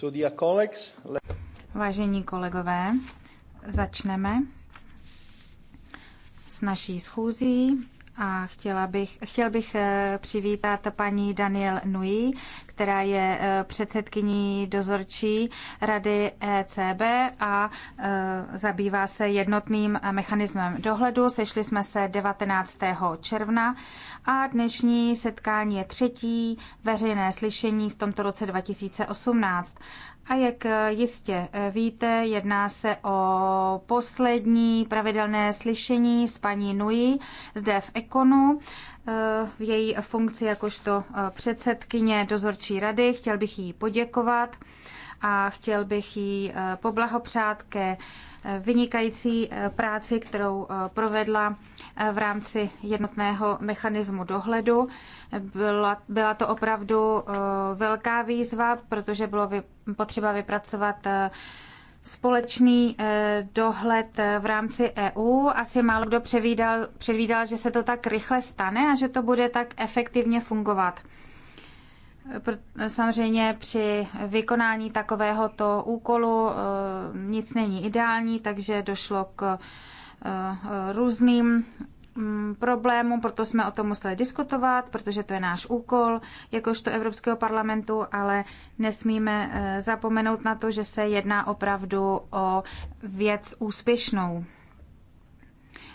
So colleagues, let... Vážení kolegové, začneme s naší schůzí a chtěla bych, chtěl bych eh, přivítat paní Daniel Nui, která je eh, předsedkyní dozorčí rady ECB a eh, zabývá se jednotným eh, mechanismem dohledu. Sešli jsme se 19. června a dnešní setkání je třetí veřejné slyšení v tomto roce 2018. A jak jistě víte, jedná se o poslední pravidelné slyšení s paní Nui zde v Ekonu v její funkci jakožto eh, předsedkyně dozorčí rady. Chtěl bych jí poděkovat a chtěl bych jí eh, poblahopřát ke eh, vynikající práci, kterou provedla v rámci jednotného mechanismu dohledu. Byla, byla to opravdu velká výzva, protože bylo potřeba vypracovat společný eh, dohled eh, v rámci EU. Asi málo kdo předvídal, předvídal, že se to tak rychle stane a že to bude tak efektivně fungovat. Eh, samozřejmě při vykonání takovéhoto úkolu nic není ideální, takže došlo k různým Mm, problémů, proto jsme o tom museli diskutovat, protože to je náš úkol, jakožto Evropského parlamentu, ale nesmíme eh, zapomenout na to, že se jedná opravdu o věc úspěšnou.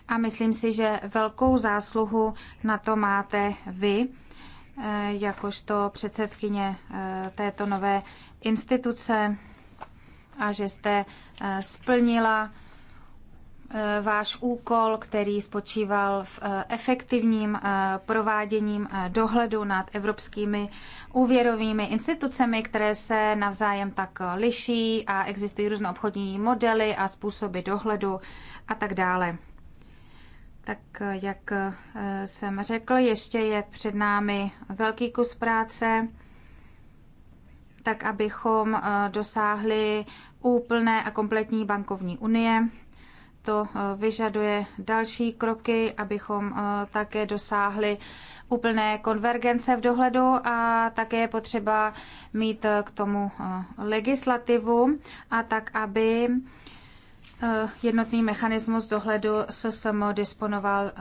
A myslím si, že velkou zásluhu na to máte vy, eh, jakožto předsedkyně eh, této nové instituce a že jste splnila Eh, váš úkol, který spočíval v eh, efektivním eh, prováděním dohledu nad evropskými úvěrovými institucemi, které se navzájem tak liší a existují různé obchodní modely a způsoby dohledu a tak dále. Tak jak jsem řekl, ještě je před námi velký kus práce, tak abychom dosáhli úplné a kompletní bankovní unie to eh, vyžaduje další kroky, abychom eh, také dosáhli úplné konvergence v dohledu a také je potřeba mít eh, k tomu legislativu a tak, aby jednotný mechanismus dohledu SSM disponoval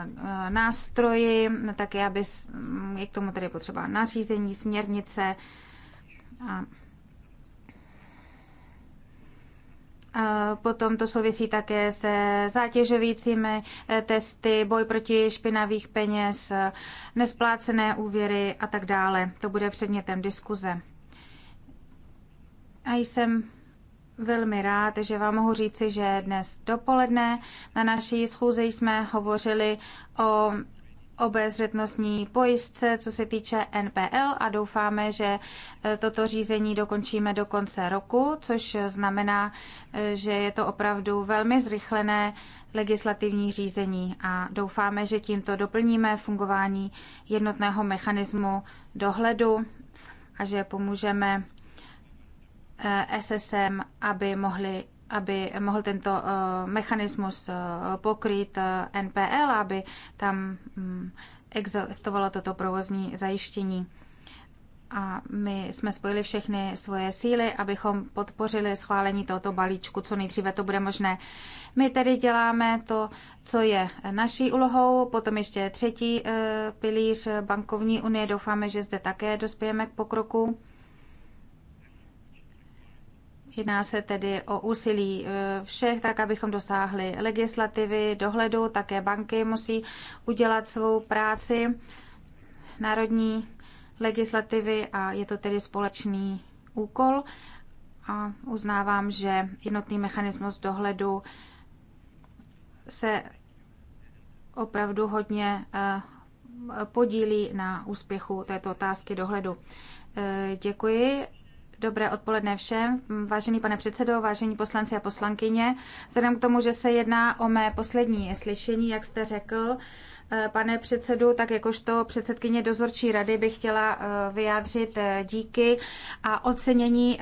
nástroji, také aby mm, je k tomu tedy potřeba nařízení, směrnice a Potom to souvisí také se zátěžovícími eh, testy, boj proti špinavých peněz, nesplácené úvěry a tak dále. To bude předmětem diskuze. A jsem velmi rád, že vám mohu říci, že dnes dopoledne na naší schůzi jsme hovořili o obezřetnostní pojistce, co se týče NPL a doufáme, že e, toto řízení dokončíme do konce roku, což znamená, e, že je to opravdu velmi zrychlené legislativní řízení a doufáme, že tímto doplníme fungování jednotného mechanismu dohledu a že pomůžeme e, SSM, aby mohli aby mohl tento eh, mechanismus eh, pokrýt eh, NPL, aby tam mm, existovalo toto provozní zajištění. A my jsme spojili všechny svoje síly, abychom podpořili schválení tohoto balíčku, co nejdříve to bude možné. My tedy děláme to, co je naší úlohou, potom ještě třetí pilíř bankovní unie. Doufáme, že zde také dospějeme k pokroku. Jedná se tedy o úsilí eh, všech, tak abychom dosáhli legislativy, dohledu, také banky musí udělat svou práci národní legislativy a je to tedy společný úkol. A uznávám, že jednotný mechanismus dohledu se opravdu hodně eh, podílí na úspěchu této otázky dohledu. Eh, děkuji Dobré odpoledne všem, vážený pane předsedo, vážení poslanci a poslankyně. Vzhledem k tomu, že se jedná o mé poslední slyšení, jak jste řekl, eh, Pane předsedu, tak jakožto předsedkyně dozorčí rady bych chtěla eh, vyjádřit eh, díky a ocenění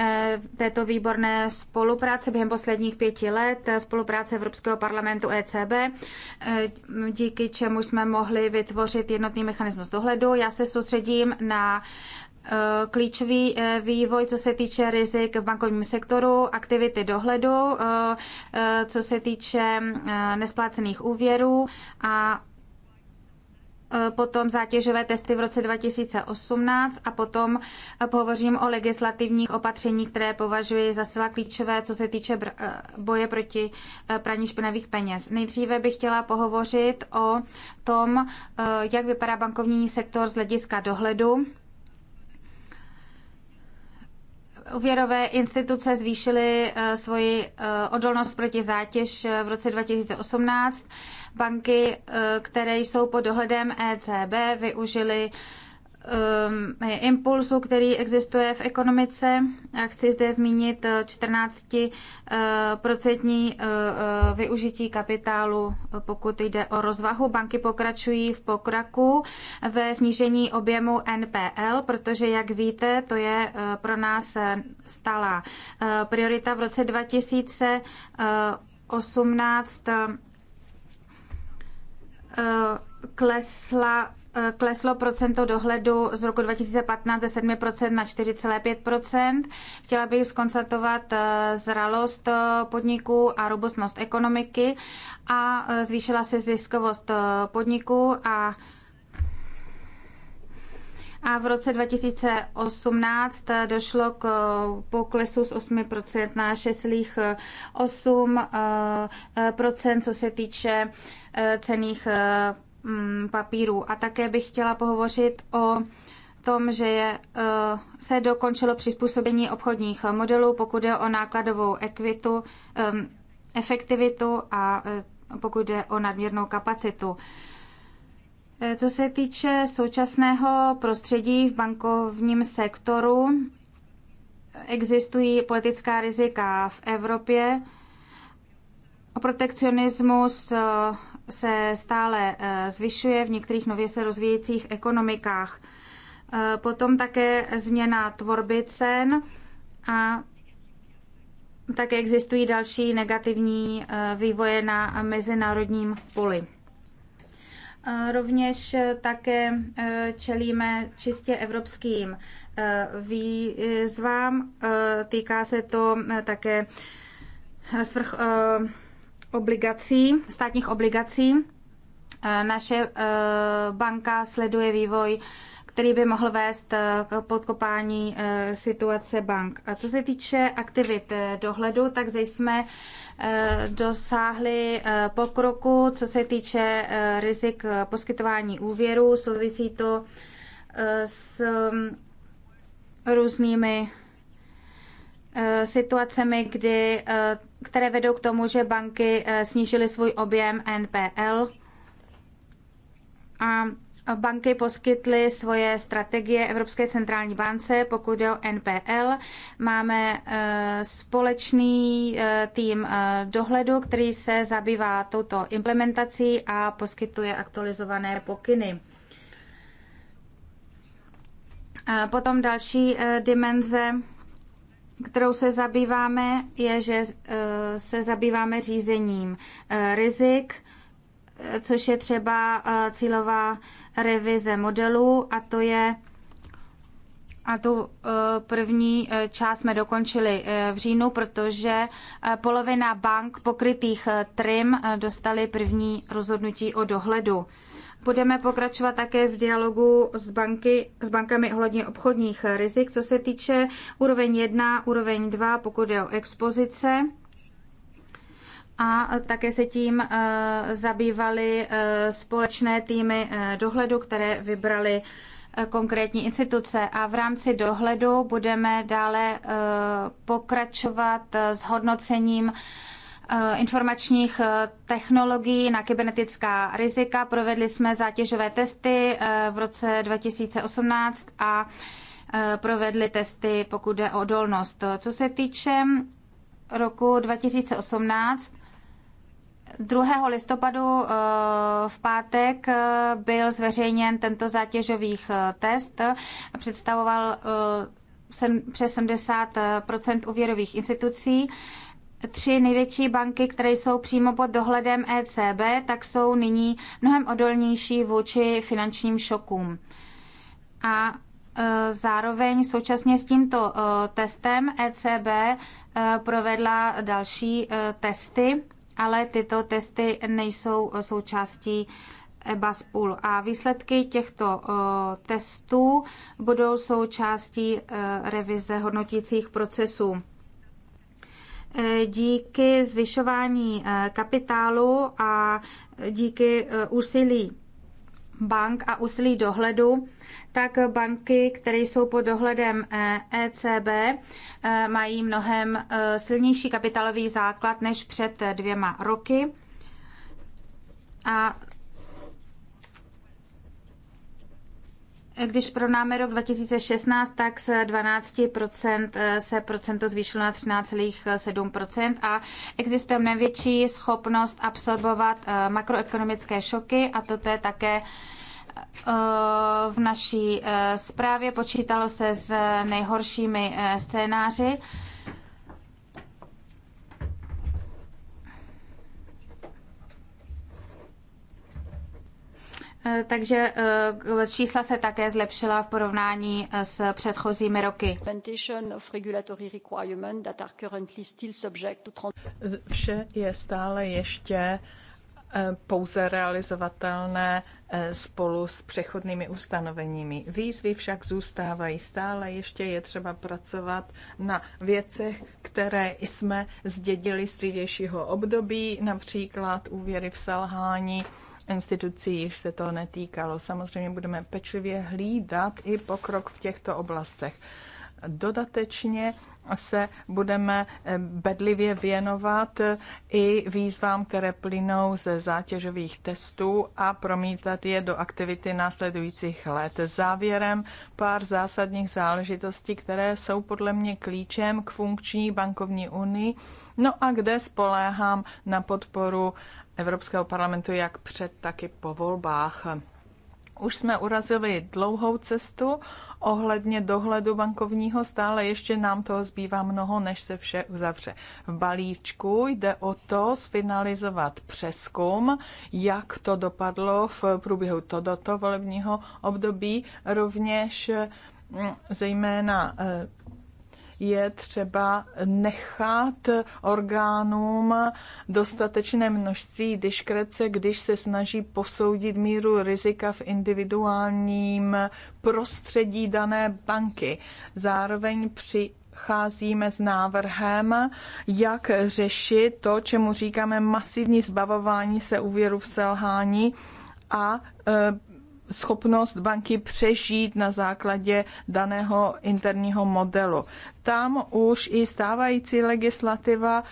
této výborné spolupráce během posledních pěti let, spolupráce Evropského parlamentu ECB, díky čemu jsme mohli vytvořit jednotný mechanismus dohledu. Já se soustředím na Eh, klíčový eh, vývoj, co se týče rizik v bankovním sektoru, aktivity dohledu, eh, co se týče nesplácených úvěrů a potom zátěžové testy v roce 2018 a potom pohovořím o legislativních opatřeních, které považuji za zcela klíčové, co se týče boje proti praní špinavých peněz. Nejdříve bych chtěla pohovořit o tom, jak vypadá bankovní sektor z hlediska dohledu Úvěrové instituce zvýšily eh, svoji eh, odolnost proti zátěž eh, v roce 2018. Banky, které jsou pod dohledem ECB, využily Um, impulsu, který existuje v ekonomice. A chci zde zmínit 14% eh, eh, eh, využití kapitálu, pokud jde o rozvahu. Banky pokračují v pokraku ve snížení objemu NPL, protože, jak víte, to je pro nás stala priorita. V roce 2018 klesla Eh, kleslo procento dohledu z roku 2015 ze 7% na 4,5%. Chtěla bych skonstatovat eh, zralost eh, podniků a robustnost ekonomiky a zvýšila se ziskovost podniků a a v roce 2018 došlo k poklesu z 8% na 6,8%, co se týče cených Mm, papíru A také bych chtěla pohovořit o tom, že je, eh, se dokončilo přizpůsobení obchodních modelů, pokud je o nákladovou ekvitu, efektivitu a eh, pokud je o nadměrnou kapacitu. Eh, co se týče současného prostředí v bankovním sektoru, existují politická rizika v Evropě, protekcionismus, se stále eh, zvyšuje v některých nově se rozvíjejících ekonomikách. Eh, potom také změna tvorby cen a také existují další negativní eh, vývoje na mezinárodním poli. Rovněž také čelíme čistě evropským výzvám. Týká se to také svrch, obligací, státních obligací. Eh, naše eh, banka sleduje vývoj, který by mohl vést eh, k podkopání situace bank. A co se týče aktivit dohledu, tak zde jsme dosáhli pokroku, co se týče rizik poskytování úvěru. Souvisí to s mm, různými situacemi, kdy které vedou k tomu, že banky eh, snížily svůj objem NPL a banky poskytly svoje strategie Evropské centrální bance, pokud jde o NPL. Máme eh, společný eh, tým dohledu, který se zabývá touto implementací a poskytuje aktualizované pokyny. Potom další dimenze kterou se zabýváme, je, že eh, se zabýváme řízením eh, rizik, eh, což je třeba cílová revize modelů a to je a tu první část jsme dokončili v říjnu, protože polovina bank pokrytých TRIM dostali první rozhodnutí o dohledu. Budeme pokračovat také v dialogu s, banky, s bankami ohledně obchodních rizik, co se týče úroveň 1, úroveň 2, pokud je o expozice. A také se tím eh, zabývaly eh, společné týmy eh, dohledu, které vybrali konkrétní instituce. A v rámci dohledu budeme dále pokračovat s hodnocením Eh, informačních eh, technologií na kybernetická rizika. Provedli jsme zátěžové testy eh, v roce 2018 a provedli testy, pokud jde o odolnost. Co se týče roku 2018, 2. listopadu v pátek byl zveřejněn tento zátěžový test. Představoval přes 70 úvěrových institucí tři největší banky, které jsou přímo pod dohledem ECB, tak jsou nyní mnohem odolnější vůči finančním šokům. A e, zároveň současně s tímto e, testem ECB e, provedla další testy, ale tyto testy nejsou součástí EBAS Pool. A výsledky těchto testů budou součástí revize hodnotících procesů. Eh, díky zvyšování eh, kapitálu a díky eh, úsilí bank a úsilí dohledu, tak banky, které jsou pod dohledem ECB, e mají mnohem silnější kapitálový základ než před dvěma roky. A Když porovnáme rok 2016, tak z 12% eh, se procento zvýšilo na 13,7% a existuje největší schopnost absorbovat eh, makroekonomické šoky a toto je také eh, v naší zprávě počítalo se s nejhoršími scénáři Eh, takže eh, čísla se také zlepšila v porovnání eh, s předchozími roky. Vše je stále ještě pouze realizovatelné spolu s přechodnými ustanoveními. Výzvy však zůstávají stále, ještě je třeba pracovat na věcech, které jsme zdědili z dřívějšího období, například úvěry v selhání, institucí, již se to netýkalo. Samozřejmě budeme pečlivě hlídat i pokrok v těchto oblastech. Dodatečně se budeme eh, bedlivě věnovat eh, i výzvám, které plynou ze zátěžových testů a promítat je do aktivity následujících let. Závěrem pár zásadních záležitostí, které jsou podle mě klíčem k funkční bankovní unii, no a kde spoléhám na podporu Evropského parlamentu jak před, tak i po volbách. Už jsme urazili dlouhou cestu ohledně dohledu bankovního, stále ještě nám toho zbývá mnoho, než se vše uzavře. V balíčku jde o to sfinalizovat přeskum, jak to dopadlo v průběhu tohoto volebního období, rovněž mm, zejména eh, je třeba nechat orgánům dostatečné množství diskrece, když se snaží posoudit míru rizika v individuálním prostředí dané banky. Zároveň při cházíme s návrhem, jak řešit to, čemu říkáme masivní zbavování se úvěru v selhání a e, schopnost banky přežít na základě daného interního modelu. Tam už i stávající legislativa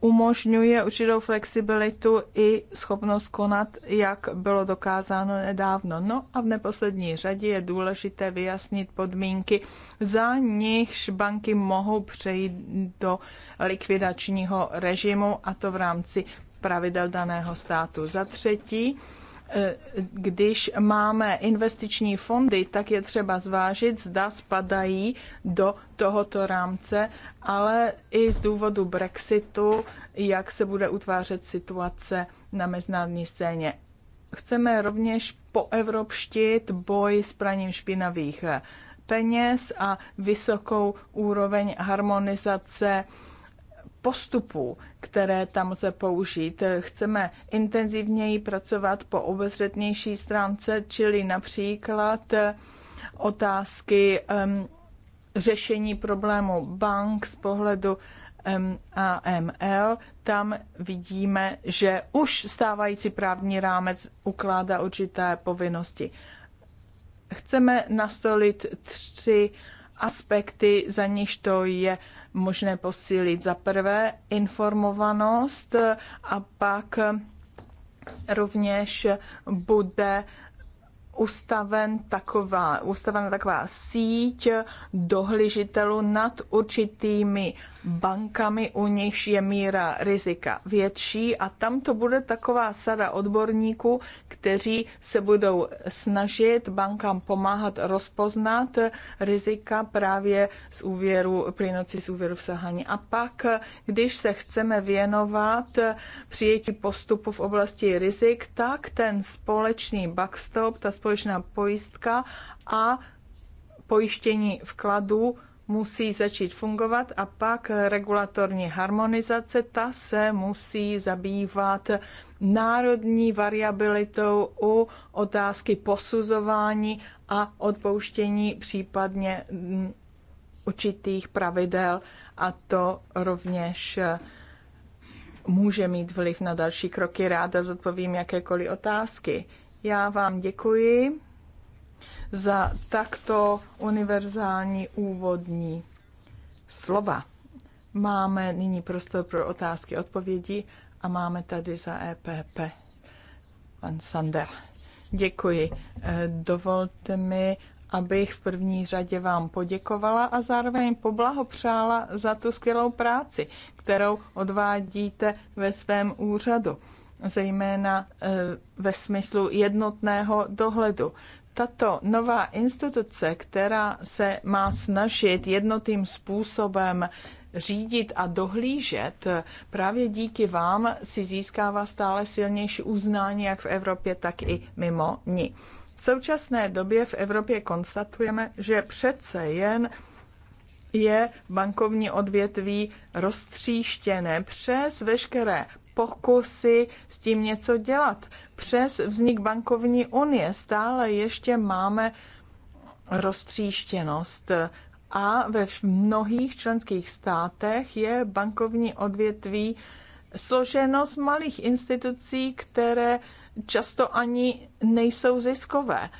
umožňuje určitou flexibilitu i schopnost konat, jak bylo dokázáno nedávno. No a v neposlední řadě je důležité vyjasnit podmínky, za nichž banky mohou přejít do likvidačního režimu, a to v rámci pravidel daného státu. Za třetí, Eh, když máme investiční fondy, tak je třeba zvážit, zda spadají do tohoto rámce, ale i z důvodu Brexitu, jak se bude utvářet situace na mezinárodní scéně. Chceme rovněž poevropštit boj s praním špinavých eh, peněz a vysokou úroveň harmonizace postupů, které tam lze použít. Chceme intenzivněji pracovat po obezřetnější stránce, čili například eh, otázky um, řešení problému bank z pohledu um, ehm, AML. Tam vidíme, že už stávající právní rámec ukládá určité povinnosti. Chceme nastolit tři aspekty, za něž to je možné posílit. Za prvé informovanost a pak rovněž bude ustaven taková, ustavena taková síť dohlížitelů nad určitými bankami, u nichž je míra rizika větší a tam to bude taková sada odborníků, kteří se budou snažit bankám pomáhat rozpoznat rizika právě z úvěru, plynoucí z úvěru v selhání. A pak, když se chceme věnovat přijetí postupu v oblasti rizik, tak ten společný backstop, ta společná pojistka a pojištění vkladů musí začít fungovat a pak regulatorní harmonizace, ta se musí zabývat národní variabilitou u otázky posuzování a odpouštění případně mm, určitých pravidel a to rovněž eh, může mít vliv na další kroky. Ráda zodpovím jakékoliv otázky. Já vám děkuji za takto univerzální úvodní slova. Máme nyní prostor pro otázky odpovědi a máme tady za EPP pan Sander. Děkuji. E, dovolte mi, abych v první řadě vám poděkovala a zároveň poblahopřála za tu skvělou práci, kterou odvádíte ve svém úřadu, zejména e, ve smyslu jednotného dohledu tato nová instituce, která se má snažit jednotým způsobem řídit a dohlížet, právě díky vám si získává stále silnější uznání jak v Evropě, tak i mimo ní. V současné době v Evropě konstatujeme, že přece jen je bankovní odvětví roztříštěné přes veškeré pokusy s tím něco dělat. Přes vznik bankovní unie stále ještě máme roztříštěnost a ve mnohých členských státech je bankovní odvětví složeno z malých institucí, které často ani nejsou ziskové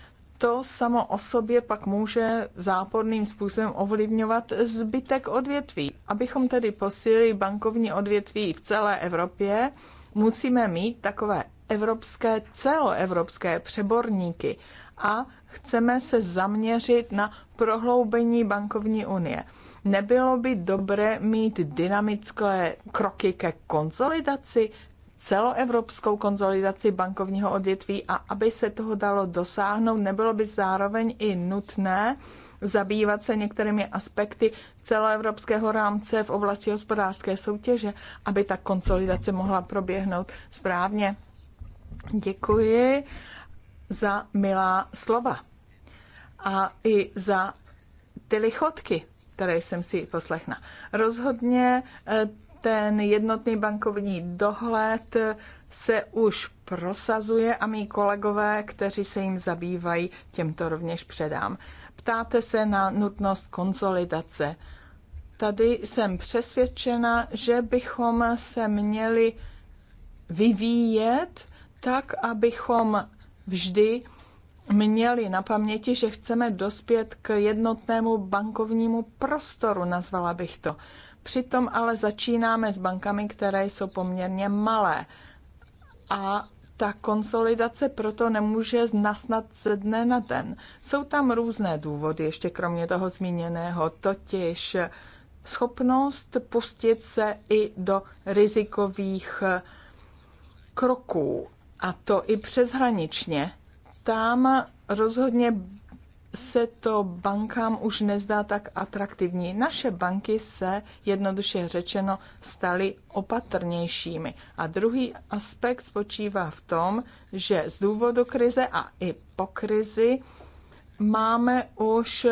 to samo o sobě pak může záporným způsobem ovlivňovat zbytek odvětví. Abychom tedy posílili bankovní odvětví v celé Evropě, musíme mít takové evropské, celoevropské přeborníky a chceme se zaměřit na prohloubení bankovní unie. Nebylo by dobré mít dynamické kroky ke konsolidaci, celoevropskou konzolidaci bankovního odvětví a aby se toho dalo dosáhnout, nebylo by zároveň i nutné zabývat se některými aspekty celoevropského rámce v oblasti hospodářské soutěže, aby ta konsolidace mohla proběhnout správně. Děkuji za milá slova a i za ty lichotky, které jsem si poslechna. Rozhodně eh, ten jednotný bankovní dohled se už prosazuje a mý kolegové, kteří se jim zabývají, těmto rovněž předám. Ptáte se na nutnost konsolidace. Tady jsem přesvědčena, že bychom se měli vyvíjet tak, abychom vždy měli na paměti, že chceme dospět k jednotnému bankovnímu prostoru, nazvala bych to. Přitom ale začínáme s bankami, které jsou poměrně malé. A ta konsolidace proto nemůže nasnat ze dne na den. Jsou tam různé důvody, ještě kromě toho zmíněného, totiž schopnost pustit se i do rizikových kroků, a to i přeshraničně. Tam rozhodně se to bankám už nezdá tak atraktivní. Naše banky se, jednoduše řečeno, staly opatrnějšími. A druhý aspekt spočívá v tom, že z důvodu krize a i po krizi máme už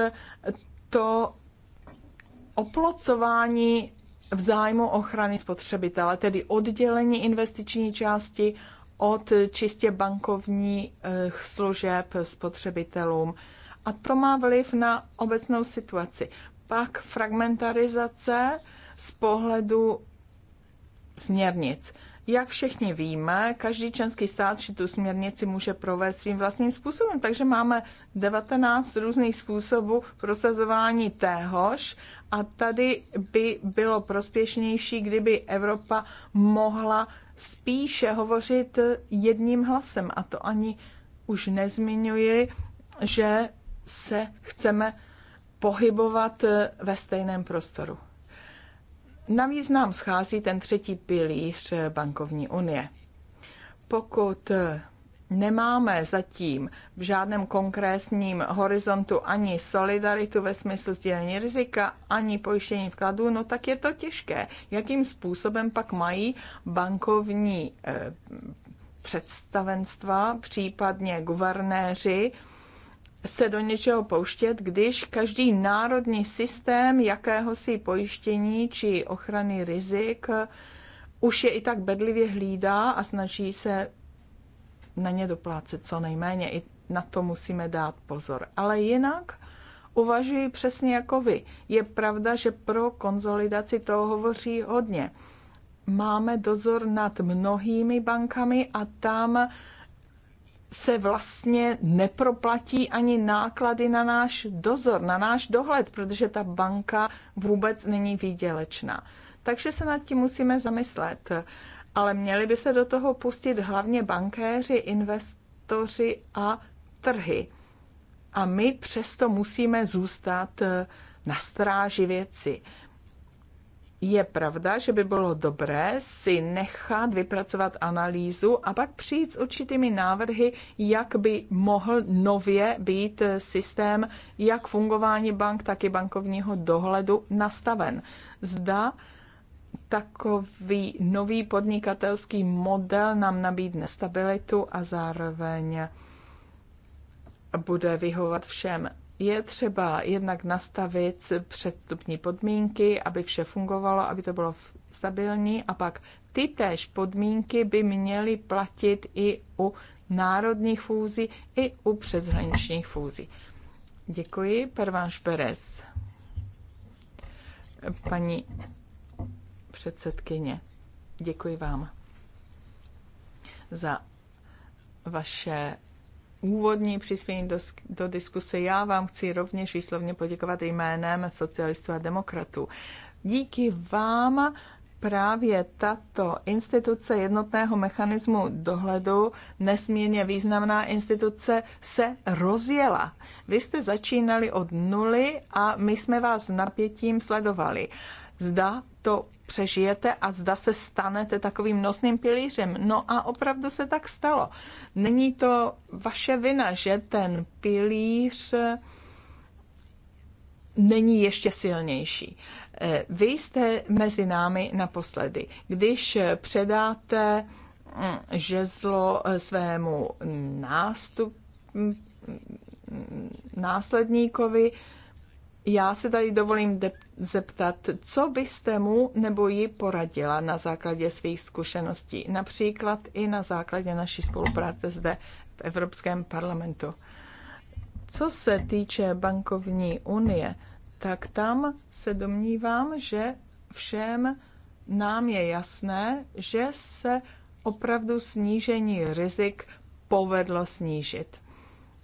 to oplocování v zájmu ochrany spotřebitele, tedy oddělení investiční části od čistě bankovních eh, služeb spotřebitelům a to má vliv na obecnou situaci. Pak fragmentarizace z pohledu směrnic. Jak všichni víme, každý členský stát si tu směrnici může provést svým vlastním způsobem, takže máme 19 různých způsobů prosazování téhož a tady by bylo prospěšnější, kdyby Evropa mohla spíše hovořit jedním hlasem a to ani už nezmiňuji, že se chceme pohybovat eh, ve stejném prostoru. Navíc nám schází ten třetí pilíř eh, bankovní unie. Pokud eh, nemáme zatím v žádném konkrétním horizontu ani solidaritu ve smyslu sdělení rizika, ani pojištění vkladů, no tak je to těžké. Jakým způsobem pak mají bankovní eh, představenstva, případně guvernéři, eh, se do něčeho pouštět, když každý národní systém jakéhosi pojištění či ochrany rizik už je i tak bedlivě hlídá a snaží se na ně doplácet co nejméně. I na to musíme dát pozor. Ale jinak uvažuji přesně jako vy. Je pravda, že pro konzolidaci toho hovoří hodně. Máme dozor nad mnohými bankami a tam se vlastně neproplatí ani náklady na náš dozor, na náš dohled, protože ta banka vůbec není výdělečná. Takže se nad tím musíme zamyslet. Ale měli by se do toho pustit hlavně bankéři, investoři a trhy. A my přesto musíme zůstat eh, na stráži věci je pravda, že by bylo dobré si nechat vypracovat analýzu a pak přijít s určitými návrhy, jak by mohl nově být systém jak fungování bank, tak i bankovního dohledu nastaven. Zda takový nový podnikatelský model nám nabídne stabilitu a zároveň bude vyhovovat všem je třeba jednak nastavit předstupní podmínky, aby vše fungovalo, aby to bylo stabilní a pak ty též podmínky by měly platit i u národních fúzí, i u přeshraničních fúzí. Děkuji, Pervan Šperes, Paní předsedkyně, děkuji vám za vaše úvodní přispění do, do diskuse. Já vám chci rovněž výslovně poděkovat jménem socialistů a demokratů. Díky vám právě tato instituce jednotného mechanismu dohledu, nesmírně významná instituce, se rozjela. Vy jste začínali od nuly a my jsme vás napětím sledovali. Zda to přežijete a zda se stanete takovým nosným pilířem. No a opravdu se tak stalo. Není to vaše vina, že ten pilíř eh, není ještě silnější. Eh, vy jste mezi námi naposledy. Když předáte mm, žezlo eh, svému nástup, mm, mm, následníkovi, já se tady dovolím zeptat, co byste mu nebo ji poradila na základě svých zkušeností, například i na základě naší spolupráce zde v Evropském parlamentu. Co se týče bankovní unie, tak tam se domnívám, že všem nám je jasné, že se opravdu snížení rizik povedlo snížit.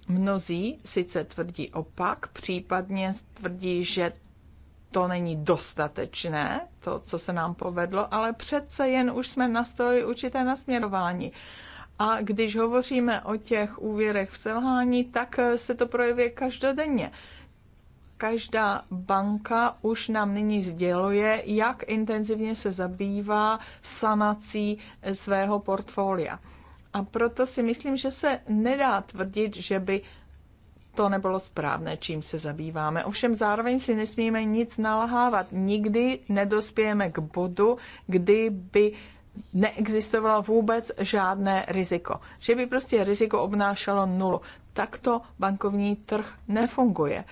Mnozí sice tvrdí opak, případně tvrdí, že to není dostatečné, to, co se nám povedlo, ale přece jen už jsme nastolili určité nasměrování. A když hovoříme o těch úvěrech v selhání, tak se to projevuje každodenně. Každá banka už nám nyní sděluje, jak intenzivně se zabývá sanací svého portfolia a proto si myslím, že se nedá tvrdit, že by to nebylo správné, čím se zabýváme. Ovšem zároveň si nesmíme nic nalahávat. Nikdy nedospějeme k bodu, kdy by neexistovalo vůbec žádné riziko. Že by prostě riziko obnášelo nulu. Takto bankovní trh nefunguje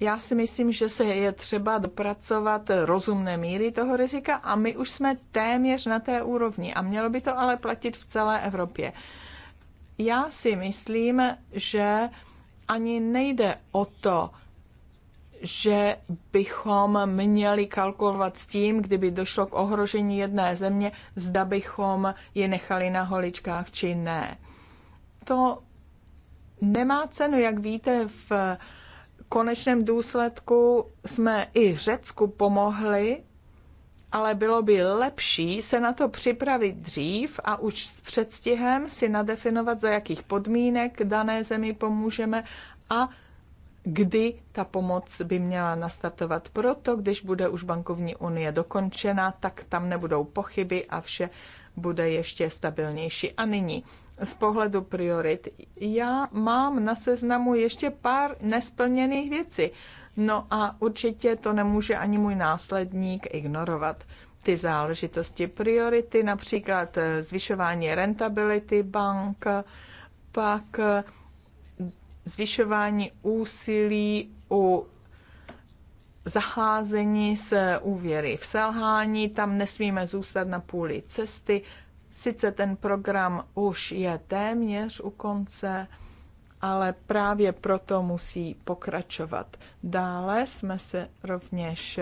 já si myslím, že se je třeba dopracovat rozumné míry toho rizika a my už jsme téměř na té úrovni a mělo by to ale platit v celé Evropě. Já si myslím, že ani nejde o to, že bychom měli kalkulovat s tím, kdyby došlo k ohrožení jedné země, zda bychom je nechali na holičkách či ne. To nemá cenu, jak víte, v konečném důsledku jsme i Řecku pomohli, ale bylo by lepší se na to připravit dřív a už s předstihem si nadefinovat, za jakých podmínek dané zemi pomůžeme a kdy ta pomoc by měla nastartovat. Proto, když bude už bankovní unie dokončena, tak tam nebudou pochyby a vše bude ještě stabilnější. A nyní z pohledu priorit. Já mám na seznamu ještě pár nesplněných věcí. No a určitě to nemůže ani můj následník ignorovat. Ty záležitosti priority, například eh, zvyšování rentability bank, pak eh, zvyšování úsilí u zacházení se úvěry v selhání, tam nesmíme zůstat na půli cesty, Sice ten program už je téměř u konce, ale právě proto musí pokračovat. Dále jsme se rovněž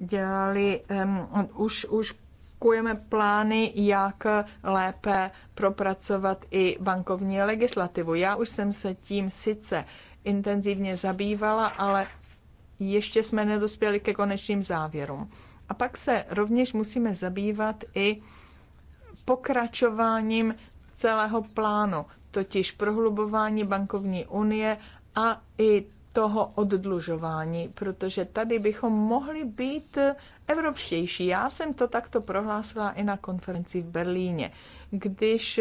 dělali, um, už, už kujeme plány, jak lépe propracovat i bankovní legislativu. Já už jsem se tím sice intenzivně zabývala, ale ještě jsme nedospěli ke konečným závěrům. A pak se rovněž musíme zabývat i pokračováním celého plánu, totiž prohlubování bankovní unie a i toho oddlužování, protože tady bychom mohli být evropštější. Já jsem to takto prohlásila i na konferenci v Berlíně. Když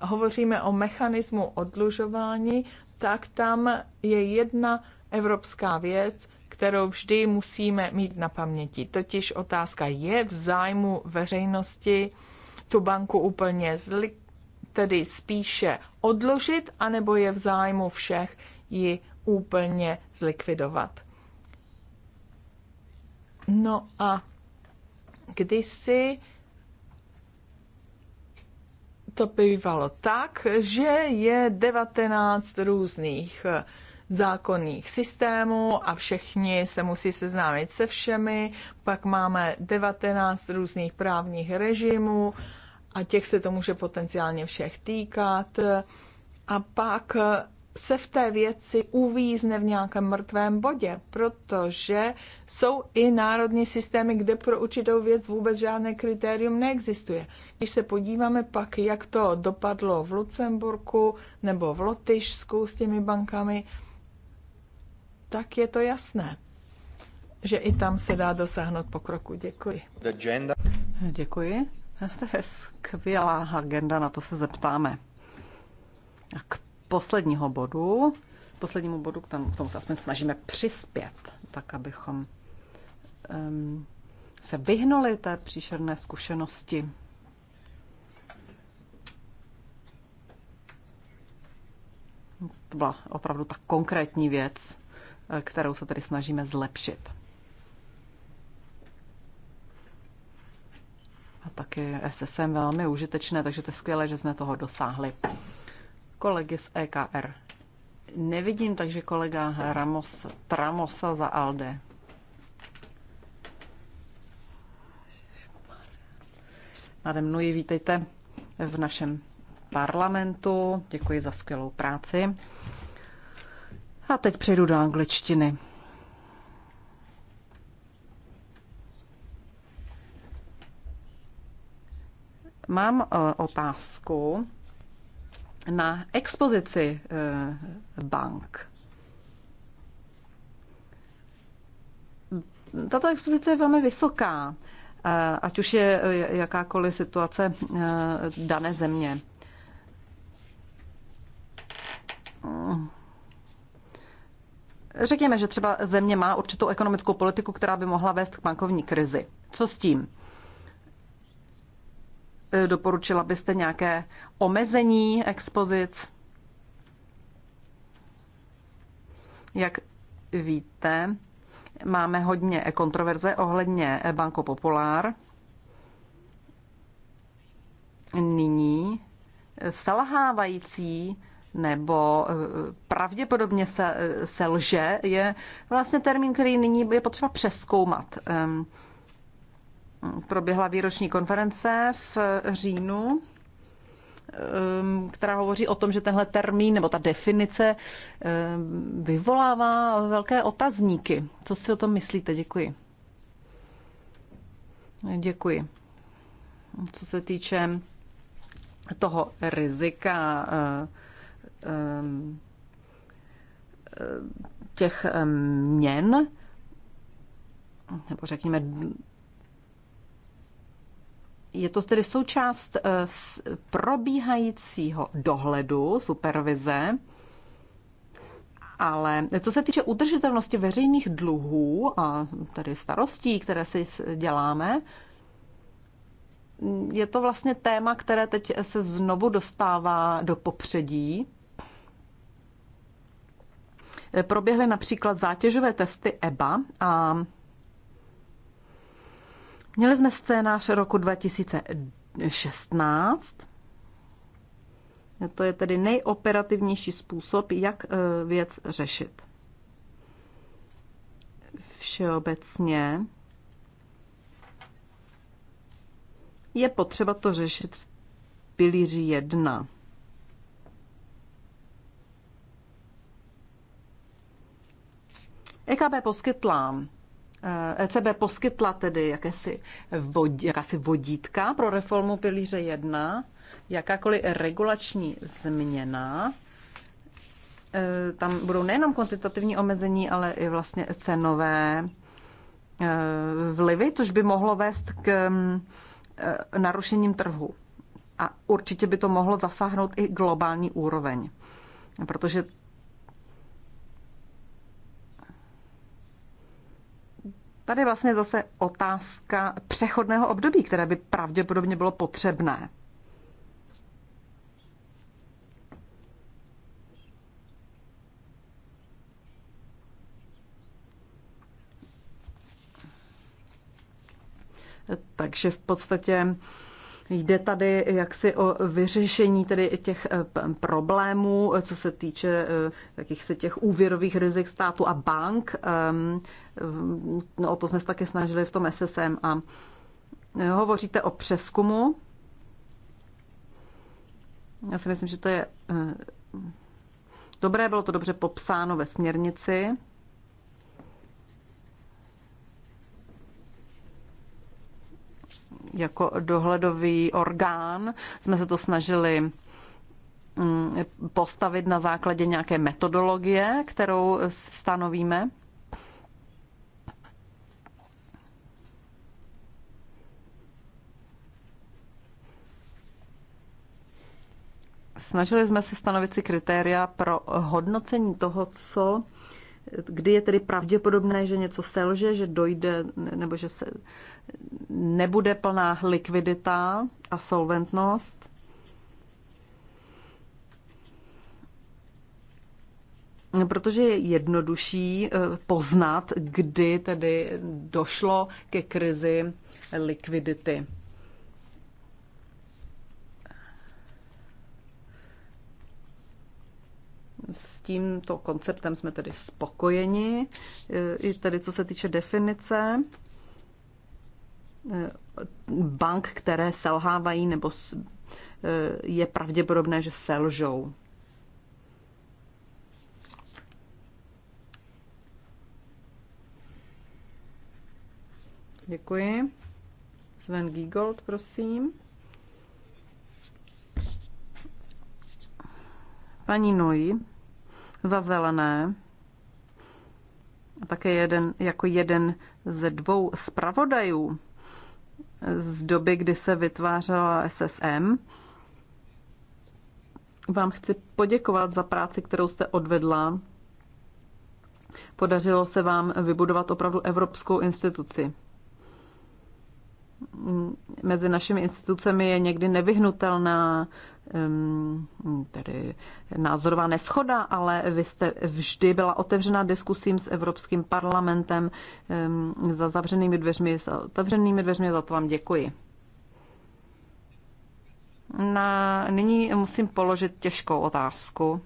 hovoříme o mechanismu oddlužování, tak tam je jedna evropská věc, kterou vždy musíme mít na paměti. Totiž otázka je v zájmu veřejnosti tu banku úplně zlik, tedy spíše odložit, anebo je v zájmu všech ji úplně zlikvidovat. No a kdysi to bývalo tak, že je 19 různých zákonných systémů a všichni se musí seznámit se všemi. Pak máme 19 různých právních režimů a těch se to může potenciálně všech týkat. A pak se v té věci uvízne v nějakém mrtvém bodě, protože jsou i národní systémy, kde pro určitou věc vůbec žádné kritérium neexistuje. Když se podíváme pak, jak to dopadlo v Lucemburku nebo v Lotyšsku s těmi bankami, tak je to jasné, že i tam se dá dosáhnout pokroku. Děkuji. Děkuji. To je skvělá agenda, na to se zeptáme. A k posledního bodu, poslednímu bodu, k tomu, k tomu se aspoň snažíme přispět, tak abychom um, se vyhnuli té příšerné zkušenosti. To byla opravdu ta konkrétní věc. Eh, kterou se tedy snažíme zlepšit. A taky SSM velmi užitečné, takže to je skvělé, že jsme toho dosáhli. Kolegy z EKR. Nevidím, takže kolega Ramos, Tramosa za Alde. Máte mnuji, vítejte v našem parlamentu. Děkuji za skvělou práci. A teď přejdu do angličtiny. Mám eh, otázku na expozici eh, bank. Tato expozice je velmi vysoká, eh, ať už je jakákoliv situace dané země. Mm. Řekněme, že třeba země má určitou ekonomickou politiku, která by mohla vést k bankovní krizi. Co s tím? E, doporučila byste nějaké omezení expozic? Jak víte, máme hodně kontroverze ohledně Banko Populár. Nyní salahávající nebo eh, pravděpodobně se, eh, se lže, je vlastně termín, který nyní je potřeba přeskoumat. Proběhla výroční konference v eh, říjnu, která hovoří o tom, že tenhle termín nebo ta definice vyvolává velké otazníky. Co si o tom myslíte? Děkuji. Děkuji. Co se týče toho rizika, Ehm, těch ehm, měn, nebo řekněme, je to tedy součást eh, probíhajícího dohledu, supervize, ale co se týče udržitelnosti veřejných dluhů a tedy starostí, které si děláme, je to vlastně téma, které teď se znovu dostává do popředí. Eh, proběhly například zátěžové testy EBA a měli jsme scénář roku 2016. To je tedy nejoperativnější způsob, jak eh, věc řešit. Všeobecně je potřeba to řešit v pilíři 1. EKB poskytla ECB eh, e poskytla tedy jakési vod, jakási vodítka pro reformu pilíře 1, jakákoliv regulační změna. Eh, tam budou nejenom kvantitativní omezení, ale i vlastně cenové eh, vlivy, což by mohlo vést k narušením trhu. A určitě by to mohlo zasáhnout i globální úroveň, protože Tady vlastně zase otázka přechodného období, které by pravděpodobně bylo potřebné. Takže v podstatě jde tady jaksi o vyřešení tedy těch eh, problémů, co se týče eh, jakýchsi těch úvěrových rizik státu a bank. Ehm, Mm, no, o to jsme se také snažili v tom SSM. A eh, hovoříte o přeskumu. Já si myslím, že to je eh, dobré, bylo to dobře popsáno ve směrnici. Jako dohledový orgán jsme se to snažili mm, postavit na základě nějaké metodologie, kterou stanovíme. snažili jsme se stanovit si kritéria pro hodnocení toho, co kdy je tedy pravděpodobné, že něco selže, že dojde nebo že se nebude plná likvidita a solventnost. Protože je jednodušší eh, poznat, kdy tedy došlo ke krizi likvidity. S tímto konceptem jsme tedy spokojeni, i tedy co se týče definice eh, bank, které selhávají nebo eh, je pravděpodobné, že selžou. Děkuji. Sven Giegold, prosím. Paní Noji, za zelené a také jeden, jako jeden ze dvou zpravodajů z doby, kdy se vytvářela SSM, vám chci poděkovat za práci, kterou jste odvedla. Podařilo se vám vybudovat opravdu evropskou instituci mezi našimi institucemi je někdy nevyhnutelná tedy názorová neschoda, ale vy jste vždy byla otevřená diskusím s Evropským parlamentem za zavřenými dveřmi, za otevřenými dveřmi, za to vám děkuji. Na, nyní musím položit těžkou otázku.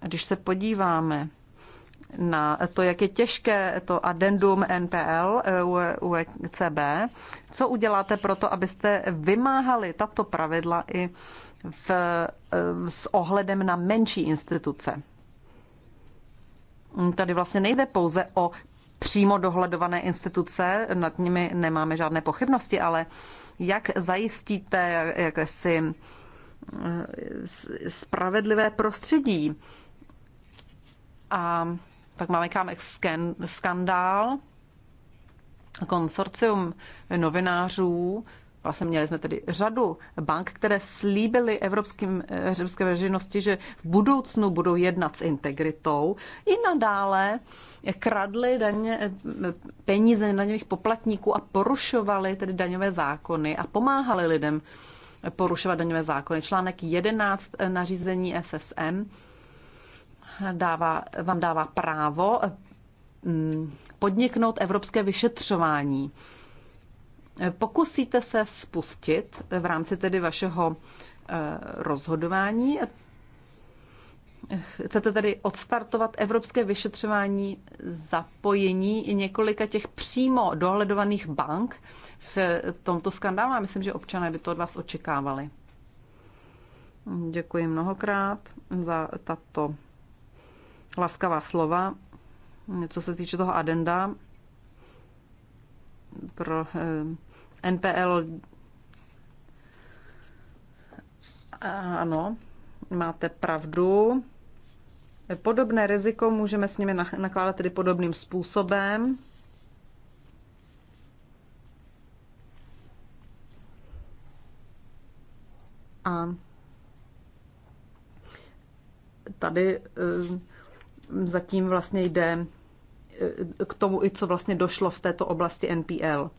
Když se podíváme na to, jak je těžké to addendum NPL u ECB, e co uděláte pro to, abyste vymáhali tato pravidla i v, e, s ohledem na menší instituce? Tady vlastně nejde pouze o přímo dohledované instituce, nad nimi nemáme žádné pochybnosti, ale jak zajistíte jakési e, spravedlivé prostředí a pak máme Kamek skandál, konsorcium novinářů, vlastně měli jsme tedy řadu bank, které slíbily evropským, eh, evropské veřejnosti, že v budoucnu budou jednat s integritou. I nadále kradly daně, eh, peníze daňových poplatníků a porušovali tedy daňové zákony a pomáhali lidem porušovat daňové zákony. Článek 11 eh, nařízení SSM dává, vám dává právo mm, podniknout evropské vyšetřování. Pokusíte se spustit v rámci tedy vašeho eh, rozhodování. Chcete tedy odstartovat evropské vyšetřování zapojení několika těch přímo dohledovaných bank v tomto skandálu? A myslím, že občané by to od vás očekávali. Děkuji mnohokrát za tato laskavá slova, co se týče toho adenda pro eh, NPL. Ano, máte pravdu. Podobné riziko můžeme s nimi nakládat tedy podobným způsobem. A tady eh, zatím vlastně jde e, k tomu, i co vlastně došlo v této oblasti NPL,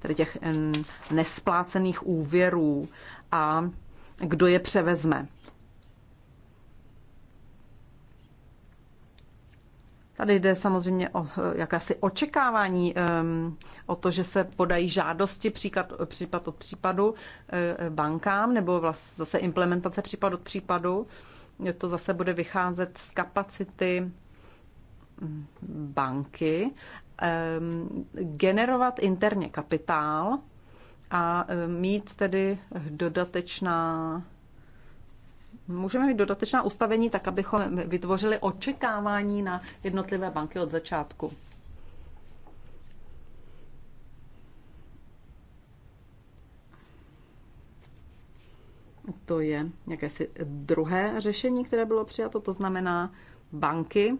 tedy těch nesplácených úvěrů a kdo je převezme. Tady jde samozřejmě o e, jakési očekávání, o to, že se podají žádosti příklad, případ od případu e, bankám, nebo vlastně zase implementace případ od případu. To zase bude vycházet z kapacity mm, banky generovat interně kapitál a mít tedy dodatečná Můžeme mít dodatečná ustavení tak, abychom vytvořili očekávání na jednotlivé banky od začátku. to je jakési druhé řešení, které bylo přijato, to znamená banky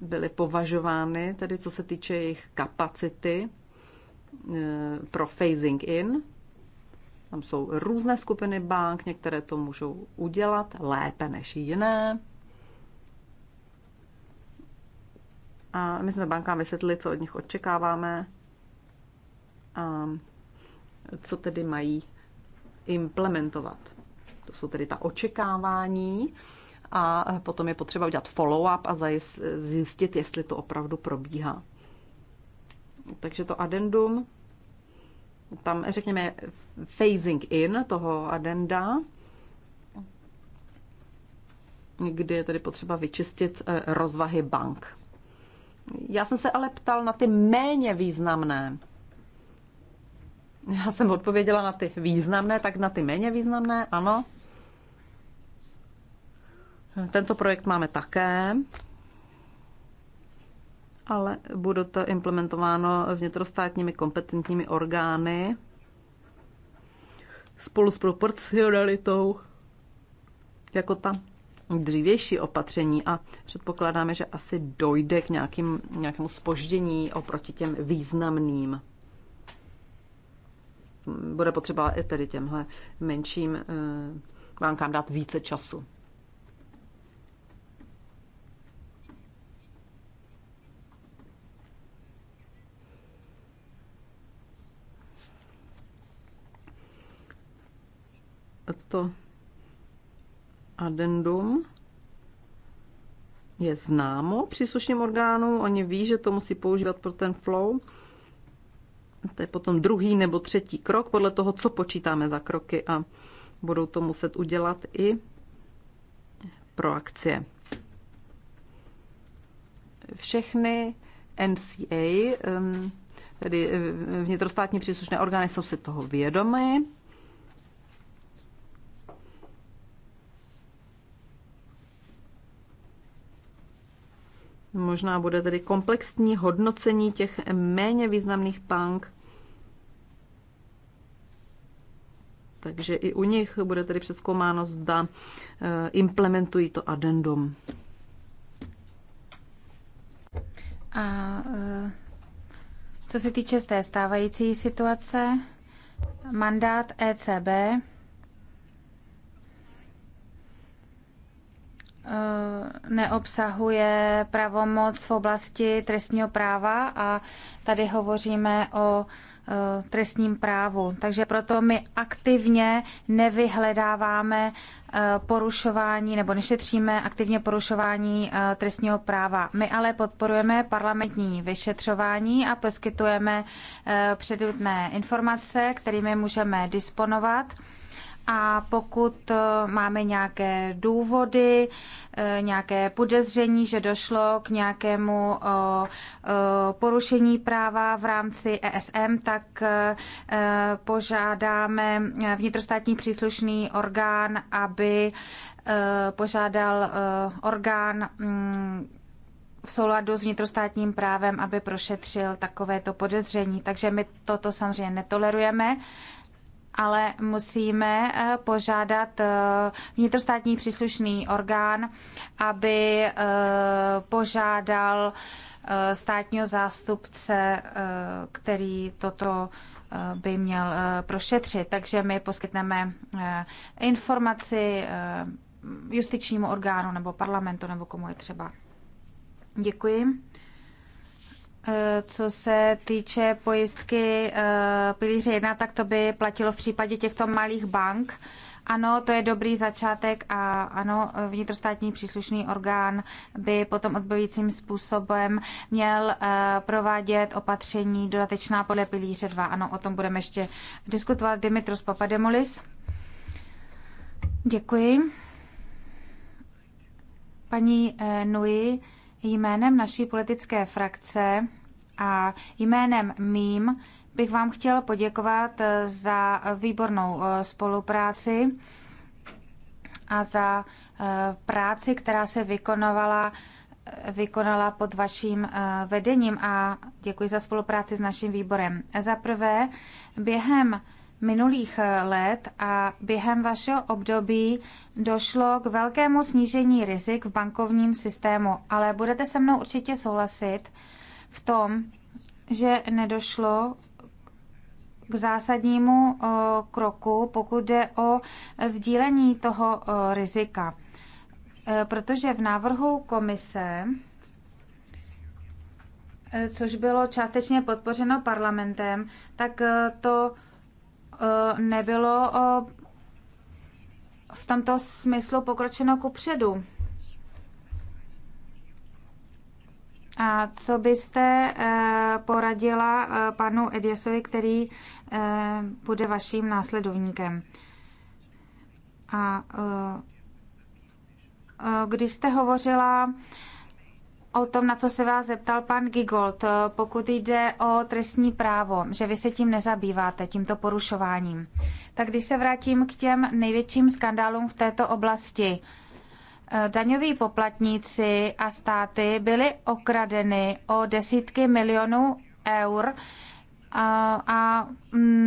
byly považovány, tedy co se týče jejich kapacity e, pro phasing in. Tam jsou různé skupiny bank, některé to můžou udělat lépe než jiné. A my jsme bankám vysvětlili, co od nich očekáváme a co tedy mají implementovat. To jsou tedy ta očekávání a potom je potřeba udělat follow-up a zjistit, jestli to opravdu probíhá. Takže to addendum, tam řekněme phasing in toho addenda, kdy je tedy potřeba vyčistit eh, rozvahy bank. Já jsem se ale ptal na ty méně významné já jsem odpověděla na ty významné, tak na ty méně významné, ano. Tento projekt máme také, ale bude to implementováno vnitrostátními kompetentními orgány spolu s proporcionalitou, jako ta dřívější opatření a předpokládáme, že asi dojde k nějakým, nějakému spoždění oproti těm významným bude potřeba i tedy těmhle menším eh, bankám dát více času. To addendum je známo příslušným orgánům, oni ví, že to musí používat pro ten flow to je potom druhý nebo třetí krok podle toho, co počítáme za kroky a budou to muset udělat i pro akcie. Všechny NCA, um, tedy eh, vnitrostátní příslušné orgány, jsou si toho vědomy Možná bude tedy komplexní hodnocení těch méně významných bank. Takže i u nich bude tedy přeskoumáno, zda e, implementují to addendum. A e, co se týče z té stávající situace, mandát ECB Eh, neobsahuje pravomoc v oblasti trestního práva a tady hovoříme o eh, trestním právu. Takže proto my aktivně nevyhledáváme eh, porušování nebo nešetříme aktivně porušování trestního práva. My ale podporujeme parlamentní vyšetřování a poskytujeme předutné informace, kterými můžeme disponovat a pokud eh, máme nějaké důvody, eh, nějaké podezření, že došlo k nějakému eh, porušení práva v rámci ESM, tak požádáme vnitrostátní příslušný orgán, aby požádal orgán mm, v souladu s vnitrostátním právem, aby prošetřil takovéto podezření. Takže my toto samozřejmě netolerujeme ale musíme eh, požádat eh, vnitrostátní příslušný orgán, aby eh, požádal státního zástupce, který toto by měl prošetřit. Takže my poskytneme informaci justičnímu orgánu nebo parlamentu nebo komu je třeba. Děkuji. Eh, co se týče pojistky eh, pilíře 1, tak to by platilo v případě těchto malých bank. Ano, to je dobrý začátek a ano, vnitrostátní příslušný orgán by potom odpovídajícím způsobem měl eh, provádět opatření dodatečná podle pilíře 2. Ano, o tom budeme ještě diskutovat. Dimitros Papademolis. Děkuji. Paní Nui, Jménem naší politické frakce a jménem mým bych vám chtěl poděkovat eh, za výbornou eh, spolupráci a za eh, práci, která se vykonovala vykonala pod vaším vedením a děkuji za spolupráci s naším výborem. Za prvé, během minulých eh, let a během vašeho období došlo k velkému snížení rizik v bankovním systému, ale budete se mnou určitě souhlasit v tom, že nedošlo k zásadnímu eh, kroku, pokud jde o sdílení toho eh, rizika. Protože v návrhu komise což bylo částečně podpořeno parlamentem, tak to Eh, nebylo eh, v tomto smyslu pokročeno ku předu. A co byste eh, poradila panu Ediesovi, který bude vaším následovníkem? A když jste hovořila o tom, na co se vás zeptal pan Gigold, eh, pokud jde o trestní právo, že vy se tím nezabýváte, tímto porušováním. Tak když se vrátím k těm největším skandálům v této oblasti, eh, daňoví poplatníci a státy byly okradeny o desítky milionů eur a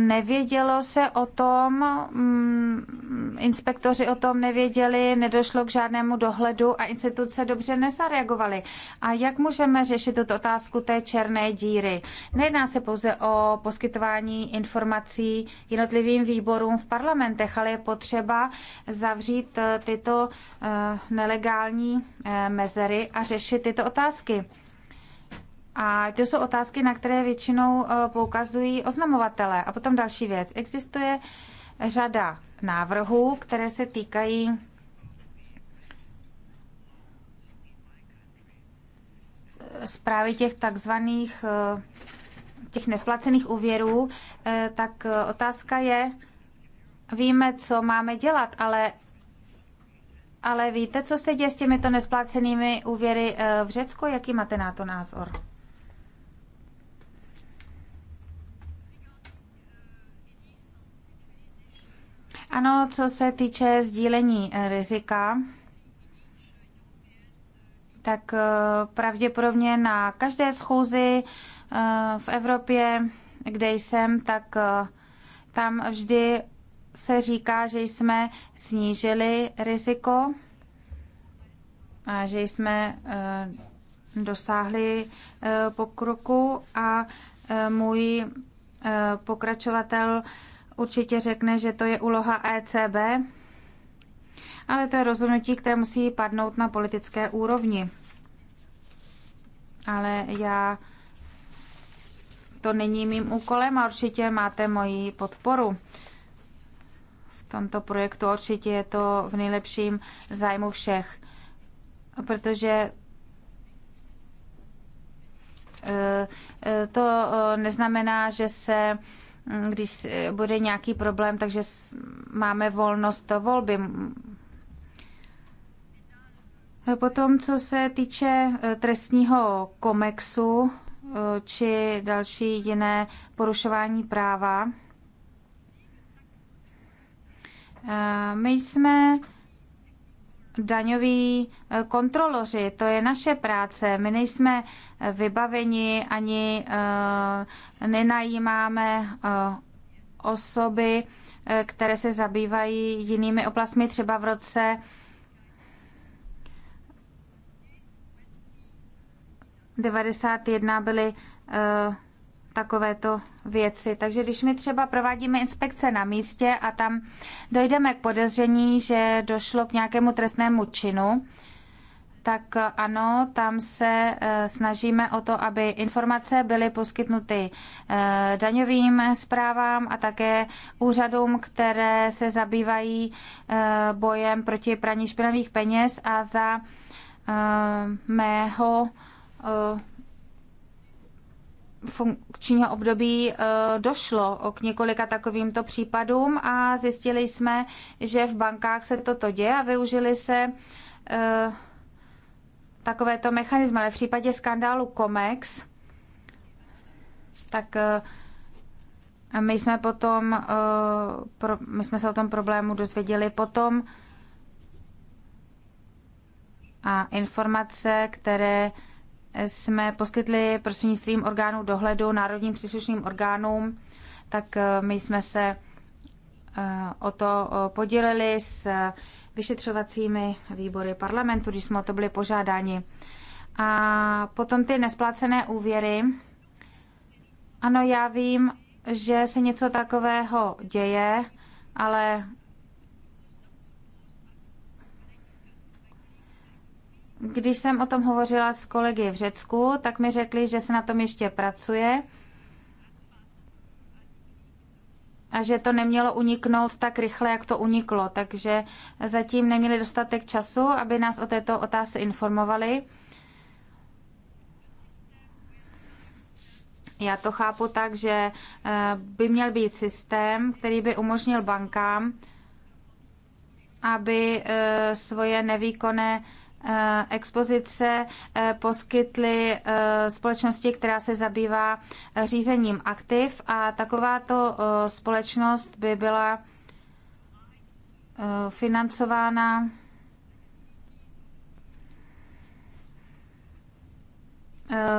nevědělo se o tom, mm, inspektoři o tom nevěděli, nedošlo k žádnému dohledu a instituce dobře nezareagovaly. A jak můžeme řešit tuto otázku té černé díry? Nejedná se pouze o poskytování informací jednotlivým výborům v parlamentech, ale je potřeba zavřít eh, tyto eh, nelegální eh, mezery a řešit tyto otázky. A to jsou otázky, na které většinou eh, poukazují oznamovatele. A potom další věc. Existuje řada návrhů, které se týkají eh, zprávy těch takzvaných eh, těch nesplacených úvěrů, tak otázka je, víme, co máme dělat, ale ale víte, co se děje s těmito nesplacenými úvěry v Řecku? Jaký máte na to názor? Ano, co se týče sdílení eh, rizika, tak eh, pravděpodobně na každé schůzi eh, v Evropě, kde jsem, tak tam vždy se říká, že jsme snížili riziko a že jsme dosáhli pokroku a můj pokračovatel určitě řekne, že to je úloha ECB, ale to je rozhodnutí, které musí padnout na politické úrovni. Ale já to není mým úkolem a určitě máte moji podporu. V tomto projektu určitě je to v nejlepším zájmu všech, protože eh, eh, to eh, neznamená, že se Eh, když eh, bude nějaký problém, takže máme volnost volby. Eh, potom, co se týče trestního komexu či další jiné porušování práva, my jsme daňoví eh, kontroloři, to je naše práce. My nejsme eh, vybaveni ani eh, nenajímáme osoby, které se zabývají jinými oblastmi, třeba v roce 91 byly takovéto věci. Takže když my třeba provádíme inspekce na místě a tam dojdeme k podezření, že došlo k nějakému trestnému činu, tak ano, tam se eh, snažíme o to, aby informace byly poskytnuty eh, daňovým zprávám a také úřadům, které se zabývají eh, bojem proti praní špinavých peněz a za mého funkčního období eh, došlo k několika takovýmto případům a zjistili jsme, že v bankách se toto děje a využili se eh, takovéto mechanizmy. Ale v případě skandálu COMEX, tak eh, my jsme potom, my jsme se o tom problému dozvěděli potom a informace, které jsme poskytli prostřednictvím orgánů dohledu národním příslušným orgánům, tak eh, my jsme se eh, o to eh, podělili s vyšetřovacími výbory parlamentu, když jsme o to byli požádáni. A potom ty nesplácené úvěry. Ano, já vím, že se něco takového děje, ale Když jsem o tom hovořila s kolegy v Řecku, tak mi řekli, že se na tom ještě pracuje a že to nemělo uniknout tak rychle, jak to uniklo. Takže zatím neměli dostatek času, aby nás o této otázce informovali. Já to chápu tak, že eh, by měl být systém, který by umožnil bankám, aby eh, svoje nevýkonné Eh, expozice eh, poskytly eh, společnosti, která se zabývá řízením aktiv a takováto společnost by byla financována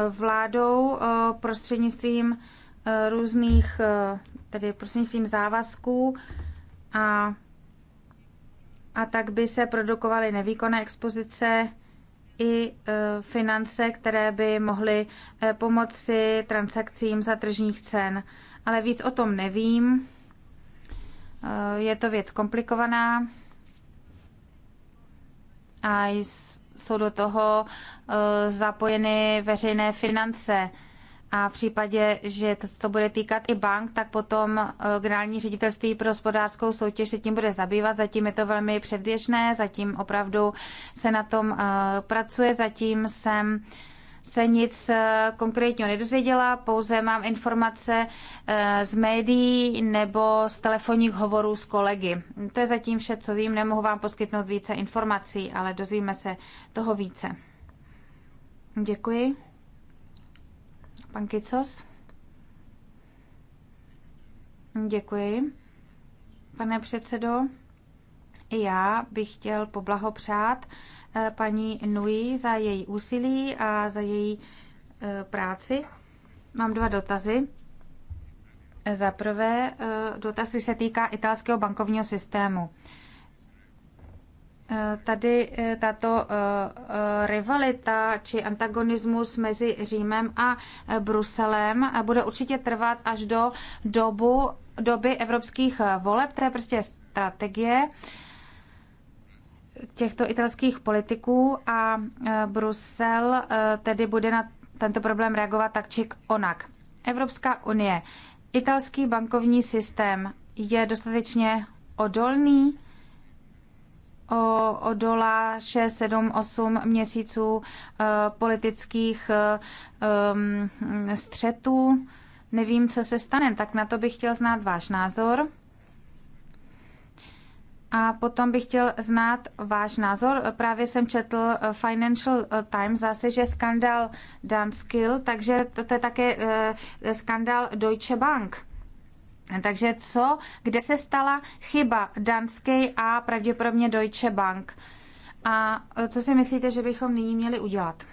vládou prostřednictvím různých, tedy prostřednictvím závazků a a tak by se produkovaly nevýkonné expozice i e, finance, které by mohly e, pomoci transakcím za tržních cen. Ale víc o tom nevím. E, je to věc komplikovaná a jsou do toho zapojeny veřejné finance. A v případě, že to, bude týkat i bank, tak potom e, generální ředitelství pro hospodářskou soutěž se tím bude zabývat. Zatím je to velmi předběžné, zatím opravdu se na tom e, pracuje, zatím jsem se nic e, konkrétního nedozvěděla, pouze mám informace z médií nebo z telefonních hovorů s kolegy. To je zatím vše, co vím, nemohu vám poskytnout více informací, ale dozvíme se toho více. Děkuji. Pan Kicos? Děkuji. Pane předsedo, i já bych chtěl poblahopřát eh, paní Nui za její úsilí a za její eh, práci. Mám dva dotazy. Za prvé, eh, dotaz, který se týká italského bankovního systému. Eh, tady eh, tato eh, rivalita či antagonismus mezi Římem a Bruselem bude určitě trvat až do dobu, doby evropských voleb, to je prostě strategie těchto italských politiků a Brusel tedy bude na tento problém reagovat tak či onak. Evropská unie. Italský bankovní systém je dostatečně odolný o, o dola 6, 7, 8 měsíců e, politických e, e, střetů. Nevím, co se stane, tak na to bych chtěl znát váš názor. A potom bych chtěl znát váš názor. Právě jsem četl e, Financial e, Times zase, že skandal Danskill, takže to, to je také skandal Deutsche Bank. Takže co, kde se stala chyba danské a pravděpodobně Deutsche Bank? A co si myslíte, že bychom nyní měli udělat?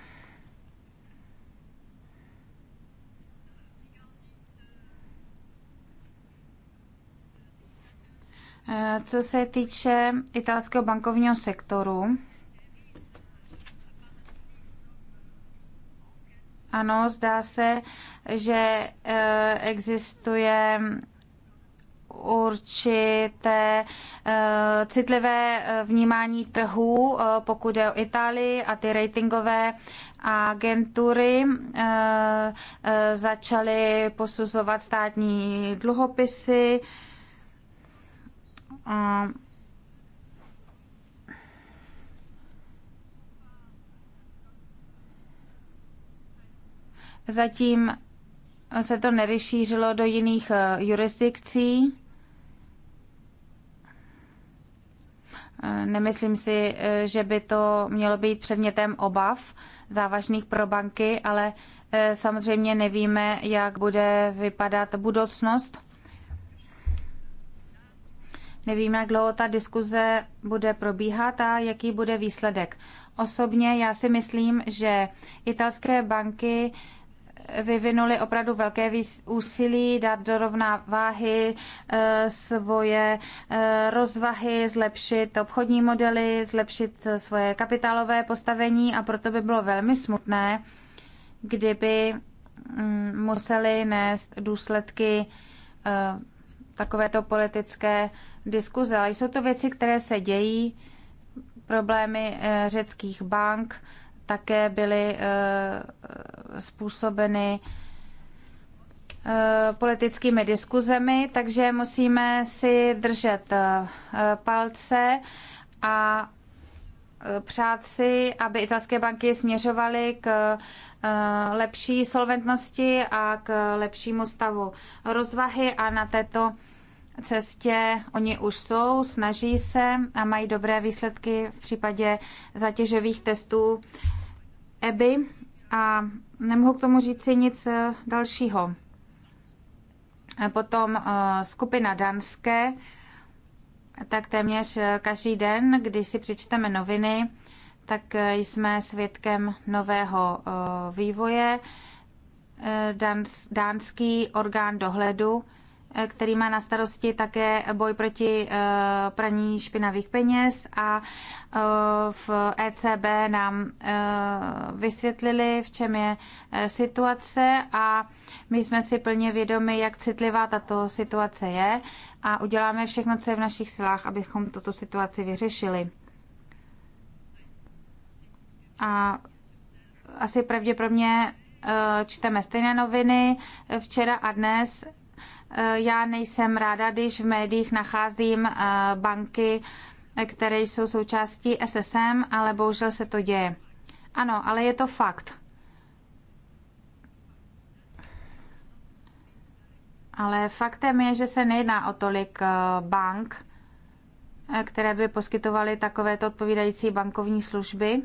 Eh, co se týče italského bankovního sektoru, ano, zdá se, že eh, existuje určité eh, citlivé eh, vnímání trhů, eh, pokud je o Itálii a ty ratingové agentury začaly posuzovat státní dluhopisy. Zatím se to nerešířilo do jiných eh, jurisdikcí. Eh, nemyslím si, eh, že by to mělo být předmětem obav závažných pro banky, ale samozřejmě nevíme, jak bude vypadat budoucnost. Nevíme, jak dlouho ta diskuze bude probíhat a jaký bude výsledek. Osobně já si myslím, že italské banky vyvinuli opravdu velké úsilí dát do rovnováhy e, svoje e, rozvahy, zlepšit obchodní modely, zlepšit e, svoje kapitálové postavení a proto by bylo velmi smutné, kdyby mm, museli nést důsledky takovéto politické diskuze. Ale jsou to věci, které se dějí, problémy řeckých bank, také byly eh, způsobeny eh, politickými diskuzemi, takže musíme si držet eh, palce a přát si, aby italské banky směřovaly k lepší solventnosti a k lepšímu stavu rozvahy a na této cestě oni už jsou, snaží se a mají dobré výsledky v případě zatěžových testů EBY a nemohu k tomu říci nic eh, dalšího. Potom eh, skupina Danské, tak téměř eh, každý den, když si přečteme noviny, tak jsme svědkem nového vývoje. Dánský orgán dohledu Eh, který má na starosti také boj proti eh, praní špinavých peněz a eh, v ECB nám vysvětlili, v čem je situace a my jsme si plně vědomi, jak citlivá tato situace je a uděláme všechno, co je v našich silách, abychom tuto situaci vyřešili. A asi pravděpodobně čteme stejné noviny včera a dnes Eh, já nejsem ráda, když v médiích nacházím eh, banky, eh, které jsou součástí SSM, ale bohužel se to děje. Ano, ale je to fakt. Ale faktem je, že se nejedná o tolik bank, které by poskytovaly takovéto odpovídající bankovní služby.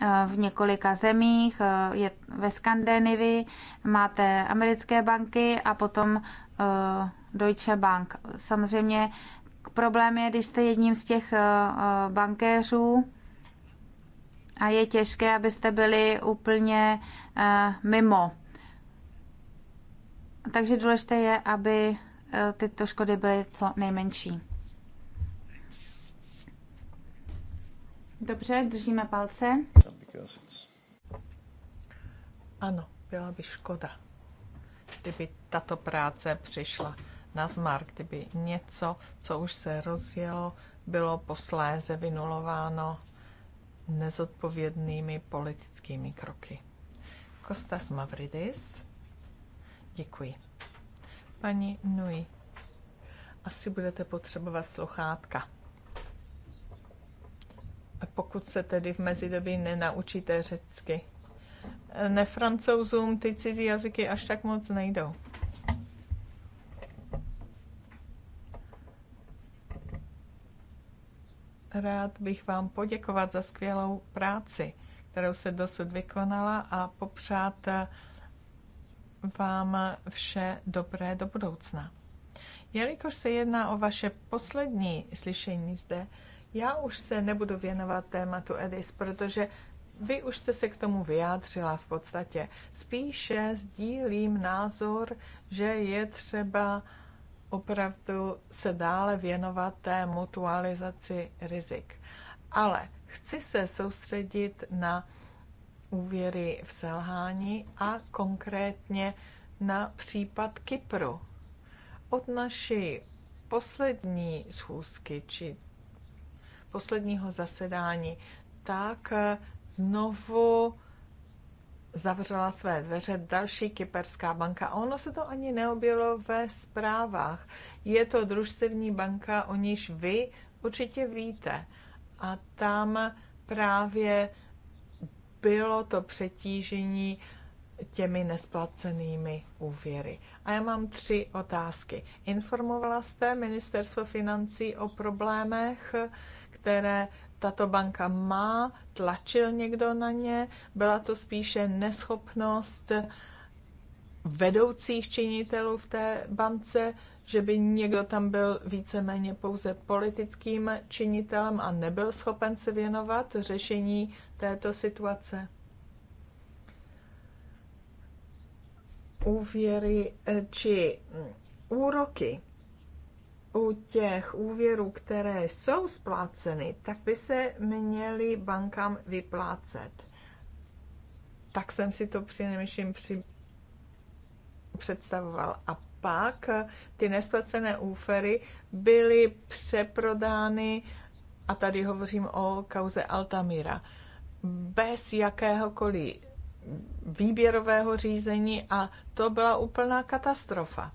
Eh, v několika zemích, eh, je ve Skandinavii, máte americké banky a potom eh, Deutsche Bank. Samozřejmě problém je, když jste jedním z těch bankéřů a je těžké, abyste byli úplně mimo. Takže důležité je, aby tyto škody byly co nejmenší. Dobře, držíme palce. Ano, byla by škoda, kdyby tato práce přišla na zmar, kdyby něco, co už se rozjelo, bylo posléze vynulováno nezodpovědnými politickými kroky. Kostas Mavridis, děkuji. Paní Nui, asi budete potřebovat sluchátka pokud se tedy v mezidobí nenaučíte řecky. Nefrancouzům ty cizí jazyky až tak moc nejdou. Rád bych vám poděkovat za skvělou práci, kterou se dosud vykonala a popřát eh, vám vše dobré do budoucna. Jelikož se jedná o vaše poslední slyšení zde, já už se nebudu věnovat tématu EDIS, protože vy už jste se k tomu vyjádřila v podstatě. Spíše sdílím názor, že je třeba opravdu se dále věnovat té mutualizaci rizik. Ale chci se soustředit na úvěry v selhání a konkrétně na případ Kypru. Od naší poslední schůzky či posledního zasedání, tak eh, znovu zavřela své dveře další kyperská banka. ono se to ani neobjelo ve zprávách. Je to družstevní banka, o níž vy určitě víte. A tam právě bylo to přetížení těmi nesplacenými úvěry. A já mám tři otázky. Informovala jste ministerstvo financí o problémech, které tato banka má, tlačil někdo na ně, byla to spíše neschopnost vedoucích činitelů v té bance, že by někdo tam byl víceméně pouze politickým činitelem a nebyl schopen se věnovat řešení této situace. Úvěry eh, či hm, úroky u těch úvěrů, které jsou spláceny, tak by se měly bankám vyplácet. Tak jsem si to přinejmenším při... představoval. A pak ty nesplacené úfery byly přeprodány, a tady hovořím o kauze Altamira, bez jakéhokoliv výběrového řízení a to byla úplná katastrofa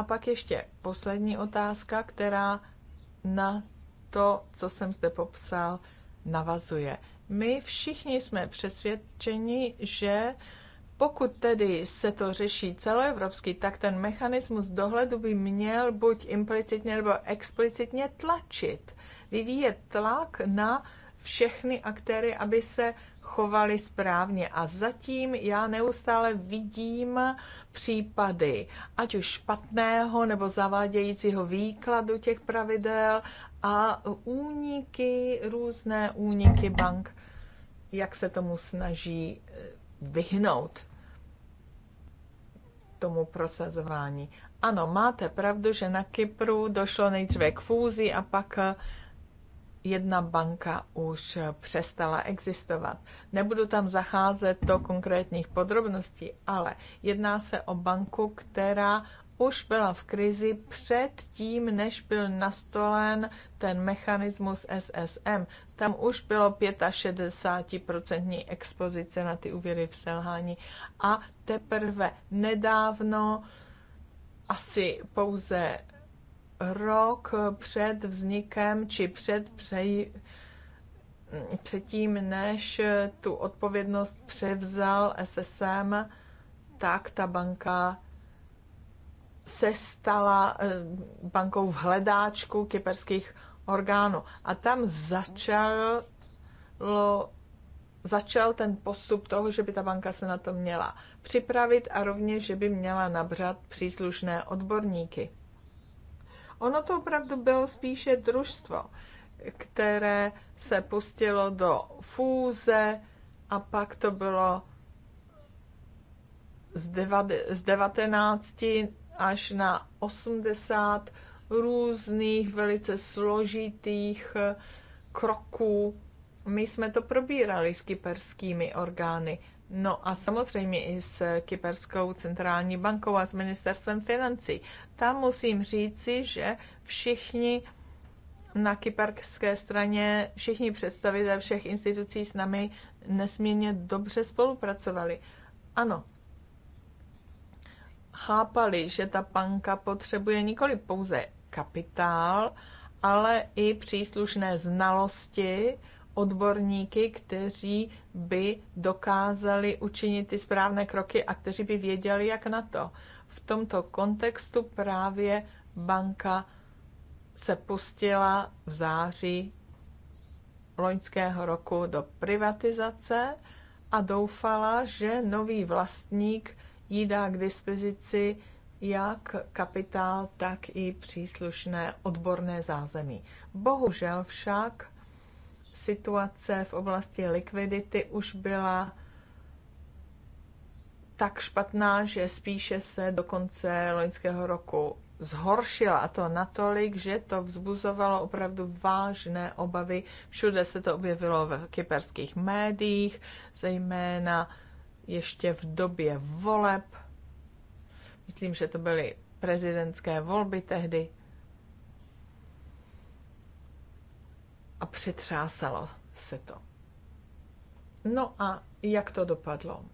a pak ještě poslední otázka, která na to, co jsem zde popsal, navazuje. My všichni jsme přesvědčeni, že pokud tedy se to řeší celoevropsky, tak ten mechanismus dohledu by měl buď implicitně nebo explicitně tlačit, vyvíjet tlak na všechny aktéry, aby se chovali správně. A zatím já neustále vidím případy, ať už špatného nebo zavádějícího výkladu těch pravidel a úniky, různé úniky bank, jak se tomu snaží eh, vyhnout tomu prosazování. Ano, máte pravdu, že na Kypru došlo nejdříve k fúzi a pak eh, jedna banka už přestala existovat. Nebudu tam zacházet do konkrétních podrobností, ale jedná se o banku, která už byla v krizi před tím, než byl nastolen ten mechanismus SSM. Tam už bylo 65% expozice na ty úvěry v selhání a teprve nedávno asi pouze rok před vznikem či před přeji, předtím, než tu odpovědnost převzal SSM, tak ta banka se stala eh, bankou v hledáčku kyperských orgánů. A tam začalo, začal ten postup toho, že by ta banka se na to měla připravit a rovněž, že by měla nabrat příslušné odborníky. Ono to opravdu bylo spíše družstvo, které se pustilo do fůze a pak to bylo z, deva, z 19 až na 80 různých velice složitých eh, kroků. My jsme to probírali s kyperskými orgány No a samozřejmě i s Kyperskou centrální bankou a s ministerstvem financí. Tam musím říci, že všichni na kyperské straně, všichni představitelé všech institucí s námi nesmírně dobře spolupracovali. Ano, chápali, že ta banka potřebuje nikoli pouze kapitál, ale i příslušné znalosti, odborníky, kteří by dokázali učinit ty správné kroky a kteří by věděli, jak na to. V tomto kontextu právě banka se pustila v září loňského roku do privatizace a doufala, že nový vlastník jí dá k dispozici jak kapitál, tak i příslušné odborné zázemí. Bohužel však situace v oblasti likvidity už byla tak špatná, že spíše se do konce loňského roku zhoršila a to natolik, že to vzbuzovalo opravdu vážné obavy. Všude se to objevilo v kyperských médiích, zejména ještě v době voleb. Myslím, že to byly prezidentské volby tehdy. a přetřásalo se to. No a jak to dopadlo?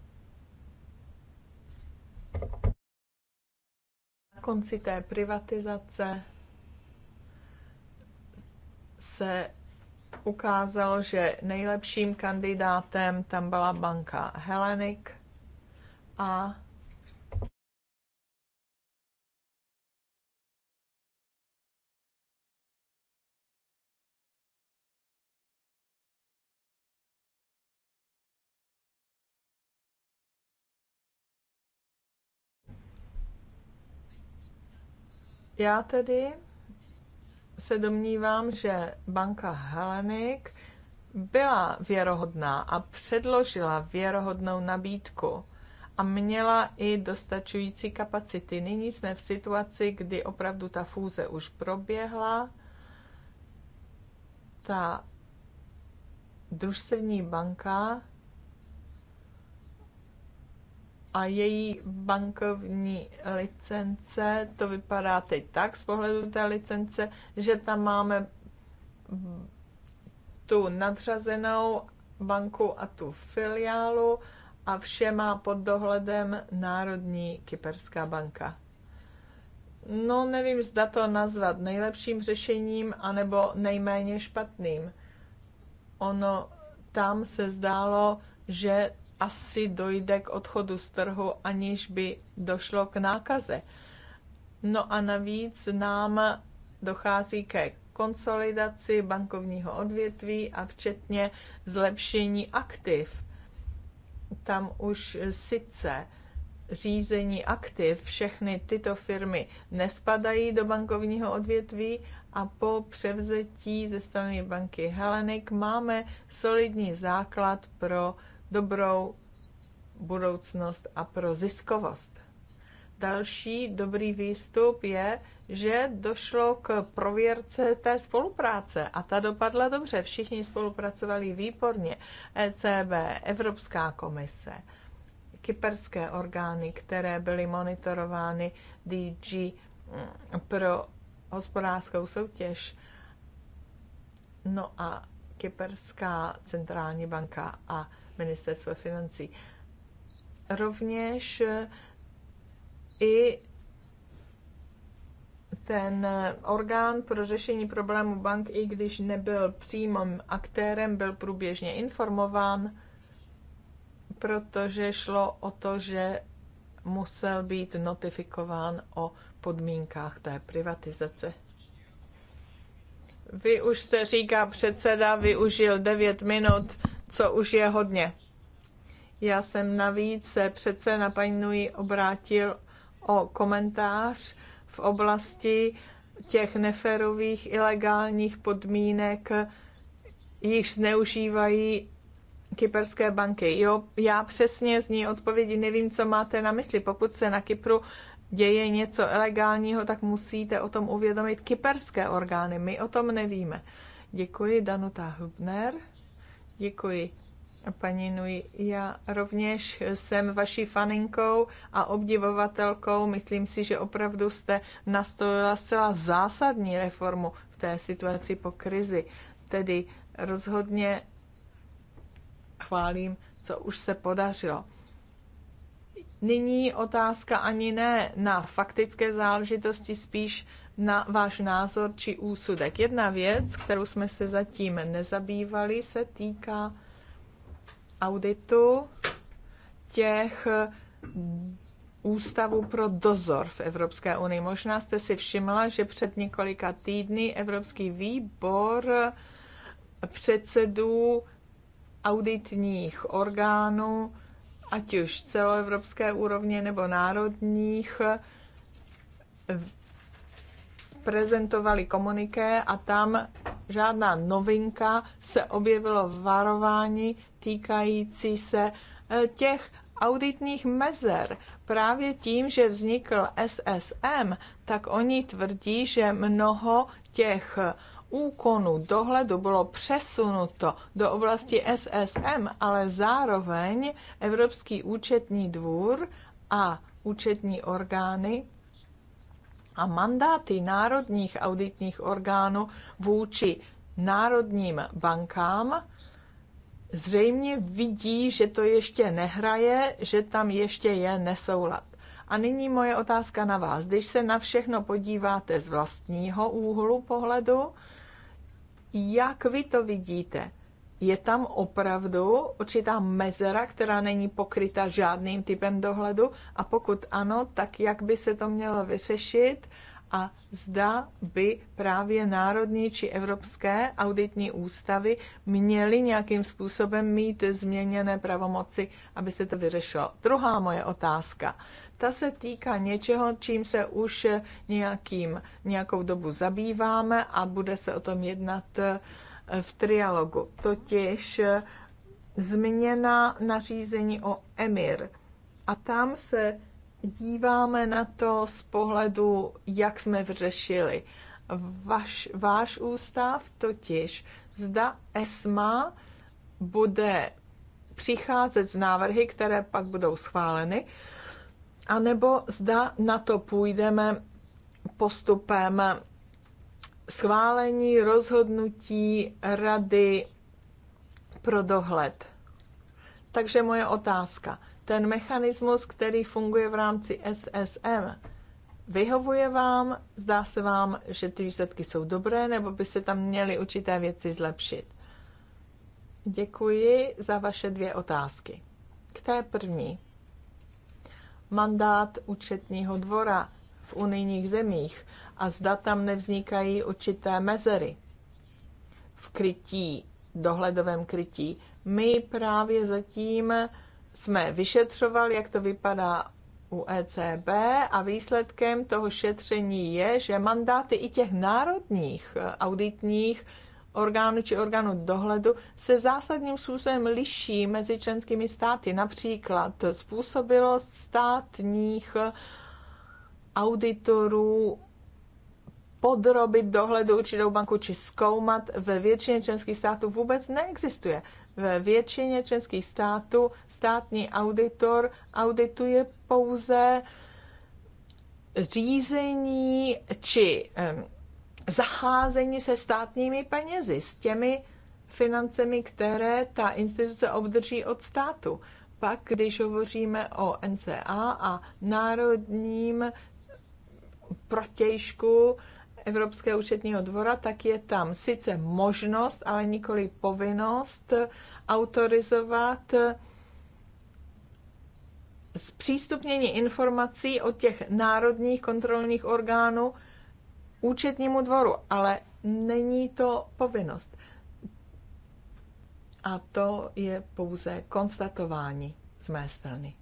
Na konci té privatizace se ukázalo, že nejlepším kandidátem tam byla banka Helenik a Já tedy se domnívám, že banka Helenik byla věrohodná a předložila věrohodnou nabídku a měla i dostačující kapacity. Nyní jsme v situaci, kdy opravdu ta fúze už proběhla. Ta družstevní banka a její bankovní licence, to vypadá teď tak z pohledu té licence, že tam máme tu nadřazenou banku a tu filiálu a vše má pod dohledem Národní kyperská banka. No, nevím, zda to nazvat nejlepším řešením anebo nejméně špatným. Ono tam se zdálo, že asi dojde k odchodu z trhu, aniž by došlo k nákaze. No a navíc nám dochází ke konsolidaci bankovního odvětví a včetně zlepšení aktiv. Tam už sice řízení aktiv, všechny tyto firmy nespadají do bankovního odvětví a po převzetí ze strany banky Hellenic máme solidní základ pro dobrou budoucnost a pro ziskovost. Další dobrý výstup je, že došlo k prověrce té spolupráce a ta dopadla dobře. Všichni spolupracovali výborně. ECB, Evropská komise, kyperské orgány, které byly monitorovány DG mm, pro hospodářskou soutěž. No a Kyperská centrální banka a ministerstva financí. Rovněž eh, i ten eh, orgán pro řešení problému bank, i když nebyl přímým aktérem, byl průběžně informován, protože šlo o to, že musel být notifikován o podmínkách té privatizace. Vy už jste říká předseda, využil 9 minut co už je hodně. Já jsem navíc se přece na paní Nui obrátil o komentář v oblasti těch neferových ilegálních podmínek, jichž zneužívají kyperské banky. Jo, já přesně z ní odpovědi nevím, co máte na mysli. Pokud se na Kypru děje něco ilegálního, tak musíte o tom uvědomit kyperské orgány. My o tom nevíme. Děkuji, Danuta Hubner. Děkuji. Paní Nui, já rovněž jsem vaší faninkou a obdivovatelkou. Myslím si, že opravdu jste nastolila zcela zásadní reformu v té situaci po krizi. Tedy rozhodně chválím, co už se podařilo. Nyní otázka ani ne na faktické záležitosti, spíš na váš názor či úsudek. Jedna věc, kterou jsme se zatím nezabývali, se týká auditu těch ústavů pro dozor v Evropské unii. Možná jste si všimla, že před několika týdny Evropský výbor předsedů auditních orgánů, ať už celoevropské úrovně nebo národních, prezentovali komuniké a tam žádná novinka se objevilo varování týkající se eh, těch auditních mezer. Právě tím, že vznikl SSM, tak oni tvrdí, že mnoho těch úkonů dohledu bylo přesunuto do oblasti SSM, ale zároveň Evropský účetní dvůr a účetní orgány a mandáty národních auditních orgánů vůči národním bankám zřejmě vidí, že to ještě nehraje, že tam ještě je nesoulad. A nyní moje otázka na vás. Když se na všechno podíváte z vlastního úhlu pohledu, jak vy to vidíte? je tam opravdu určitá mezera, která není pokryta žádným typem dohledu a pokud ano, tak jak by se to mělo vyřešit a zda by právě národní či evropské auditní ústavy měly nějakým způsobem mít změněné pravomoci, aby se to vyřešilo. Druhá moje otázka. Ta se týká něčeho, čím se už nějakým, nějakou dobu zabýváme a bude se o tom jednat v trialogu, totiž eh, změna nařízení o EMIR. A tam se díváme na to z pohledu, jak jsme vyřešili. Vaš, váš ústav totiž, zda ESMA bude přicházet s návrhy, které pak budou schváleny, anebo zda na to půjdeme postupem schválení rozhodnutí Rady pro dohled. Takže moje otázka. Ten mechanismus, který funguje v rámci SSM, vyhovuje vám? Zdá se vám, že ty výsledky jsou dobré, nebo by se tam měly určité věci zlepšit? Děkuji za vaše dvě otázky. K té první. Mandát účetního dvora v unijních zemích a zda tam nevznikají určité mezery v krytí, dohledovém krytí. My právě zatím jsme vyšetřovali, jak to vypadá u ECB a výsledkem toho šetření je, že mandáty i těch národních eh, auditních orgánů či orgánů dohledu se zásadním způsobem liší mezi členskými státy. Například způsobilost státních eh, auditorů podrobit dohledu určitou banku či zkoumat ve většině členských států vůbec neexistuje. Ve většině členských států státní auditor audituje pouze řízení či um, zacházení se státními penězi, s těmi financemi, které ta instituce obdrží od státu. Pak, když hovoříme o NCA a národním protějšku, Evropské účetního dvora, tak je tam sice možnost, ale nikoli povinnost autorizovat zpřístupnění informací od těch národních kontrolních orgánů účetnímu dvoru, ale není to povinnost. A to je pouze konstatování z mé strany.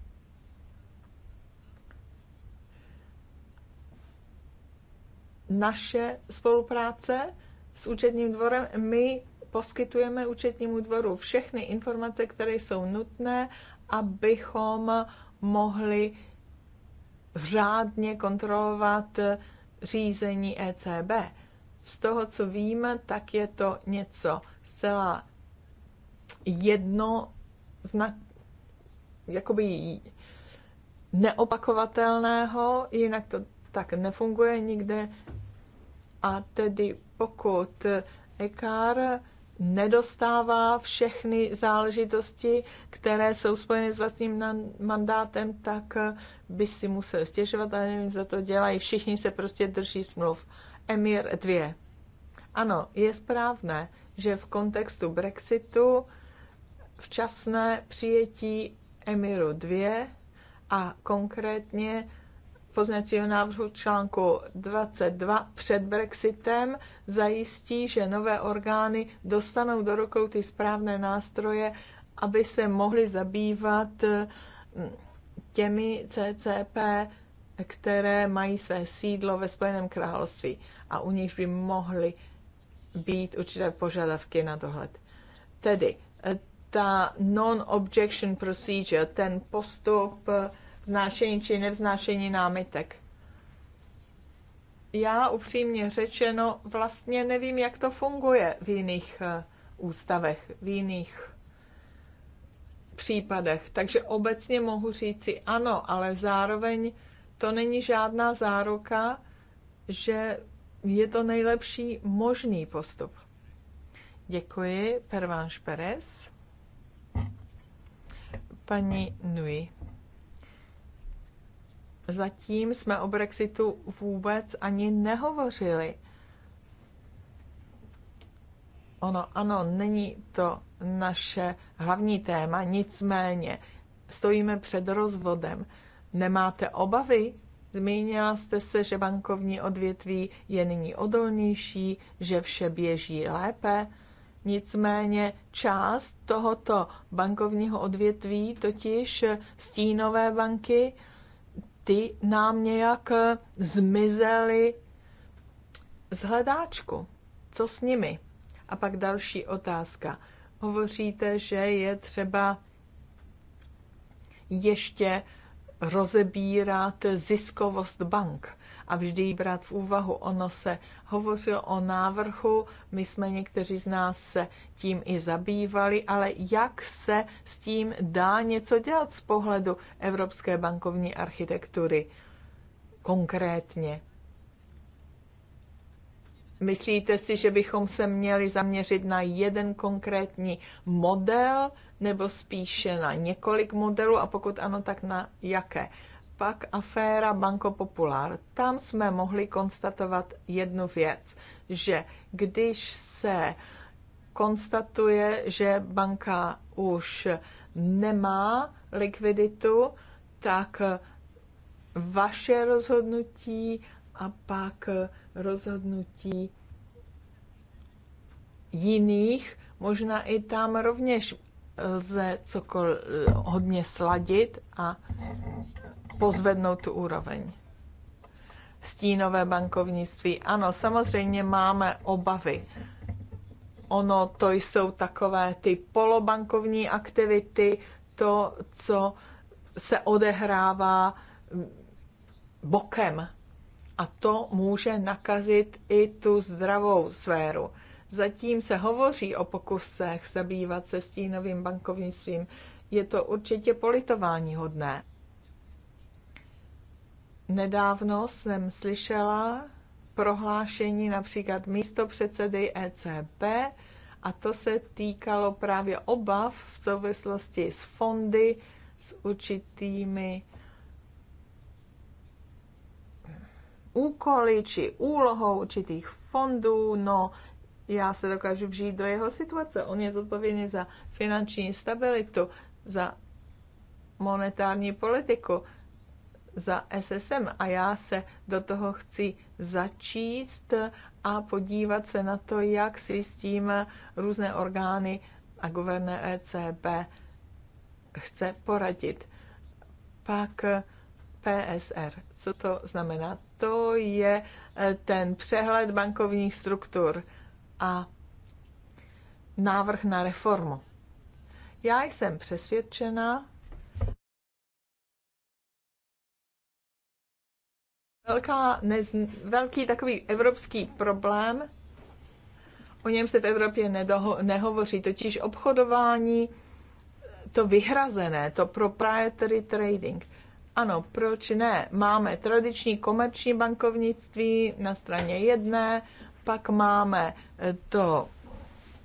naše spolupráce s účetním dvorem. My poskytujeme účetnímu dvoru všechny informace, které jsou nutné, abychom mohli řádně kontrolovat řízení ECB. Z toho, co vím, tak je to něco zcela jedno, znak, jakoby neopakovatelného, jinak to tak nefunguje nikde. A tedy pokud EKAR nedostává všechny záležitosti, které jsou spojeny s vlastním mandátem, tak by si musel stěžovat, a nevím, za to dělají. Všichni se prostě drží smluv. Emir 2. Ano, je správné, že v kontextu Brexitu včasné přijetí Emiru 2 a konkrétně poznacího návrhu článku 22 před Brexitem zajistí, že nové orgány dostanou do rukou ty správné nástroje, aby se mohly zabývat mm, těmi CCP, které mají své sídlo ve Spojeném království a u nich by mohly být určité požadavky na dohled. Tedy eh, ta non-objection procedure, ten postup vznášení či nevznášení námitek. Já upřímně řečeno vlastně nevím, jak to funguje v jiných eh, ústavech, v jiných případech. Takže obecně mohu říci ano, ale zároveň to není žádná záruka, že je to nejlepší možný postup. Děkuji, Pervánš Perez. Paní Nui. Zatím jsme o Brexitu vůbec ani nehovořili. Ono, ano, není to naše hlavní téma, nicméně stojíme před rozvodem. Nemáte obavy? Zmínila jste se, že bankovní odvětví je nyní odolnější, že vše běží lépe. Nicméně část tohoto bankovního odvětví, totiž stínové banky, ty nám nějak eh, zmizely z hledáčku. Co s nimi? A pak další otázka. Hovoříte, že je třeba ještě rozebírat ziskovost bank a vždy ji brát v úvahu. Ono se hovořilo o návrhu, my jsme někteří z nás se tím i zabývali, ale jak se s tím dá něco dělat z pohledu Evropské bankovní architektury konkrétně? Myslíte si, že bychom se měli zaměřit na jeden konkrétní model nebo spíše na několik modelů a pokud ano, tak na jaké? pak aféra Banco Popular. Tam jsme mohli konstatovat jednu věc, že když se konstatuje, že banka už nemá likviditu, tak vaše rozhodnutí a pak rozhodnutí jiných, možná i tam rovněž lze cokoliv hodně sladit a pozvednout tu úroveň. Stínové bankovnictví. Ano, samozřejmě máme obavy. Ono to jsou takové ty polobankovní aktivity, to, co se odehrává bokem. A to může nakazit i tu zdravou sféru. Zatím se hovoří o pokusech zabývat se stínovým bankovnictvím. Je to určitě politování hodné. Nedávno jsem slyšela prohlášení například místo předsedy ECB a to se týkalo právě obav v souvislosti s fondy, s určitými úkoly či úlohou určitých fondů. No, já se dokážu vžít do jeho situace. On je zodpovědný za finanční stabilitu, za monetární politiku, za SSM a já se do toho chci začíst a podívat se na to, jak si s tím různé orgány a guverné ECB chce poradit. Pak PSR. Co to znamená? To je eh, ten přehled bankovních struktur a návrh na reformu. Já jsem přesvědčena, velká, nez, velký takový evropský problém, o něm se v Evropě nedoho, nehovoří, totiž obchodování, to vyhrazené, to proprietary trading. Ano, proč ne? Máme tradiční komerční bankovnictví na straně jedné, pak máme eh, to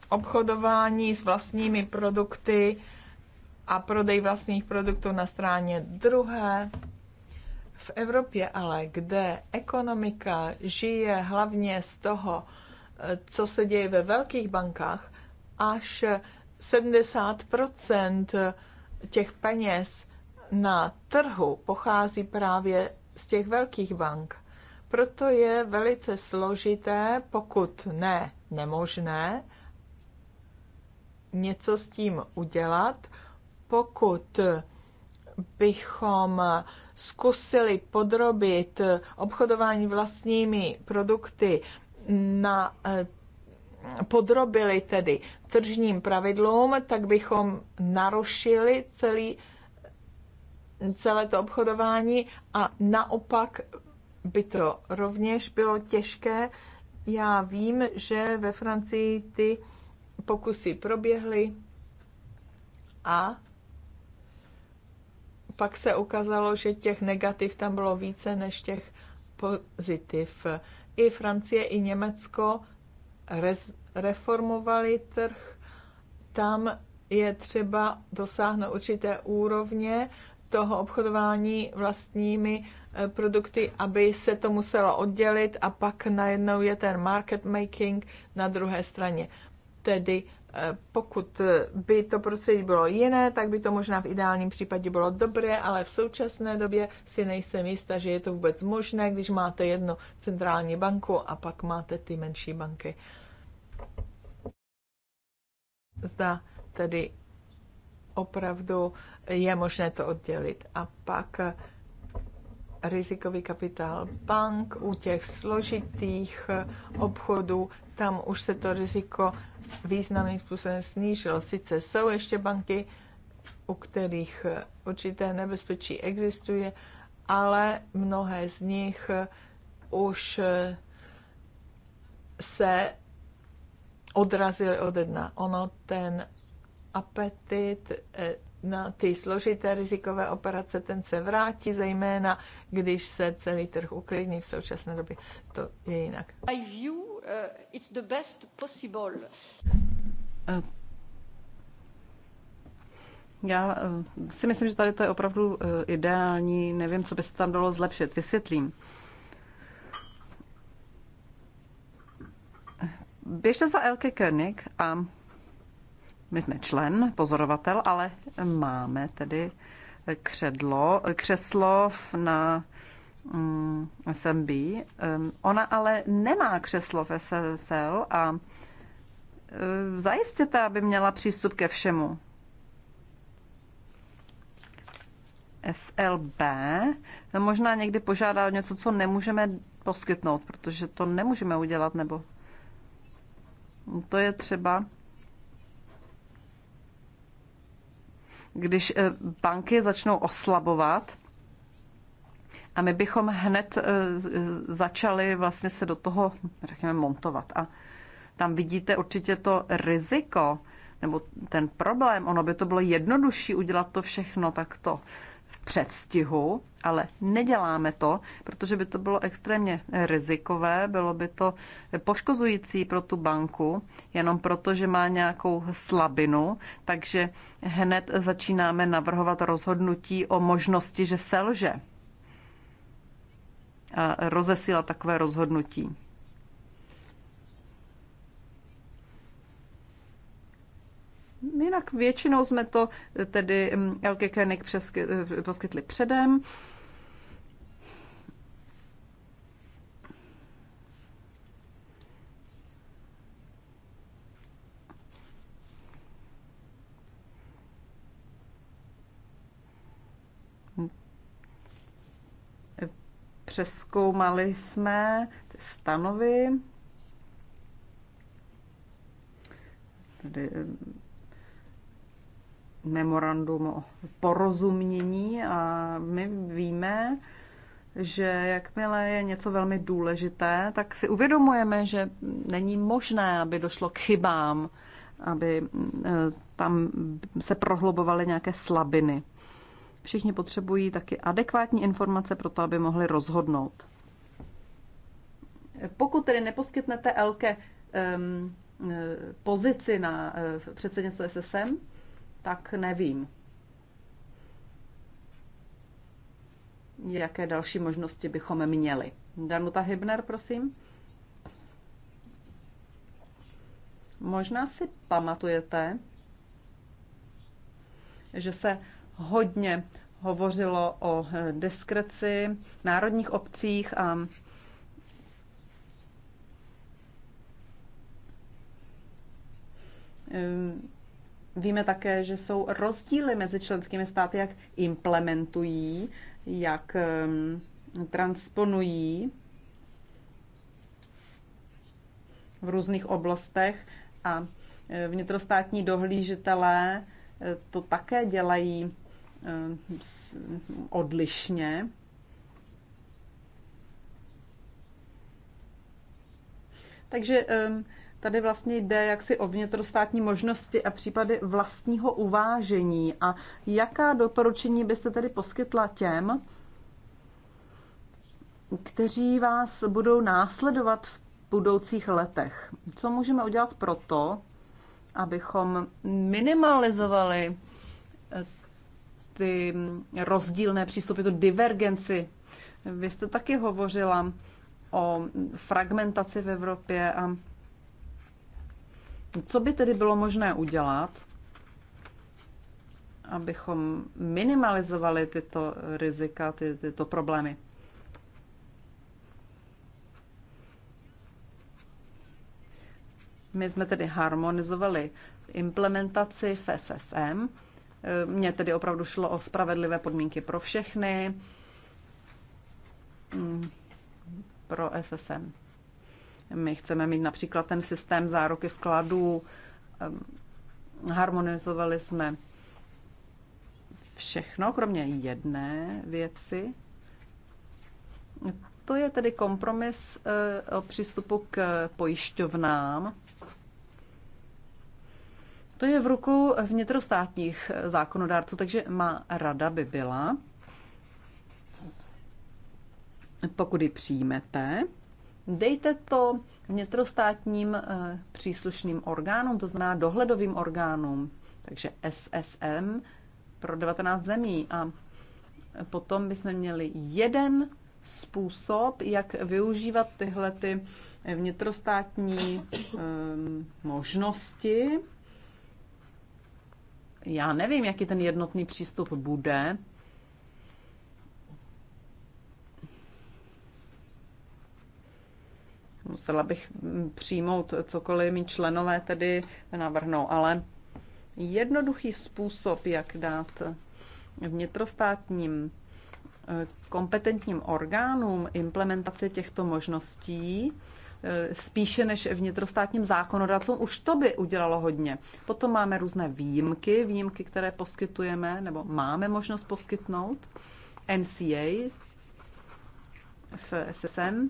obchodování s vlastními produkty a prodej vlastních produktů na straně druhé. Evropě ale, kde ekonomika žije hlavně z toho, eh, co se děje ve velkých bankách, až 70 těch peněz na trhu pochází právě z těch velkých bank. Proto je velice složité, pokud ne nemožné, něco s tím udělat, pokud bychom zkusili podrobit obchodování vlastními produkty na eh, podrobili tedy tržním pravidlům, tak bychom narušili celý, celé to obchodování a naopak by to rovněž bylo těžké. Já vím, že ve Francii ty pokusy proběhly a pak se ukázalo, že těch negativ tam bylo více než těch pozitiv. I Francie, i Německo rez, reformovali trh. Tam je třeba dosáhnout určité úrovně toho obchodování vlastními eh, produkty, aby se to muselo oddělit a pak najednou je ten market making na druhé straně. Tedy pokud by to prostředí bylo jiné, tak by to možná v ideálním případě bylo dobré, ale v současné době si nejsem jistá, že je to vůbec možné, když máte jednu centrální banku a pak máte ty menší banky. Zda tedy opravdu je možné to oddělit. A pak rizikový kapitál bank, u těch složitých eh, obchodů, tam už se to riziko významným způsobem snížilo. Sice jsou ještě banky, u kterých eh, určité nebezpečí existuje, ale mnohé z nich eh, už se odrazily od dna. Ono ten apetit na ty složité rizikové operace, ten se vrátí, zejména když se celý trh uklidní v současné době. To je jinak. I view, uh, it's the best possible. já eh, si myslím, že tady to je opravdu eh, ideální. Nevím, co by se tam dalo zlepšit. Vysvětlím. Běžte za Elke König a my jsme člen, pozorovatel, ale máme tedy kředlo, křeslo na mm, SMB. Ehm, ona ale nemá křeslo v SSL a ehm, zajistěte, aby měla přístup ke všemu. SLB no, možná někdy požádá o něco, co nemůžeme poskytnout, protože to nemůžeme udělat, nebo to je třeba když eh, banky začnou oslabovat a my bychom hned eh, začali vlastně se do toho, řekněme, montovat. A tam vidíte určitě to riziko, nebo ten problém, ono by to bylo jednodušší udělat to všechno takto předstihu, ale neděláme to, protože by to bylo extrémně rizikové, bylo by to poškozující pro tu banku, jenom proto, že má nějakou slabinu, takže hned začínáme navrhovat rozhodnutí o možnosti, že selže a rozesílat takové rozhodnutí. Jinak většinou jsme to eh, tedy mm, Elke Koenig eh, poskytli předem. Přeskoumali jsme ty stanovy, Tady, eh, memorandum o porozumění a my víme, že jakmile je něco velmi důležité, tak si uvědomujeme, že není možné, aby došlo k chybám, aby eh, tam se prohlubovaly nějaké slabiny. Všichni potřebují taky adekvátní informace pro to, aby mohli rozhodnout. Pokud tedy neposkytnete Elke um, pozici na eh, předsednictvo SSM, tak nevím. Jaké další možnosti bychom měli? Danuta Hybner, prosím. Možná si pamatujete, že se hodně hovořilo o eh, diskreci národních obcích a um, Víme také, že jsou rozdíly mezi členskými státy, jak implementují, jak ehm, transponují v různých oblastech a e, vnitrostátní dohlížitelé e, to také dělají e, odlišně. Takže ehm, Tady vlastně jde jaksi o vnitrostátní možnosti a případy vlastního uvážení. A jaká doporučení byste tedy poskytla těm, kteří vás budou následovat v budoucích letech? Co můžeme udělat proto, abychom minimalizovali eh, ty rozdílné přístupy, tu divergenci. Vy jste taky hovořila o fragmentaci v Evropě a co by tedy bylo možné udělat, abychom minimalizovali tyto rizika, ty, tyto problémy? My jsme tedy harmonizovali implementaci v SSM. Mně tedy opravdu šlo o spravedlivé podmínky pro všechny, mm, pro SSM my chceme mít například ten systém záruky vkladů, harmonizovali jsme všechno, kromě jedné věci. To je tedy kompromis e, o přístupu k pojišťovnám. To je v rukou vnitrostátních zákonodárců, takže má rada by byla, pokud ji přijmete, Dejte to vnitrostátním eh, příslušným orgánům, to znamená dohledovým orgánům, takže SSM pro 19 zemí. A potom bychom měli jeden způsob, jak využívat tyhle ty vnitrostátní ehm, možnosti. Já nevím, jaký ten jednotný přístup bude, musela bych přijmout cokoliv mi členové tedy navrhnou, ale jednoduchý způsob, jak dát vnitrostátním eh, kompetentním orgánům implementaci těchto možností, eh, spíše než vnitrostátním zákonodacům, už to by udělalo hodně. Potom máme různé výjimky, výjimky, které poskytujeme, nebo máme možnost poskytnout. NCA v SSM,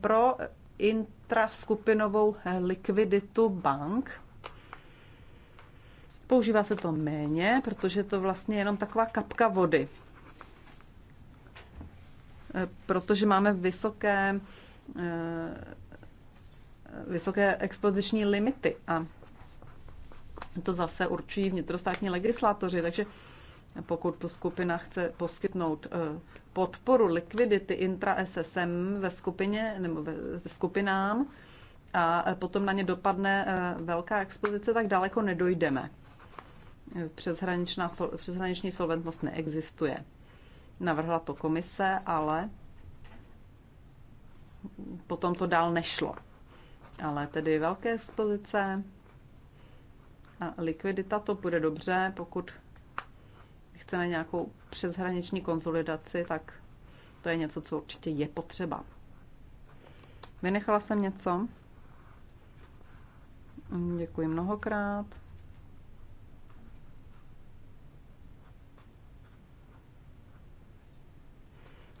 pro intraskupinovou likviditu bank. Používá se to méně, protože to vlastně je jenom taková kapka vody. Eh, protože máme vysoké, eh, vysoké expoziční limity a to zase určují vnitrostátní legislátoři, takže pokud tu skupina chce poskytnout eh, podporu likvidity intra-SSM ve skupině nebo ve skupinám a eh, potom na ně dopadne eh, velká expozice, tak daleko nedojdeme. Přeshraničná, přeshraniční solventnost neexistuje. Navrhla to komise, ale potom to dál nešlo. Ale tedy velké expozice a likvidita to bude dobře, pokud chceme nějakou přeshraniční konsolidaci, tak to je něco, co určitě je potřeba. Vynechala jsem něco? Mm, děkuji mnohokrát.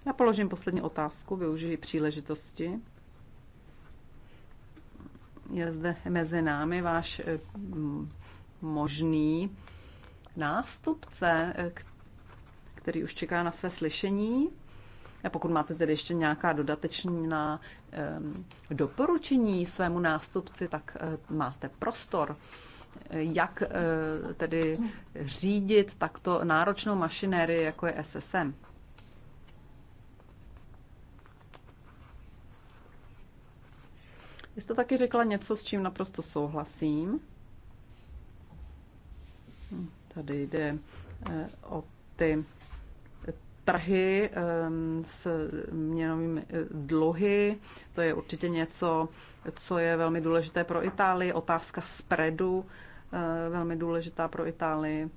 Já položím poslední otázku, využiji příležitosti. Je zde mezi námi váš eh, možný nástupce, eh, který už čeká na své slyšení. A pokud máte tedy ještě nějaká dodatečná eh, doporučení svému nástupci, tak eh, máte prostor jak tedy řídit takto náročnou mašinérii, jako je SSM. Vy jste taky řekla něco, s čím naprosto souhlasím. Tady jde eh, o ty trhy ehm, s měnovými eh, dluhy. To je určitě něco, co je velmi důležité pro Itálii. Otázka spreadu eh, velmi důležitá pro Itálii.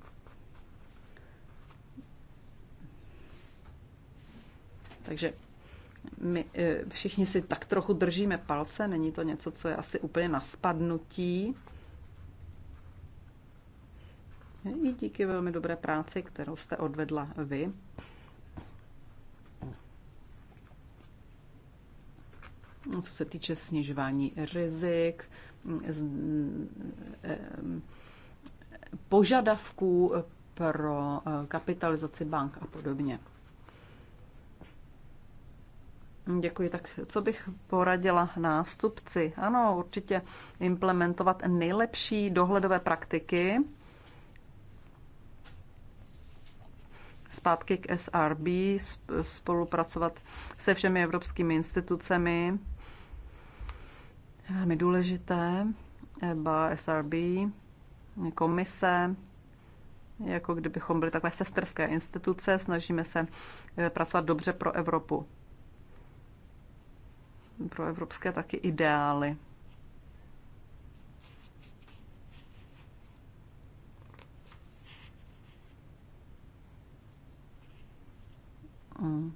Takže my všichni si tak trochu držíme palce, není to něco, co je asi úplně na spadnutí i díky velmi dobré práci, kterou jste odvedla vy. Co se týče snižování rizik, eh, požadavků pro eh, kapitalizaci bank a podobně. Děkuji. Tak co bych poradila nástupci? Ano, určitě implementovat nejlepší dohledové praktiky zpátky k SRB, spolupracovat se všemi evropskými institucemi. Velmi důležité. EBA, SRB, komise, jako kdybychom byli takové sesterské instituce, snažíme se eh, pracovat dobře pro Evropu. Pro evropské taky ideály. Mm.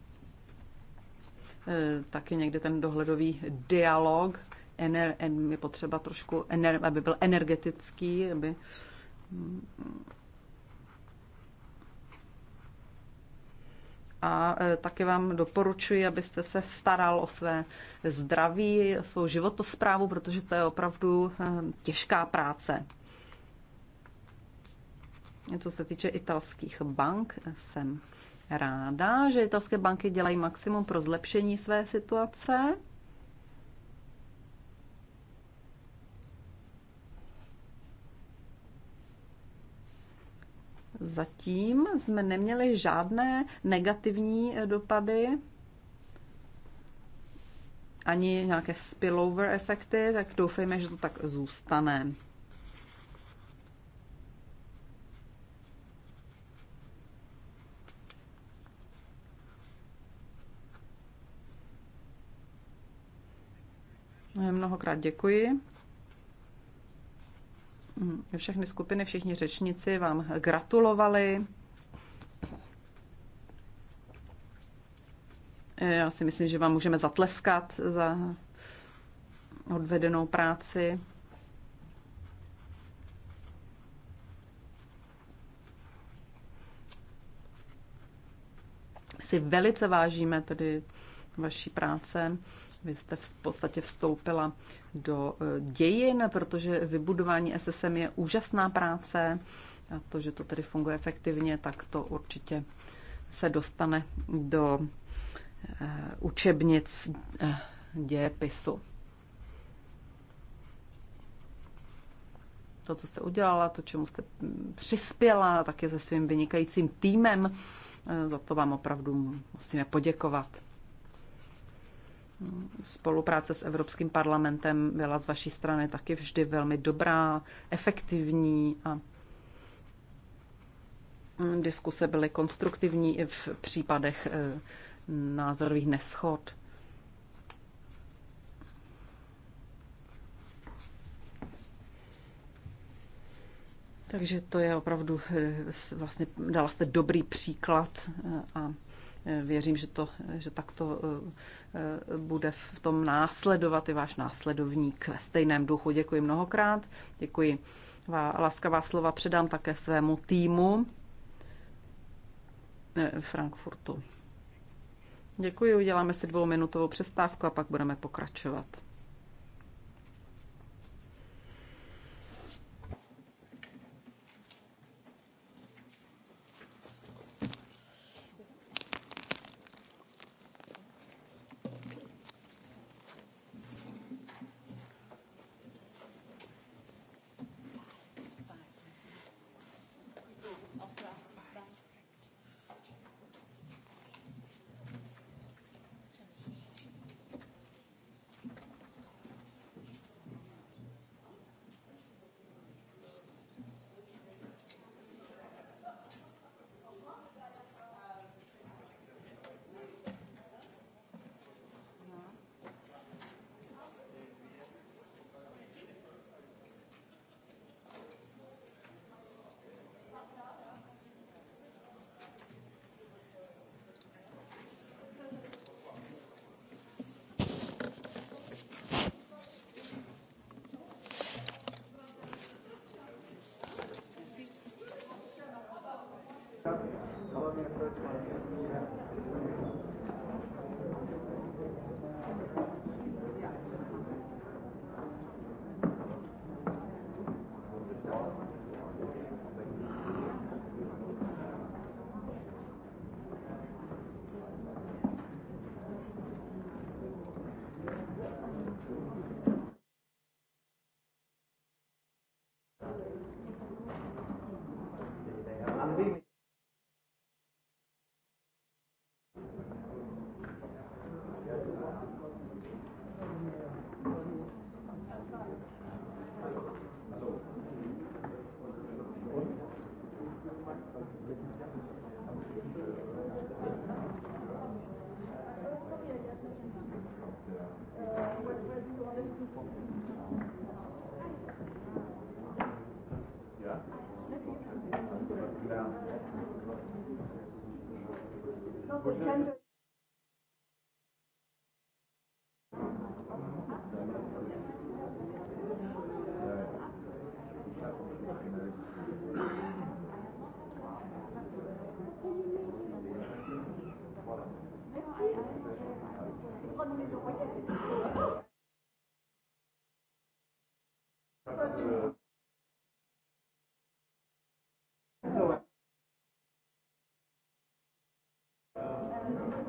E, taky někde ten dohledový dialog ener, en, je potřeba trošku, ener, aby byl energetický, aby a e, taky vám doporučuji, abyste se staral o své zdraví, o svou životosprávu, protože to je opravdu e, těžká práce. Co se týče italských bank, jsem ráda, že italské banky dělají maximum pro zlepšení své situace. Zatím jsme neměli žádné negativní eh, dopady, ani nějaké spillover efekty, tak doufejme, že to tak zůstane. Mnohokrát děkuji. Mm, všechny skupiny, všichni řečníci vám gratulovali. Já si myslím, že vám můžeme zatleskat za odvedenou práci. Si velice vážíme tedy vaší práce. Vy jste v podstatě vstoupila do eh, dějin, protože vybudování SSM je úžasná práce a to, že to tedy funguje efektivně, tak to určitě se dostane do eh, učebnic eh, dějepisu. To, co jste udělala, to, čemu jste mm, přispěla, také se svým vynikajícím týmem, za to vám opravdu musíme poděkovat. Spolupráce s Evropským parlamentem byla z vaší strany taky vždy velmi dobrá, efektivní a diskuse byly konstruktivní i v případech eh, názorových neschod. Takže to je opravdu, eh, vlastně dala jste dobrý příklad eh, a Věřím, že, to, že tak to eh, bude v tom následovat i váš následovník ve stejném duchu. Děkuji mnohokrát, děkuji. Laskavá slova předám také svému týmu eh, Frankfurtu. Děkuji, uděláme si dvouminutovou přestávku a pak budeme pokračovat.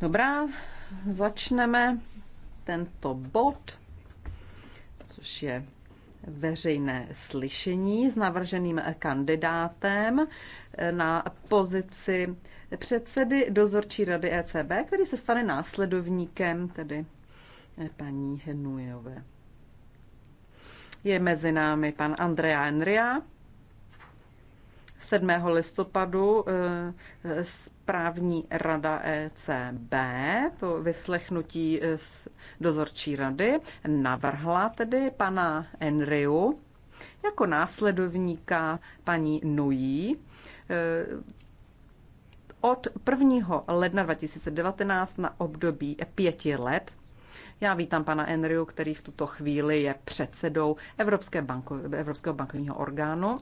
Dobrá, začneme tento bod, což je veřejné slyšení s navrženým kandidátem na pozici předsedy dozorčí rady ECB, který se stane následovníkem tedy paní Henujové. Je mezi námi pan Andrea Enria, 7. listopadu eh, správní rada ECB po vyslechnutí z eh, dozorčí rady navrhla tedy pana Enriu jako následovníka paní Nují eh, od 1. ledna 2019 na období pěti let. Já vítám pana Enriu, který v tuto chvíli je předsedou Evropské banko, Evropského bankovního orgánu.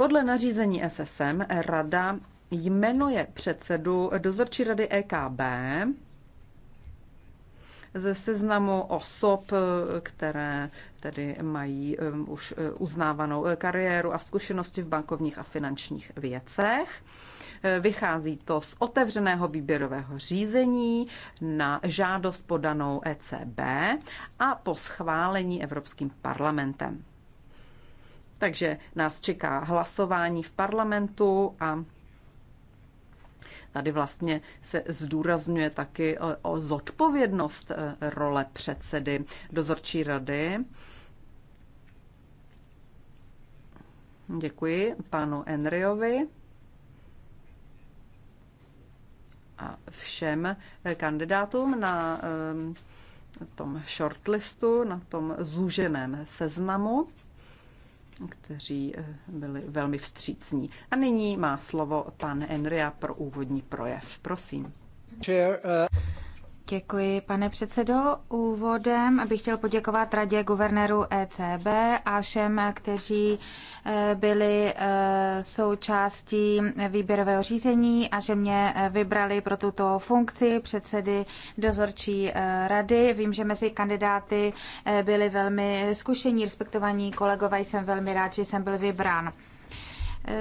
Podle nařízení SSM rada jmenuje předsedu dozorčí rady EKB ze seznamu osob, které tedy mají um, už uh, uznávanou kariéru a zkušenosti v bankovních a finančních věcech. Vychází to z otevřeného výběrového řízení na žádost podanou ECB a po schválení Evropským parlamentem. Takže nás čeká hlasování v parlamentu a tady vlastně se zdůrazňuje taky e, o zodpovědnost e, role předsedy dozorčí rady. Děkuji panu Enriovi a všem e, kandidátům na tom shortlistu, na tom zúženém seznamu kteří eh, byli velmi vstřícní. A nyní má slovo pan Enria pro úvodní projev. Prosím. Eh, Děkuji, pane předsedo. Úvodem bych chtěl poděkovat radě guvernéru ECB a všem, kteří eh, byli eh, součástí výběrového řízení a že mě eh, vybrali pro tuto funkci předsedy dozorčí rady. Vím, že mezi kandidáty byli velmi zkušení, respektovaní kolegové. Jsem velmi rád, že jsem byl vybrán.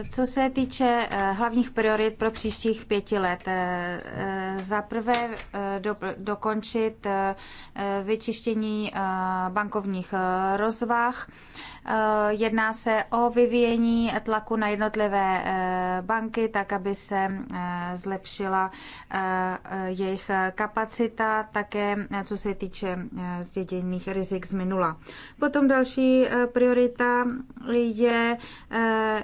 Co se týče eh, hlavních priorit pro příštích pěti let, eh, eh, zaprvé do, dokončit vyčištění bankovních rozvah. Jedná se o vyvíjení tlaku na jednotlivé banky, tak aby se zlepšila jejich kapacita, také co se týče zděděných rizik z minula. Potom další priorita je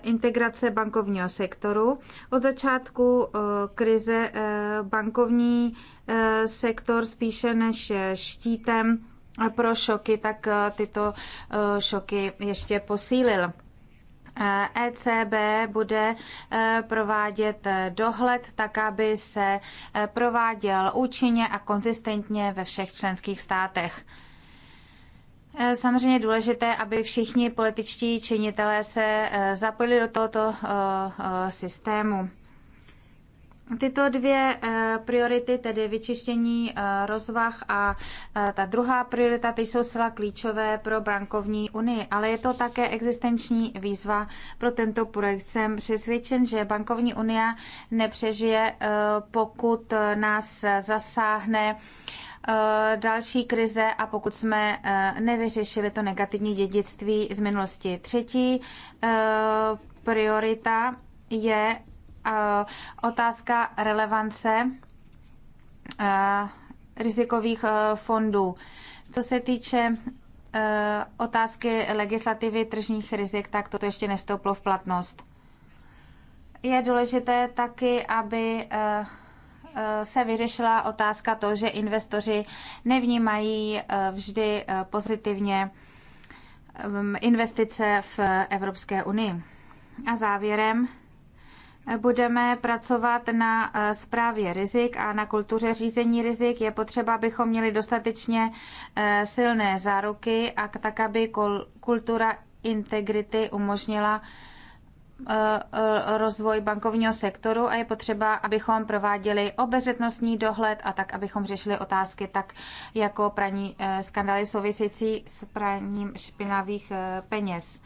integrace integrace bankovního sektoru. Od začátku eh, krize eh, bankovní eh, sektor spíše než štítem pro šoky, tak tyto šoky ještě posílil. ECB e bude provádět dohled tak, aby se prováděl účinně a konzistentně ve všech členských státech. Eh, samozřejmě důležité, aby všichni političtí činitelé se eh, zapojili do tohoto eh, systému. Tyto dvě priority, tedy vyčištění rozvah a ta druhá priorita, ty jsou zcela klíčové pro bankovní unii, ale je to také existenční výzva pro tento projekt. Jsem přesvědčen, že bankovní unie nepřežije, pokud nás zasáhne Eh, další krize a pokud jsme eh, nevyřešili to negativní dědictví z minulosti. Třetí eh, priorita je otázka relevance rizikových fondů. Co se týče otázky legislativy tržních rizik, tak toto ještě nestouplo v platnost. Je důležité taky, aby Eh, se vyřešila otázka to, že investoři nevnímají eh, vždy eh, pozitivně ehm, investice v Evropské unii. A závěrem budeme pracovat na zprávě rizik a na kultuře řízení rizik. Je potřeba, abychom měli dostatečně silné záruky a tak, aby kultura integrity umožnila Eh, eh, rozvoj bankovního sektoru a je potřeba, abychom prováděli obezřetnostní dohled a tak, abychom řešili otázky tak jako praní eh, skandály související s praním špinavých peněz.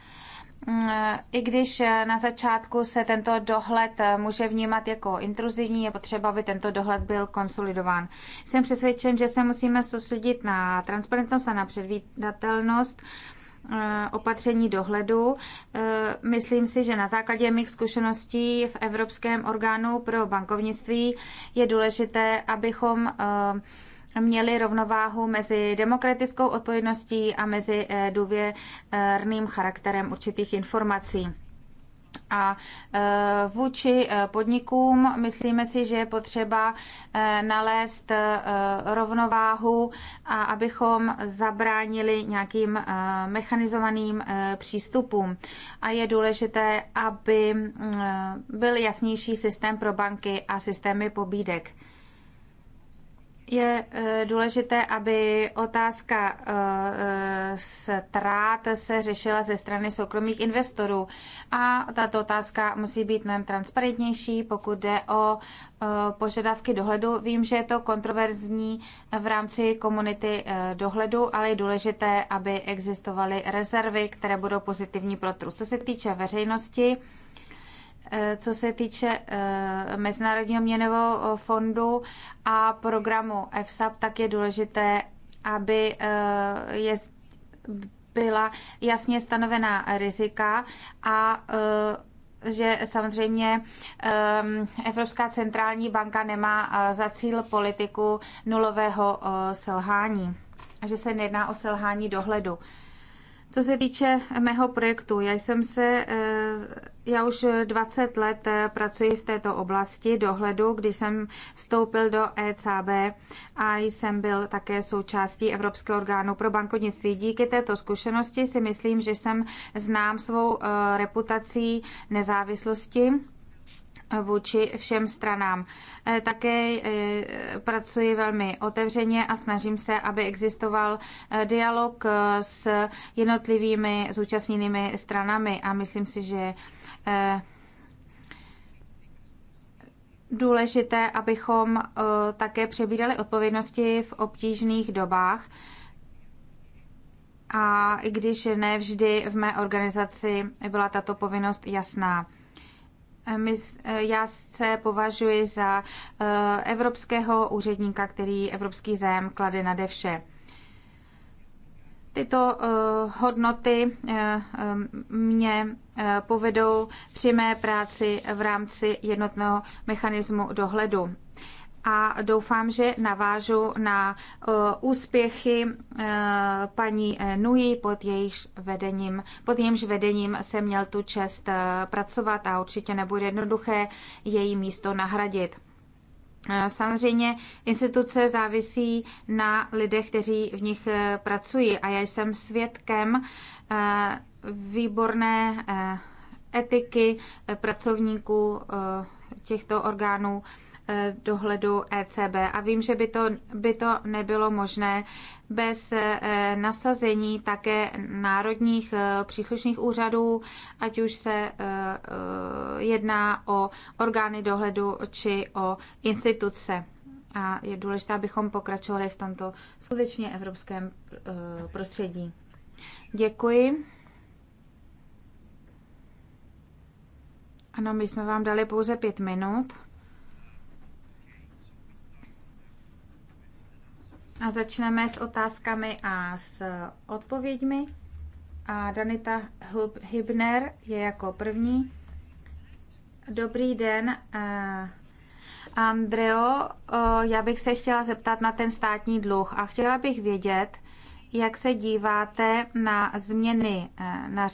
I když na začátku se tento dohled může vnímat jako intruzivní, je potřeba, aby tento dohled byl konsolidován. Jsem přesvědčen, že se musíme soustředit na transparentnost a na předvídatelnost Eh, opatření dohledu. Eh, myslím si, že na základě mých zkušeností v Evropském orgánu pro bankovnictví je důležité, abychom eh, měli rovnováhu mezi demokratickou odpovědností a mezi důvěrným charakterem určitých informací a e, vůči e, podnikům myslíme si, že je potřeba e, nalézt rovnováhu a abychom zabránili nějakým mechanizovaným přístupům. A je důležité, aby byl jasnější systém pro banky a systémy pobídek je eh, důležité, aby otázka eh, eh, ztrát se řešila ze strany soukromých investorů. A tato otázka musí být mnohem transparentnější, pokud jde o požadavky dohledu. Vím, že je to kontroverzní v rámci komunity dohledu, ale je důležité, aby existovaly rezervy, které budou pozitivní pro trus. Co se týče veřejnosti, Eh, co se týče eh, Mezinárodního měnového eh, fondu a programu EFSAP, tak je důležité, aby je byla jasně stanovená rizika a že samozřejmě Evropská centrální banka nemá za cíl politiku nulového selhání a že se nejedná o selhání dohledu. Co se týče mého projektu, já jsem se, eh, já už 20 let eh, pracuji v této oblasti dohledu, když jsem vstoupil do ECB a jsem byl také součástí Evropského orgánu pro bankovnictví. Díky této zkušenosti si myslím, že jsem znám svou eh, reputací nezávislosti vůči všem stranám. Eh, také eh, pracuji velmi otevřeně a snažím se, aby existoval eh, dialog s jednotlivými zúčastněnými stranami a myslím si, že důležité, abychom také přebírali odpovědnosti v obtížných dobách. A i když ne vždy v mé organizaci byla tato povinnost jasná. My, e, já se považuji za e, evropského úředníka, který evropský zájem klade nade vše. Tyto e, hodnoty mě povedou při mé práci v rámci jednotného mechanismu dohledu a doufám, že navážu na eh, úspěchy eh, paní eh, Nui pod jejím vedením. Pod jejímž vedením jsem měl tu čest pracovat a určitě nebude jednoduché její místo nahradit. Samozřejmě instituce závisí na lidech, kteří v nich pracují a já jsem svědkem výborné etiky pracovníků těchto orgánů Eh, dohledu ECB a vím, že by to, by to nebylo možné bez eh, nasazení také národních eh, příslušných úřadů, ať už se jedná o orgány dohledu či o instituce. A je důležité, abychom pokračovali v tomto skutečně evropském prostředí. Děkuji. Ano, my jsme vám dali pouze pět minut. A začneme s otázkami a s eh, odpověďmi. A Danita Hybner je jako první. Dobrý den, eh, Andreo. Eh, já bych se chtěla zeptat na ten státní dluh a chtěla bych vědět, jak se díváte na změny na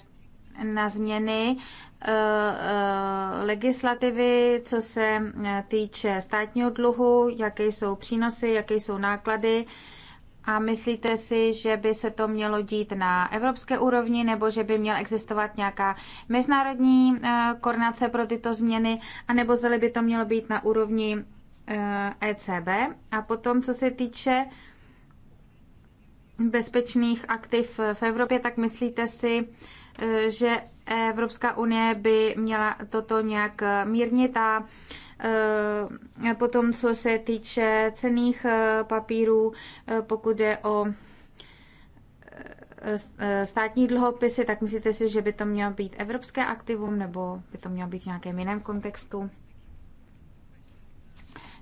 na změny eh, eh, legislativy, co se eh, týče státního dluhu, jaké jsou přínosy, jaké jsou náklady. A myslíte si, že by se to mělo dít na evropské úrovni, nebo že by měla existovat nějaká mezinárodní koordinace pro tyto změny, anebo zda by to mělo být na úrovni ECB? E A potom, co se týče bezpečných aktiv v Evropě, tak myslíte si, Eh, že Evropská unie by měla toto nějak mírnit a eh, potom, co se týče cených eh, papírů, pokud je o státní dluhopisy, tak myslíte si, že by to mělo být evropské aktivum nebo by to mělo být v nějakém jiném kontextu?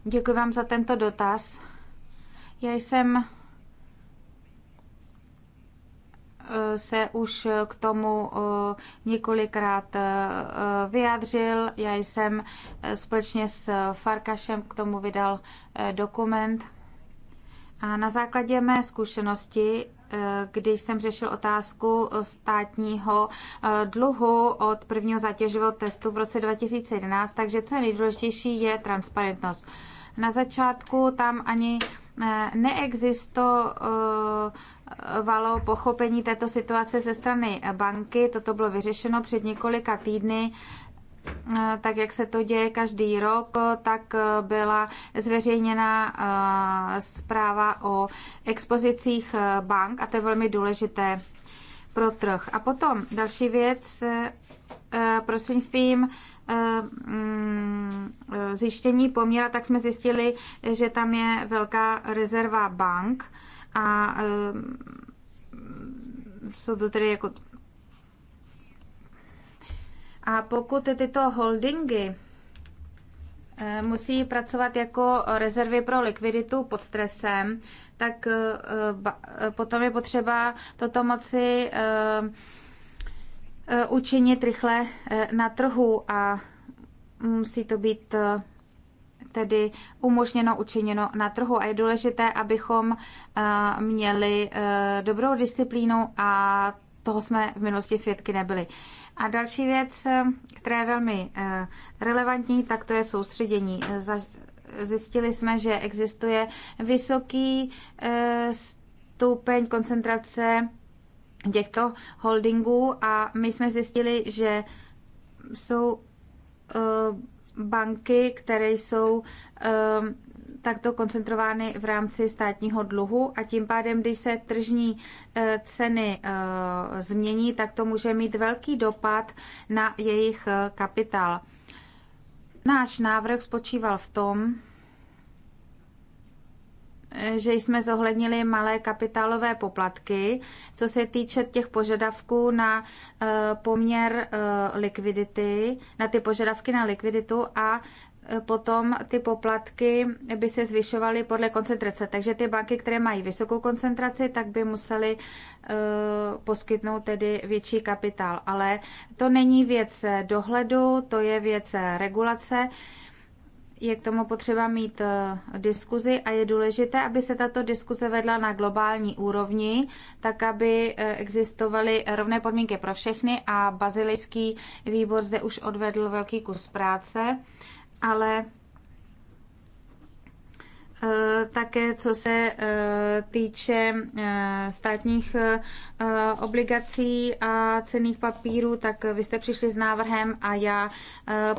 Děkuji vám za tento dotaz. Já jsem se už k tomu eh, několikrát eh, eh, vyjádřil. Já jsem společně s Farkašem k tomu vydal dokument. A na základě mé zkušenosti, když jsem řešil otázku státního dluhu od prvního zátěžového testu v roce 2011, takže co je nejdůležitější, je transparentnost. Na začátku tam ani Eh, neexistovalo pochopení této situace ze strany banky. Toto bylo vyřešeno před několika týdny eh, tak jak se to děje každý rok, tak byla zveřejněna eh, zpráva o expozicích bank a to je velmi důležité pro trh. A potom další věc, prostřednictvím Eh, mm, eh, zjištění poměra, tak jsme zjistili, že tam je velká rezerva bank a eh, jsou to tedy jako a pokud tyto holdingy musí pracovat jako rezervy pro likviditu pod stresem, tak potom je potřeba toto moci Eh, učinit rychle eh, na trhu a musí to být eh, tedy umožněno, učiněno na trhu. A je důležité, abychom měli dobrou disciplínu a toho jsme v minulosti svědky nebyli. A další věc, která je velmi relevantní, tak to je soustředění. Zjistili jsme, že existuje vysoký stupeň koncentrace těchto holdingů a my jsme zjistili, že jsou eh, banky, které jsou eh, takto koncentrovány v rámci státního dluhu a tím pádem, když se tržní eh, ceny změní, tak to může mít velký dopad na jejich kapitál. Náš návrh spočíval v tom, že jsme zohlednili malé kapitálové poplatky, co se týče těch požadavků na e, poměr e, likvidity, na ty požadavky na likviditu a e, potom ty poplatky by se zvyšovaly podle koncentrace. Takže ty banky, které mají vysokou koncentraci, tak by musely poskytnout tedy větší kapitál. Ale to není věc dohledu, to je věc regulace je k tomu potřeba mít eh, diskuzi a je důležité, aby se tato diskuze vedla na globální úrovni, tak aby eh, existovaly rovné podmínky pro všechny a bazilejský výbor zde už odvedl velký kus práce, ale Eh, také co se eh, týče eh, státních obligací a cených papírů, tak vy jste přišli s návrhem a já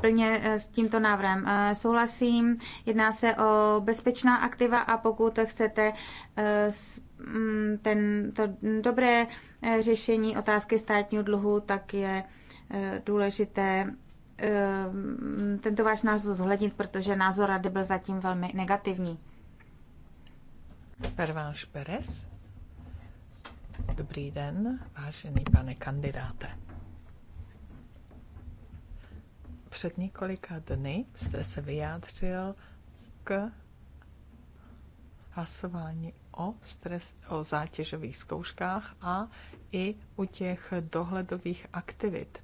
plně s tímto návrhem souhlasím. Jedná se o bezpečná aktiva a pokud chcete mm, ten, to dobré řešení otázky státního dluhu, tak je důležité tento váš názor zhlednit, protože názor rady byl zatím velmi negativní. Perváš Perez. Dobrý den, vážený pane kandidáte. Před několika dny jste se vyjádřil k hlasování o, stres, o zátěžových zkouškách a i u těch dohledových aktivit.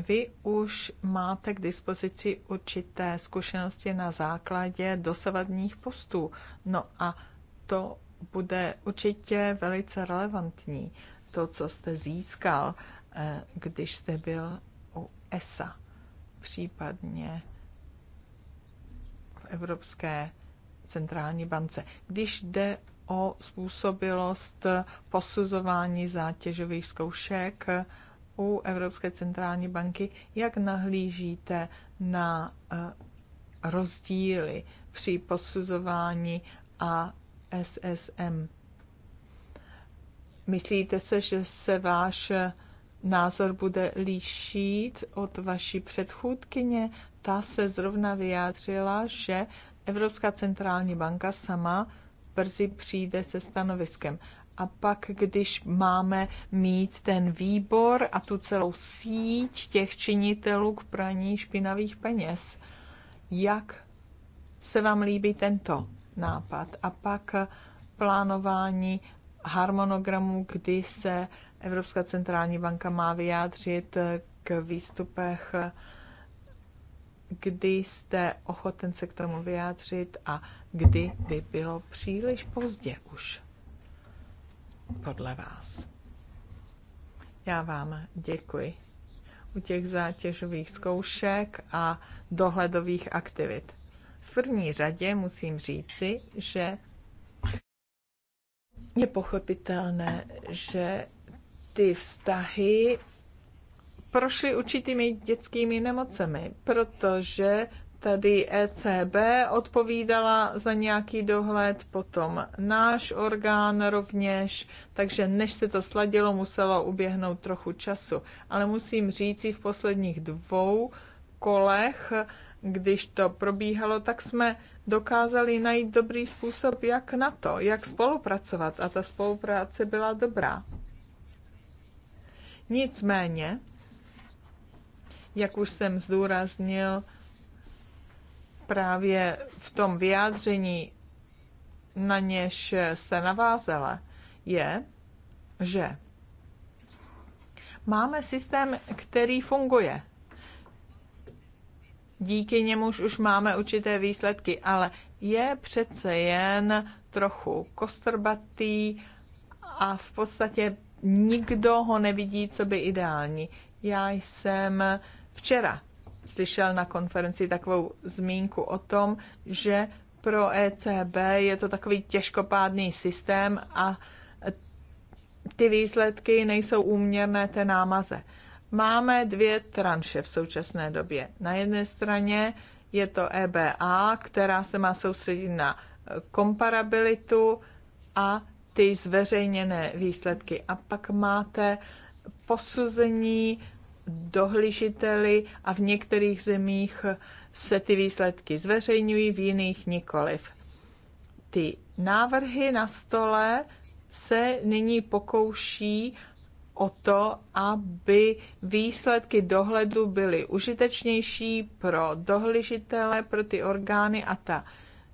Vy už máte k dispozici určité zkušenosti na základě dosavadních postů. No a to bude určitě velice relevantní, to, co jste získal, eh, když jste byl u ESA, případně v Evropské centrální bance. Když jde o způsobilost posuzování zátěžových zkoušek, u Evropské centrální banky, jak nahlížíte na eh, rozdíly při posuzování a SSM. Myslíte se, že se váš názor bude líšit od vaší předchůdkyně? Ta se zrovna vyjádřila, že Evropská centrální banka sama brzy přijde se stanoviskem. A pak, když máme mít ten výbor a tu celou síť těch činitelů k praní špinavých peněz, jak se vám líbí tento nápad? A pak plánování harmonogramu, kdy se Evropská centrální banka má vyjádřit k výstupech, kdy jste ochoten se k tomu vyjádřit a kdy by bylo příliš pozdě už, podle vás. Já vám děkuji u těch zátěžových zkoušek a dohledových aktivit. V první řadě musím říci, že je pochopitelné, že ty vztahy prošly určitými dětskými nemocemi, protože Tady ECB odpovídala za nějaký dohled, potom náš orgán rovněž, takže než se to sladilo, muselo uběhnout trochu času. Ale musím říct, v posledních dvou kolech, když to probíhalo, tak jsme dokázali najít dobrý způsob, jak na to, jak spolupracovat. A ta spolupráce byla dobrá. Nicméně, jak už jsem zdůraznil, právě v tom vyjádření, na něž jste navázela, je, že máme systém, který funguje. Díky němuž už máme určité výsledky, ale je přece jen trochu kostrbatý a v podstatě nikdo ho nevidí, co by ideální. Já jsem včera slyšel na konferenci takovou zmínku o tom, že pro ECB je to takový těžkopádný systém a ty výsledky nejsou úměrné té námaze. Máme dvě tranše v současné době. Na jedné straně je to EBA, která se má soustředit na komparabilitu a ty zveřejněné výsledky. A pak máte posuzení dohlížiteli a v některých zemích se ty výsledky zveřejňují, v jiných nikoliv. Ty návrhy na stole se nyní pokouší o to, aby výsledky dohledu byly užitečnější pro dohlížitele, pro ty orgány a ta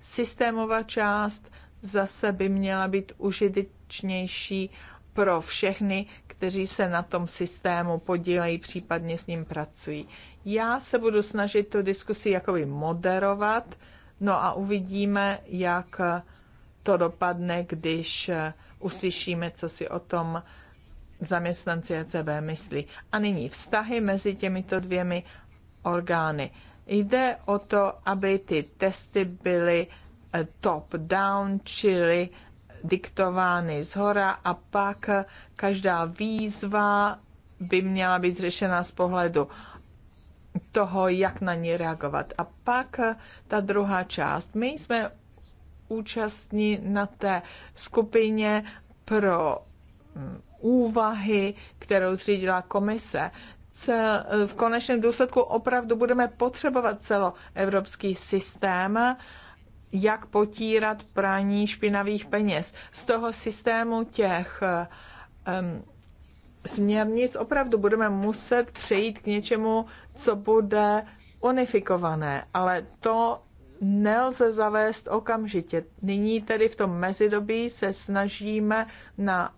systémová část zase by měla být užitečnější pro všechny, kteří se na tom systému podílejí, případně s ním pracují. Já se budu snažit tu diskusi jakoby moderovat, no a uvidíme, jak to dopadne, když uslyšíme, co si o tom zaměstnanci ECB myslí. A nyní vztahy mezi těmito dvěmi orgány. Jde o to, aby ty testy byly top-down, čili diktovány z hora a pak každá výzva by měla být řešena z pohledu toho, jak na ně reagovat. A pak ta druhá část. My jsme účastní na té skupině pro mm, úvahy, kterou zřídila komise. Cel, v konečném důsledku opravdu budeme potřebovat celoevropský systém, jak potírat praní špinavých peněz. Z toho systému těch um, směrnic opravdu budeme muset přejít k něčemu, co bude unifikované, ale to nelze zavést okamžitě. Nyní tedy v tom mezidobí se snažíme na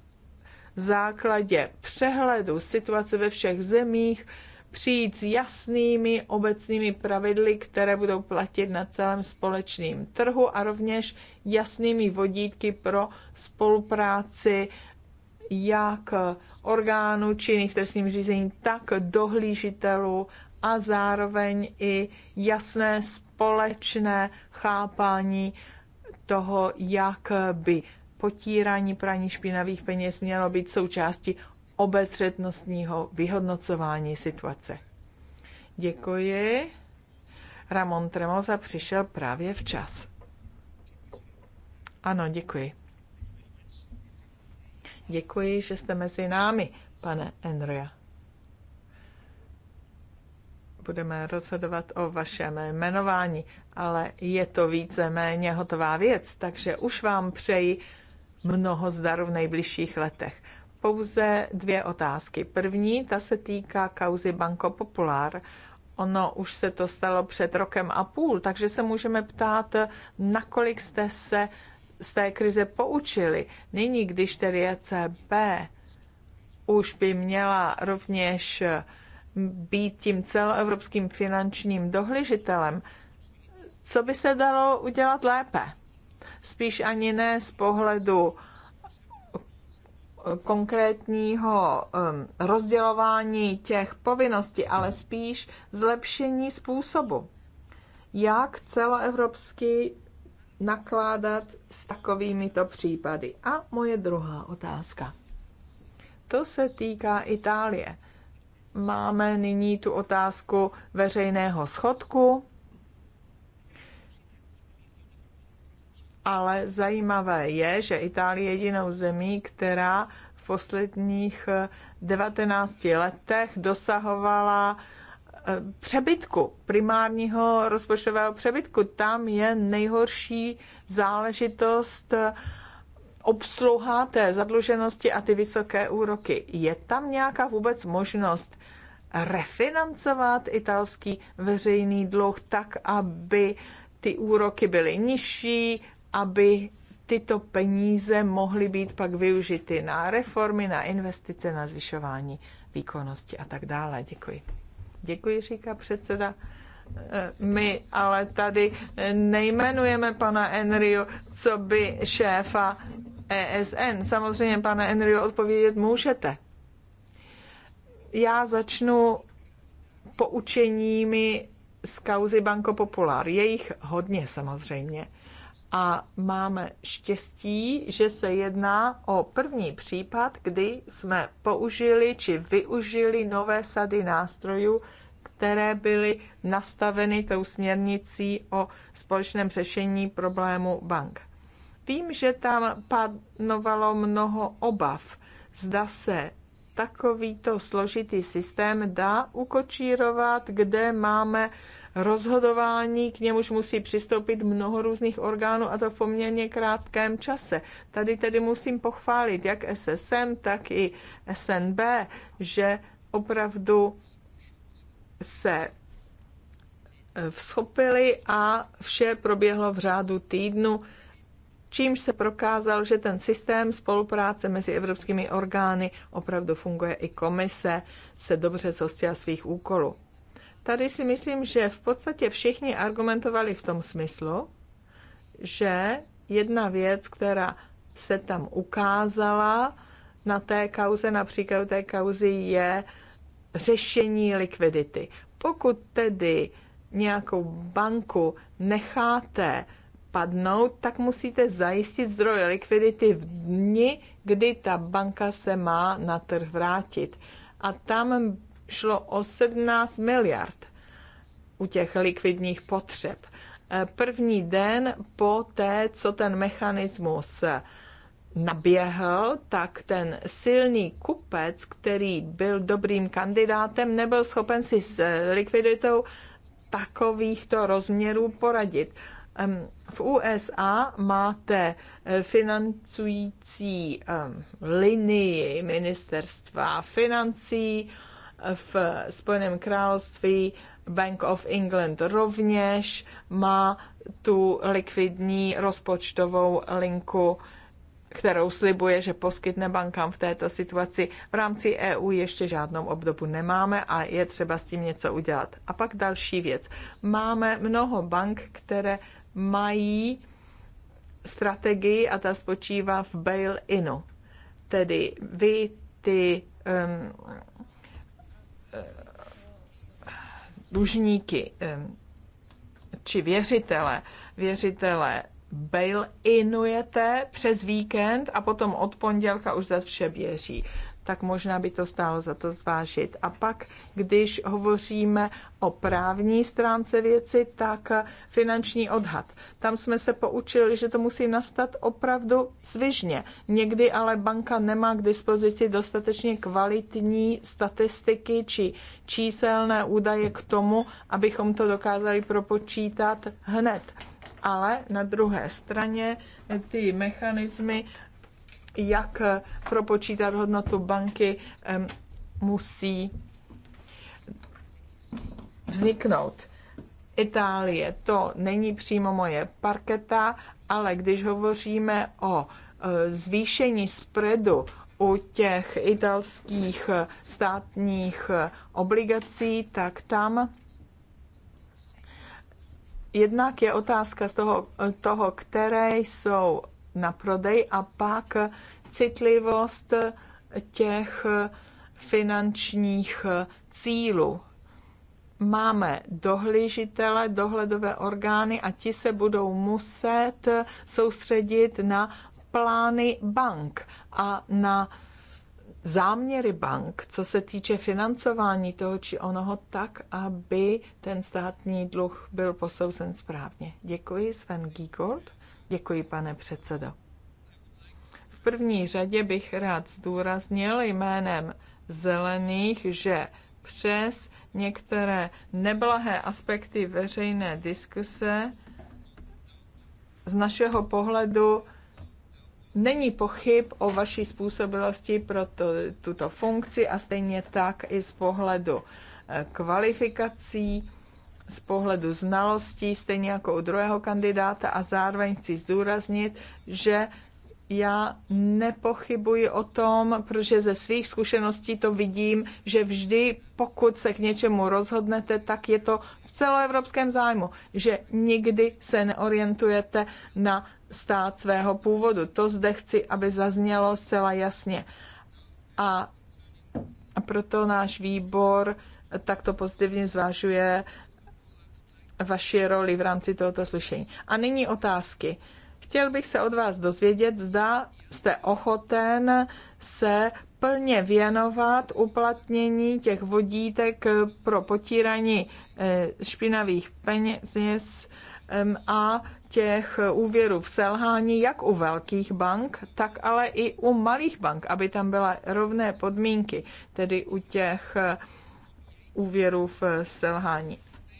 základě přehledu situace ve všech zemích přijít s jasnými obecnými pravidly, které budou platit na celém společném trhu a rovněž jasnými vodítky pro spolupráci jak orgánů činných v trestním řízení, tak dohlížitelů a zároveň i jasné společné chápání toho, jak by potírání praní špinavých peněz mělo být součástí obezřetnostního vyhodnocování situace. Děkuji. Ramon Tremoza přišel právě včas. Ano, děkuji. Děkuji, že jste mezi námi, pane Andrea. Budeme rozhodovat o vašem jmenování, ale je to víceméně hotová věc, takže už vám přeji mnoho zdaru v nejbližších letech pouze dvě otázky. První, ta se týká kauzy Banco Popular. Ono už se to stalo před rokem a půl, takže se můžeme ptát, nakolik jste se z té krize poučili. Nyní, když tedy ECB už by měla rovněž být tím celoevropským finančním dohlížitelem, co by se dalo udělat lépe? Spíš ani ne z pohledu konkrétního rozdělování těch povinností, ale spíš zlepšení způsobu, jak celoevropsky nakládat s takovýmito případy. A moje druhá otázka. To se týká Itálie. Máme nyní tu otázku veřejného schodku, ale zajímavé je, že Itálie je jedinou zemí, která v posledních 19 eh, letech dosahovala eh, přebytku, primárního rozpočtového přebytku. Tam je nejhorší záležitost eh, obsluha té zadluženosti a ty vysoké úroky. Je tam nějaká vůbec možnost refinancovat italský veřejný dluh tak, aby ty úroky byly nižší, aby tyto peníze mohly být pak využity na reformy, na investice, na zvyšování výkonnosti a tak dále. Děkuji. Děkuji, říká předseda. Eh, my ale tady nejmenujeme pana Enriu, co by šéfa ESN. Samozřejmě, pane Enriu, odpovědět můžete. Já začnu poučeními z kauzy Banko Popular. Je jich hodně samozřejmě. A máme štěstí, že se jedná o první případ, kdy jsme použili či využili nové sady nástrojů, které byly nastaveny tou směrnicí o společném řešení problému bank. Vím, že tam panovalo mnoho obav. Zda se takovýto složitý systém dá ukočírovat, kde máme rozhodování, k němuž musí přistoupit mnoho různých orgánů a to v poměrně krátkém čase. Tady tedy musím pochválit jak SSM, tak i SNB, že opravdu se e, vschopili a vše proběhlo v řádu týdnu, čímž se prokázal, že ten systém spolupráce mezi evropskými orgány opravdu funguje. I komise se dobře zhostila svých úkolů tady si myslím, že v podstatě všichni argumentovali v tom smyslu, že jedna věc, která se tam ukázala na té kauze, například té kauzy, je řešení likvidity. Pokud tedy nějakou banku necháte padnout, tak musíte zajistit zdroje likvidity v dni, kdy ta banka se má na trh vrátit. A tam šlo o 17 miliard u těch likvidních potřeb. Eh, první den po té, co ten mechanismus naběhl, tak ten silný kupec, který byl dobrým kandidátem, nebyl schopen si s eh, likviditou takovýchto rozměrů poradit. V USA máte eh, financující linii ministerstva financí, v Spojeném království Bank of England rovněž má tu likvidní rozpočtovou linku, kterou slibuje, že poskytne bankám v této situaci. V rámci EU ještě žádnou obdobu nemáme a je třeba s tím něco udělat. A pak další věc. Máme mnoho bank, které mají strategii a ta spočívá v bail-inu. Tedy vy ty um, dlužníky či věřitele, věřitele bail-inujete přes víkend a potom od pondělka už zase vše běží tak možná by to stálo za to zvážit. A pak, když hovoříme o právní stránce věci, tak finanční odhad. Tam jsme se poučili, že to musí nastat opravdu svižně. Někdy ale banka nemá k dispozici dostatečně kvalitní statistiky či číselné údaje k tomu, abychom to dokázali propočítat hned. Ale na druhé straně ty mechanismy, jak propočítat hodnotu banky, musí vzniknout. Itálie to není přímo moje parketa, ale když hovoříme o e, zvýšení spredu u těch italských státních obligací, tak tam jednak je otázka z toho, toho které jsou na prodej a pak citlivost těch finančních cílů. Máme dohlížitele, dohledové orgány a ti se budou muset soustředit na plány bank a na záměry bank, co se týče financování toho či onoho, tak, aby ten státní dluh byl posouzen správně. Děkuji, Sven Giegold. Děkuji, pane předsedo. V první řadě bych rád zdůraznil jménem zelených, že přes některé neblahé aspekty veřejné diskuse z našeho pohledu Není pochyb o vaší způsobilosti pro to, tuto funkci a stejně tak i z pohledu eh, kvalifikací, z pohledu znalostí, stejně jako u druhého kandidáta a zároveň chci zdůraznit, že já nepochybuji o tom, protože ze svých zkušeností to vidím, že vždy, pokud se k něčemu rozhodnete, tak je to v celoevropském zájmu, že nikdy se neorientujete na stát svého původu. To zde chci, aby zaznělo zcela jasně. A, proto náš výbor takto pozitivně zvážuje vaši roli v rámci tohoto slyšení. A nyní otázky. Uh, Chtěl bych se od vás dozvědět, zda jste ochoten se plně věnovat uplatnění těch vodítek pro potírání eh, špinavých peněz a těch úvěrů v selhání jak u velkých bank, tak ale i u malých bank, aby tam byla rovné podmínky, tedy u těch eh, úvěrů v selhání.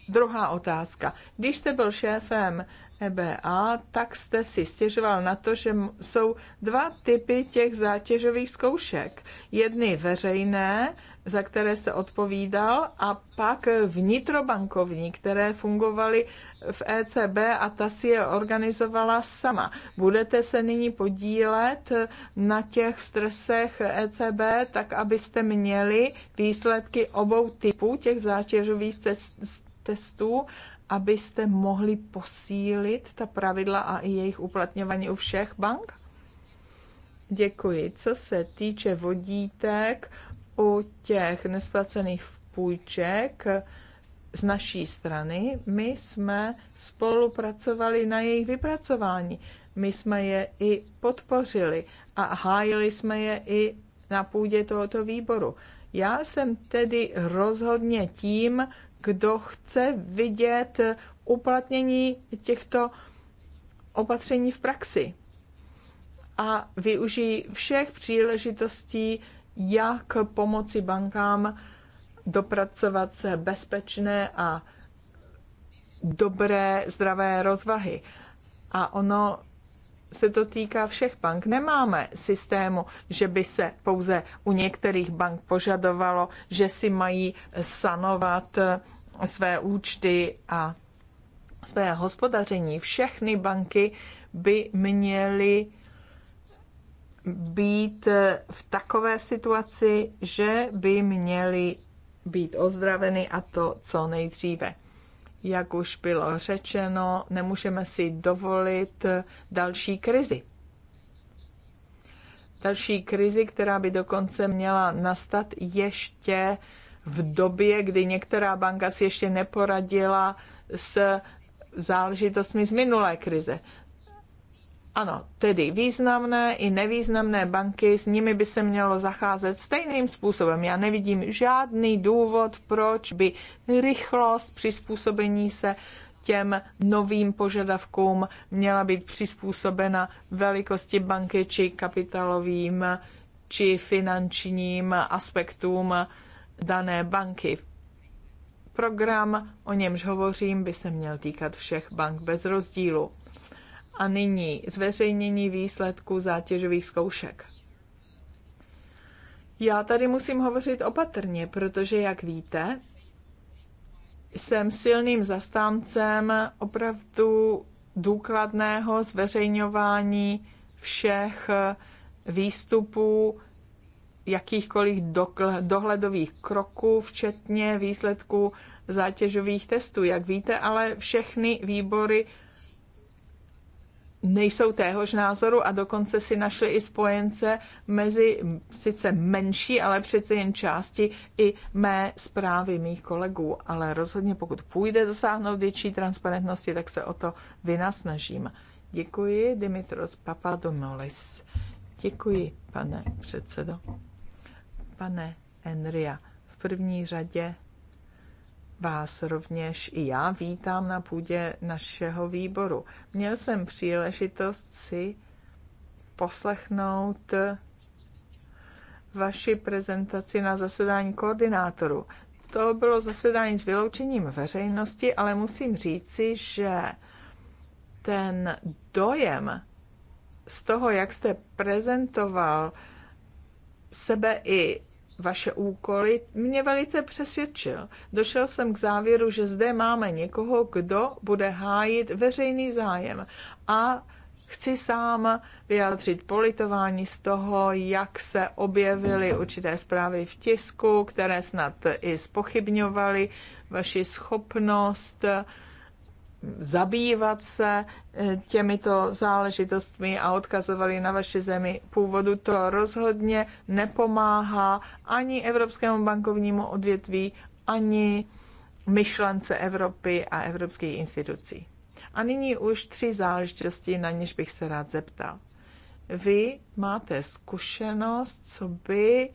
Druhá otázka. Když jste byl šéfem EBA, tak jste si stěžoval na to, že jsou dva typy těch zátěžových zkoušek. Jedny veřejné, za které jste odpovídal, a pak vnitrobankovní, které fungovaly v ECB a ta si je organizovala sama. Budete se nyní podílet na těch stresech ECB, tak abyste měli výsledky obou typů těch zátěžových testů abyste mohli posílit ta pravidla a i jejich uplatňování u všech bank? Děkuji. Co se týče vodítek u těch nesplacených půjček z naší strany, my jsme spolupracovali na jejich vypracování. My jsme je i podpořili a hájili jsme je i na půdě tohoto výboru. Já jsem tedy rozhodně tím, kdo chce vidět uplatnění těchto opatření v praxi a využijí všech příležitostí, jak pomoci bankám dopracovat se bezpečné a dobré, zdravé rozvahy. A ono se to týká všech bank. Nemáme systému, že by se pouze u některých bank požadovalo, že si mají sanovat eh, své účty a své hospodaření. Všechny banky by měly být eh, v takové situaci, že by měly být ozdraveny a to co nejdříve. Jak už bylo řečeno, nemůžeme si dovolit další krizi. Další krizi, která by dokonce měla nastat ještě v době, kdy některá banka si ještě neporadila s záležitostmi z minulé krize. Ano, tedy významné i nevýznamné banky, s nimi by se mělo zacházet stejným způsobem. Já nevidím žádný důvod, proč by rychlost přizpůsobení se těm novým požadavkům měla být přizpůsobena velikosti banky či kapitalovým či finančním aspektům dané banky. Program, o němž hovořím, by se měl týkat všech bank bez rozdílu. A nyní zveřejnění výsledků zátěžových zkoušek. Já tady musím hovořit opatrně, protože, jak víte, jsem silným zastáncem opravdu důkladného zveřejňování všech výstupů jakýchkoliv dohledových kroků, včetně výsledků zátěžových testů. Jak víte, ale všechny výbory nejsou téhož názoru a dokonce si našli i spojence mezi sice menší, ale přece jen části i mé zprávy mých kolegů. Ale rozhodně pokud půjde dosáhnout větší transparentnosti, tak se o to vynasnažím. Děkuji, Dimitros Papadomolis. Děkuji, pane předsedo. Pane Enria, v první řadě vás rovněž i já vítám na půdě našeho výboru. Měl jsem příležitost si poslechnout vaši prezentaci na zasedání koordinátoru. To bylo zasedání s vyloučením veřejnosti, ale musím říci, že ten dojem z toho, jak jste prezentoval sebe i vaše úkoly, mě velice přesvědčil. Došel jsem k závěru, že zde máme někoho, kdo bude hájit veřejný zájem. A chci sám vyjádřit politování z toho, jak se objevily určité zprávy v tisku, které snad i spochybňovaly vaši schopnost uh, zabývat se eh, těmito záležitostmi a odkazovali na vaši zemi původu, to rozhodně nepomáhá ani evropskému bankovnímu odvětví, ani myšlence Evropy a evropských institucí. A nyní už tři záležitosti, na něž bych se rád zeptal. Vy máte zkušenost, co by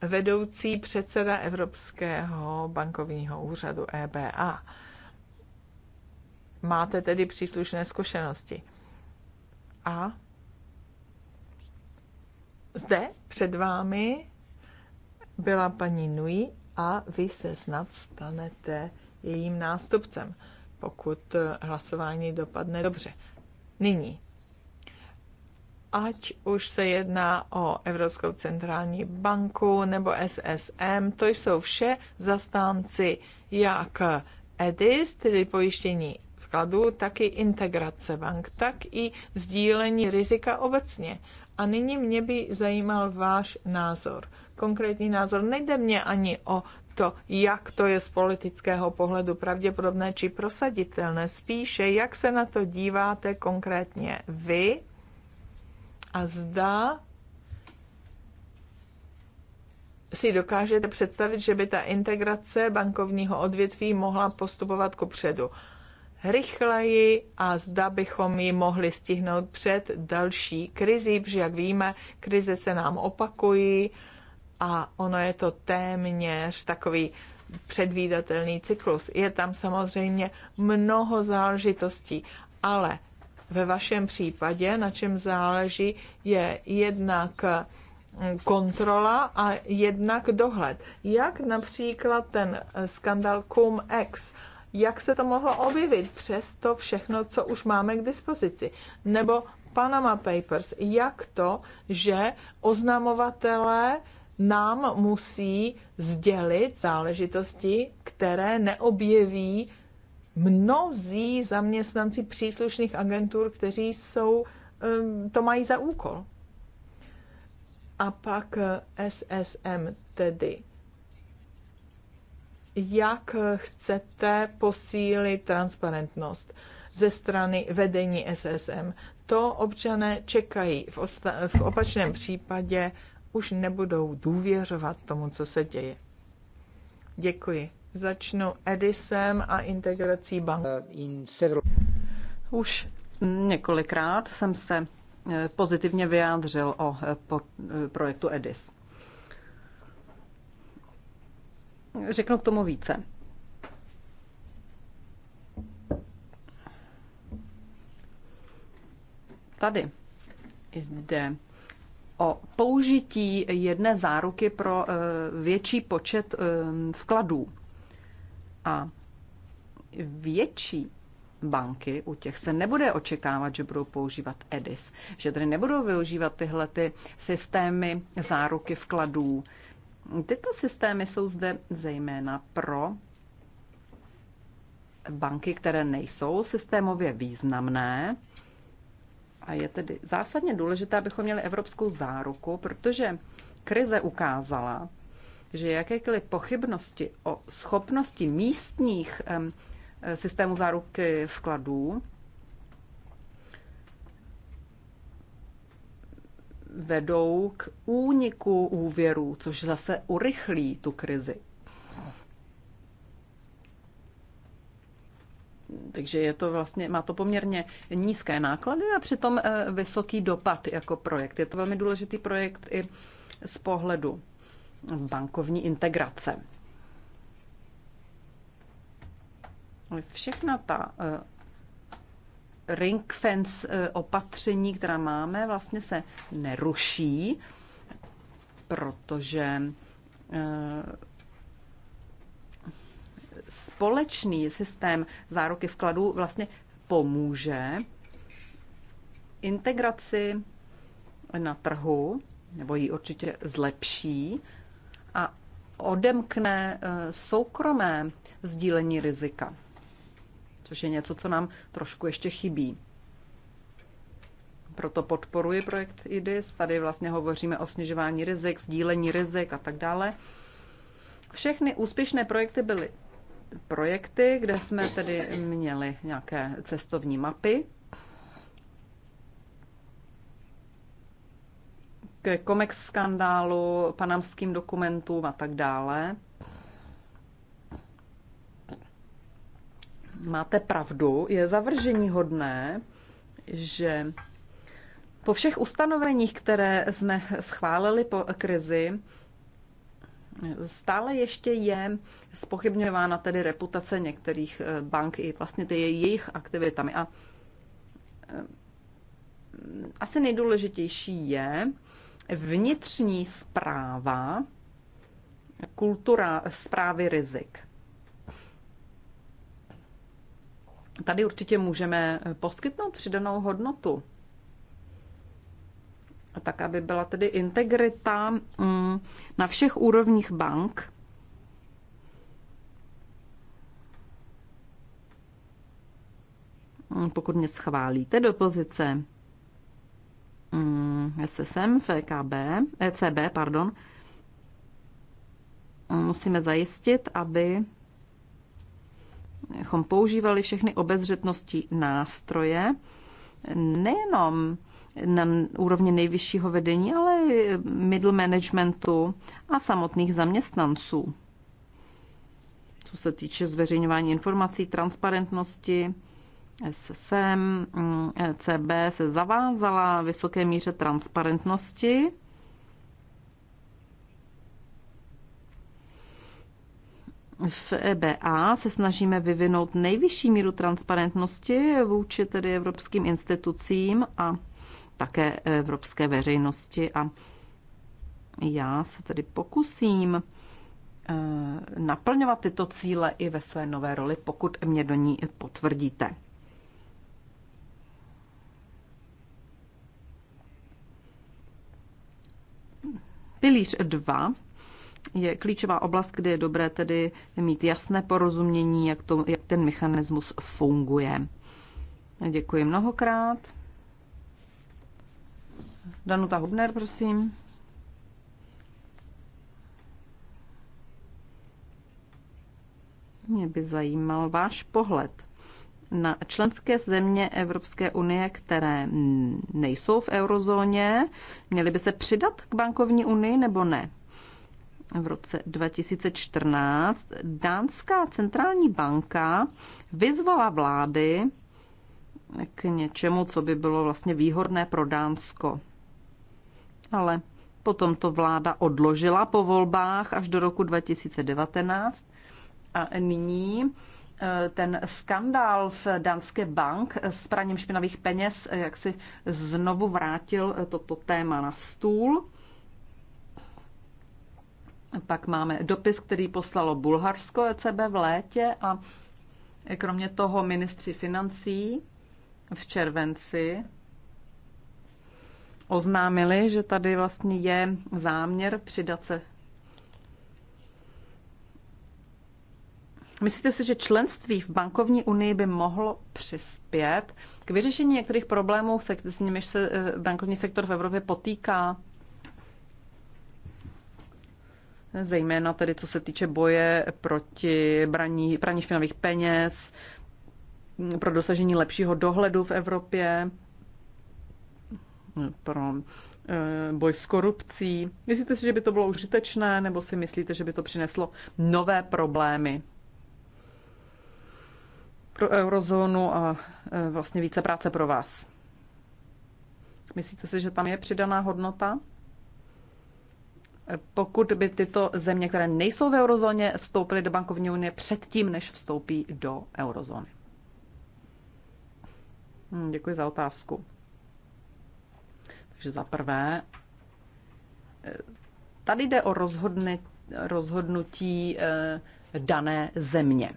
vedoucí předseda Evropského bankovního úřadu EBA máte tedy příslušné zkušenosti. A zde před vámi byla paní Nui a vy se snad stanete jejím nástupcem, pokud hlasování dopadne dobře. Nyní, ať už se jedná o Evropskou centrální banku nebo SSM, to jsou vše zastánci jak EDIS, tedy pojištění vkladu, tak i integrace bank, tak i sdílení rizika obecně. A nyní mě by zajímal váš názor, konkrétní názor. Nejde mě ani o to, jak to je z politického pohledu pravděpodobné či prosaditelné, spíše jak se na to díváte konkrétně vy a zda si dokážete představit, že by ta integrace bankovního odvětví mohla postupovat ku předu rychleji a zda bychom ji mohli stihnout před další krizí, protože jak víme, krize se nám opakují a ono je to téměř takový předvídatelný cyklus. Je tam samozřejmě mnoho záležitostí, ale ve vašem případě, na čem záleží, je jednak kontrola a jednak dohled. Jak například ten skandal Cum Ex jak se to mohlo objevit přes to všechno, co už máme k dispozici. Nebo Panama Papers, jak to, že oznamovatelé nám musí sdělit záležitosti, které neobjeví mnozí zaměstnanci příslušných agentur, kteří jsou, um, to mají za úkol. A pak eh, SSM, tedy jak chcete posílit transparentnost ze strany vedení SSM. To občané čekají. V, v opačném případě už nebudou důvěřovat tomu, co se děje. Děkuji. Začnu Edisem a integrací bank. Už několikrát jsem se eh, pozitivně vyjádřil o eh, eh, projektu EDIS. řeknu k tomu více. Tady jde o použití jedné záruky pro eh, větší počet eh, vkladů. A větší banky, u těch se nebude očekávat, že budou používat EDIS, že tedy nebudou využívat tyhle ty systémy záruky vkladů, Tyto systémy jsou zde zejména pro banky, které nejsou systémově významné. A je tedy zásadně důležité, abychom měli evropskou záruku, protože krize ukázala, že jakékoliv pochybnosti o schopnosti místních systému záruky vkladů vedou k úniku úvěrů, což zase urychlí tu krizi. Takže je to vlastně, má to poměrně nízké náklady a přitom eh, vysoký dopad jako projekt. Je to velmi důležitý projekt i z pohledu bankovní integrace. Všechna ta eh, ring fence eh, opatření, která máme, vlastně se neruší, protože eh, společný systém záruky vkladů vlastně pomůže integraci na trhu, nebo ji určitě zlepší a odemkne eh, soukromé sdílení rizika což je něco, co nám trošku ještě chybí. Proto podporuji projekt IDIS. Tady vlastně hovoříme o snižování rizik, sdílení rizik a tak dále. Všechny úspěšné projekty byly projekty, kde jsme tedy měli nějaké cestovní mapy, ke Comex skandálu, panamským dokumentům a tak dále. máte pravdu, je zavržení hodné, že po všech ustanoveních, které jsme schválili po krizi, stále ještě je spochybňována tedy reputace některých eh, bank i vlastně ty jejich aktivitami. A eh, asi nejdůležitější je vnitřní zpráva, kultura zprávy eh, rizik. Tady určitě můžeme eh, poskytnout přidanou hodnotu, a tak aby byla tedy integrita mm, na všech úrovních bank. Mm, pokud mě schválíte do pozice mm, SSM, FKB, ECB, pardon, musíme zajistit, aby bychom používali všechny obezřetnosti nástroje, nejenom na úrovni nejvyššího vedení, ale i middle managementu a samotných zaměstnanců. Co se týče zveřejňování informací, transparentnosti, SSM, ECB se zavázala vysoké míře transparentnosti v EBA se snažíme vyvinout nejvyšší míru transparentnosti vůči tedy evropským institucím a také evropské veřejnosti. A já se tedy pokusím eh, naplňovat tyto cíle i ve své nové roli, pokud mě do ní potvrdíte. Pilíř 2 je klíčová oblast, kde je dobré tedy mít jasné porozumění, jak, to, jak ten mechanismus funguje. Děkuji mnohokrát. Danuta Hubner, prosím. Mě by zajímal váš pohled na členské země Evropské unie, které nejsou v eurozóně. Měly by se přidat k bankovní unii nebo ne? v roce 2014 Dánská centrální banka vyzvala vlády k něčemu, co by bylo vlastně výhodné pro Dánsko. Ale potom to vláda odložila po volbách až do roku 2019 a nyní eh, ten skandál v Danské bank s praním špinavých peněz jak si znovu vrátil eh, toto téma na stůl. Pak máme dopis, který poslalo Bulharsko ECB v létě a kromě toho ministři financí v červenci oznámili, že tady vlastně je záměr přidat se. Myslíte si, že členství v bankovní unii by mohlo přispět k vyřešení některých problémů, se, s nimiž se eh, bankovní sektor v Evropě potýká? zejména tedy co se týče boje proti braní, praní špinavých peněz, pro dosažení lepšího dohledu v Evropě, pro eh, boj s korupcí. Myslíte si, že by to bylo užitečné, nebo si myslíte, že by to přineslo nové problémy pro eurozónu a eh, vlastně více práce pro vás? Myslíte si, že tam je přidaná hodnota? pokud by tyto země, které nejsou v eurozóně, vstoupily do bankovní unie předtím, než vstoupí do eurozóny? Hmm, děkuji za otázku. Takže za prvé, eh, tady jde o rozhodne, rozhodnutí eh, dané země.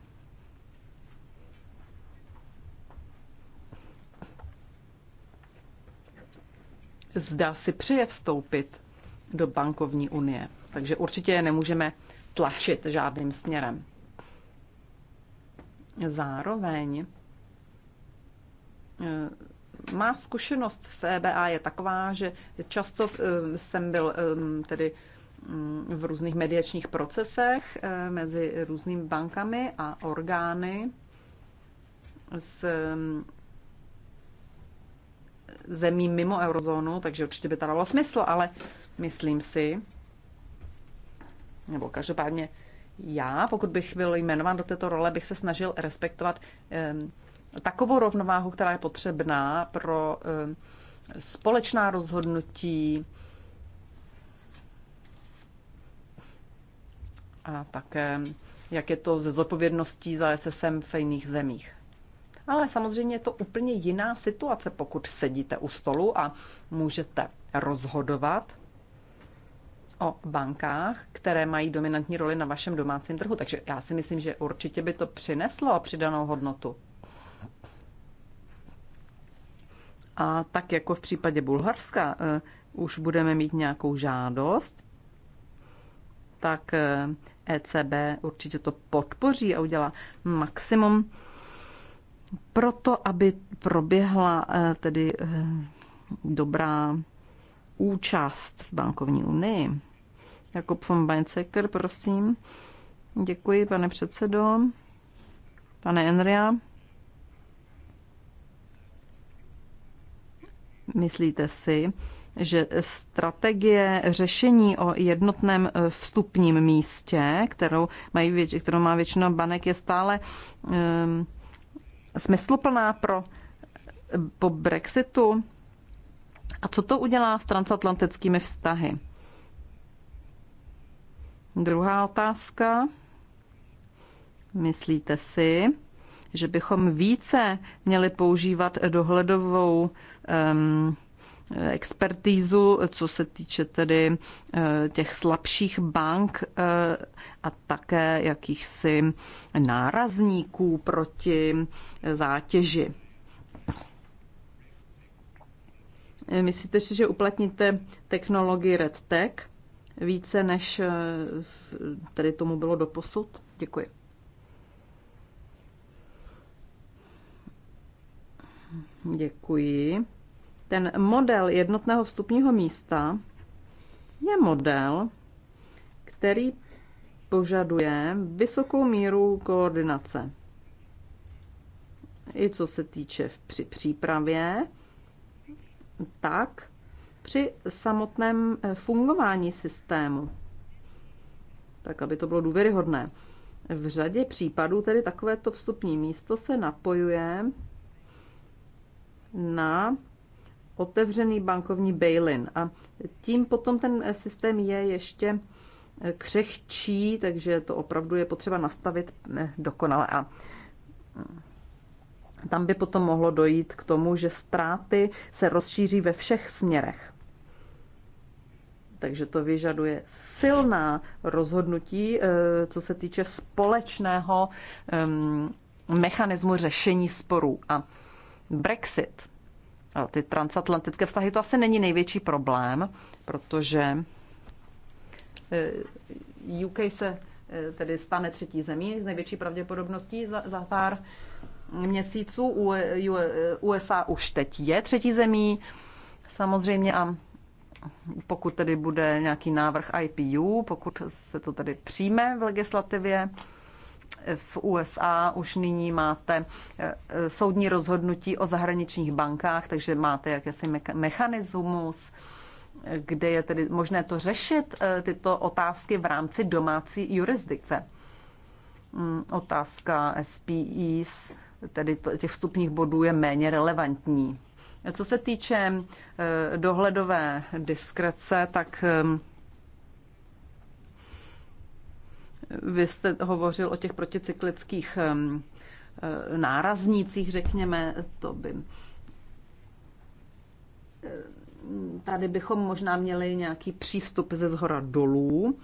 Zdá si přeje vstoupit do bankovní unie. Takže určitě je nemůžeme tlačit žádným směrem. Zároveň e, má zkušenost v EBA je taková, že často e, jsem byl e, tedy mm, v různých mediačních procesech mezi různými bankami a orgány s zemí mimo eurozónu, takže určitě by to dalo smysl, ale Myslím si, nebo každopádně já, pokud bych byl jmenován do této role, bych se snažil respektovat takovou rovnováhu, která je potřebná pro společná rozhodnutí a také, jak je to ze zodpovědností za SSM v jiných zemích. Ale samozřejmě je to úplně jiná situace, pokud sedíte u stolu a můžete rozhodovat o bankách, které mají dominantní roli na vašem domácím trhu. Takže já si myslím, že určitě by to přineslo přidanou hodnotu. A tak jako v případě Bulharska eh, už budeme mít nějakou žádost, tak ECB eh, e určitě to podpoří a udělá maximum pro to, aby proběhla eh, tedy dobrá účast v bankovní unii. Jakub von Beinzecker, prosím. Děkuji, pane předsedo. Pane Enria. Myslíte si, že strategie řešení o jednotném eh, vstupním místě, kterou, mají, kterou má většina banek, je stále um, smysluplná pro eh, po Brexitu? A co to udělá s transatlantickými vztahy? Druhá otázka. Myslíte si, že bychom více měli používat dohledovou um, expertízu, co se týče tedy eh, těch slabších bank eh, a také jakýchsi nárazníků proti zátěži. Myslíte si, že uplatníte technologii RedTech více, než eh, tedy tomu bylo doposud? Děkuji. Děkuji. Ten model jednotného vstupního místa je model, který požaduje vysokou míru koordinace. I co se týče při přípravě, tak při samotném eh, fungování systému, tak aby to bylo důvěryhodné. V řadě případů tedy takovéto vstupní místo se napojuje na otevřený bankovní bail-in a tím potom ten eh, systém je ještě eh, křehčí, takže to opravdu je potřeba nastavit dokonale a mm, tam by potom mohlo dojít k tomu, že ztráty se rozšíří ve všech směrech. Takže to vyžaduje silná rozhodnutí, eh, co se týče společného ehm, mechanismu řešení sporů. A Brexit, a ty transatlantické vztahy, to asi není největší problém, protože eh, UK se eh, tedy stane třetí zemí s největší pravděpodobností za, za pár měsíců. USA e, e, už teď je třetí zemí samozřejmě a pokud tedy bude nějaký návrh IPU, pokud se to tedy přijme v legislativě, v USA už nyní máte eh, soudní rozhodnutí o zahraničních bankách, takže máte jakýsi mechanismus, kde je tedy možné to řešit, eh, tyto otázky v rámci domácí jurisdikce. Mm, otázka SPEs, tedy těch vstupních bodů, je méně relevantní. Co se týče eh, dohledové diskrece, tak eh, vy jste hovořil o těch proticyklických eh, náraznících, řekněme, to by tady bychom možná měli nějaký přístup ze zhora dolů.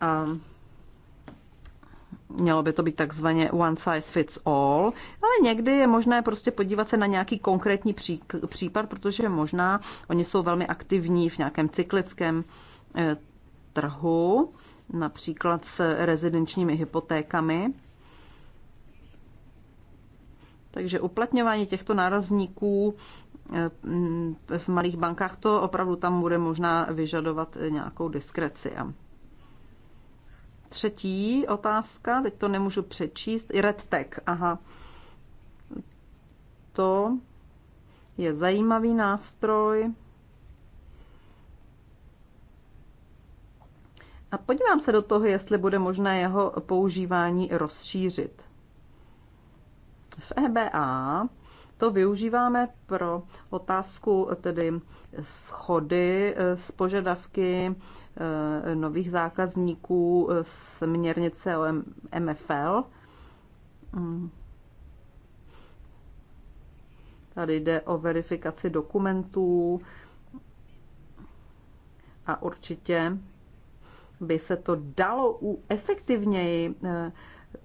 A mělo by to být takzvaně one size fits all, ale někdy je možné prostě podívat se na nějaký konkrétní případ, protože možná oni jsou velmi aktivní v nějakém cyklickém eh, trhu, například s rezidenčními hypotékami. Takže uplatňování těchto nárazníků eh, v malých bankách to opravdu tam bude možná vyžadovat eh, nějakou diskreci a Třetí otázka, teď to nemůžu přečíst, red tag, aha. To je zajímavý nástroj. A podívám se do toho, jestli bude možné jeho používání rozšířit. V EBA to využíváme pro otázku tedy schody z eh, požadavky eh, nových zákazníků eh, směrnice o MFL. Mm. Tady jde o verifikaci dokumentů a určitě by se to dalo u efektivněji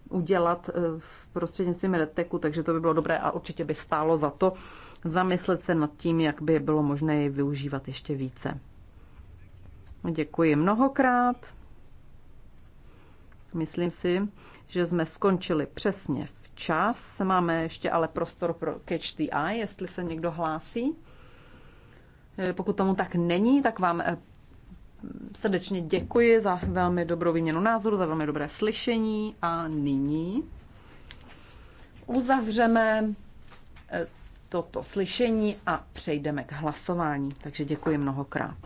udělat eh, v prostřednictvím reteku, takže to by bylo dobré a určitě by stálo za to zamyslet se nad tím, jak by bylo možné ji využívat ještě více. Děkuji mnohokrát. Myslím si, že jsme skončili přesně včas. Máme ještě ale prostor pro Catch the Eye, jestli se někdo hlásí. Eh, pokud tomu tak není, tak vám eh, srdečně děkuji za velmi dobrou výměnu názoru, za velmi dobré slyšení a nyní uzavřeme eh, toto slyšení a přejdeme k hlasování. Takže děkuji mnohokrát.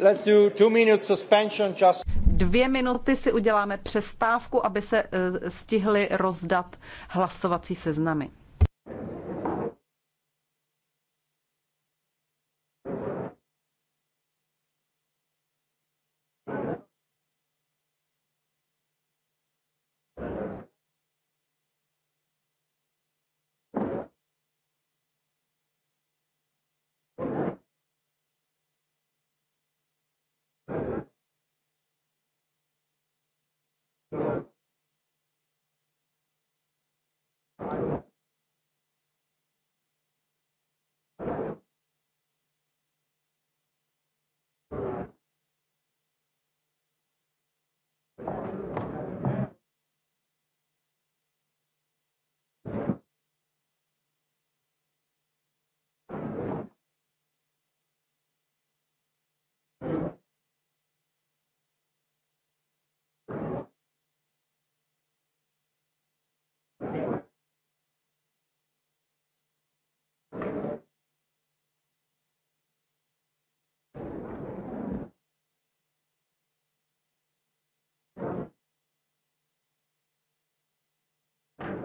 Let's do two minutes suspension just... Dvě minuty si uděláme přestávku, aby se eh, stihly rozdat hlasovací seznamy.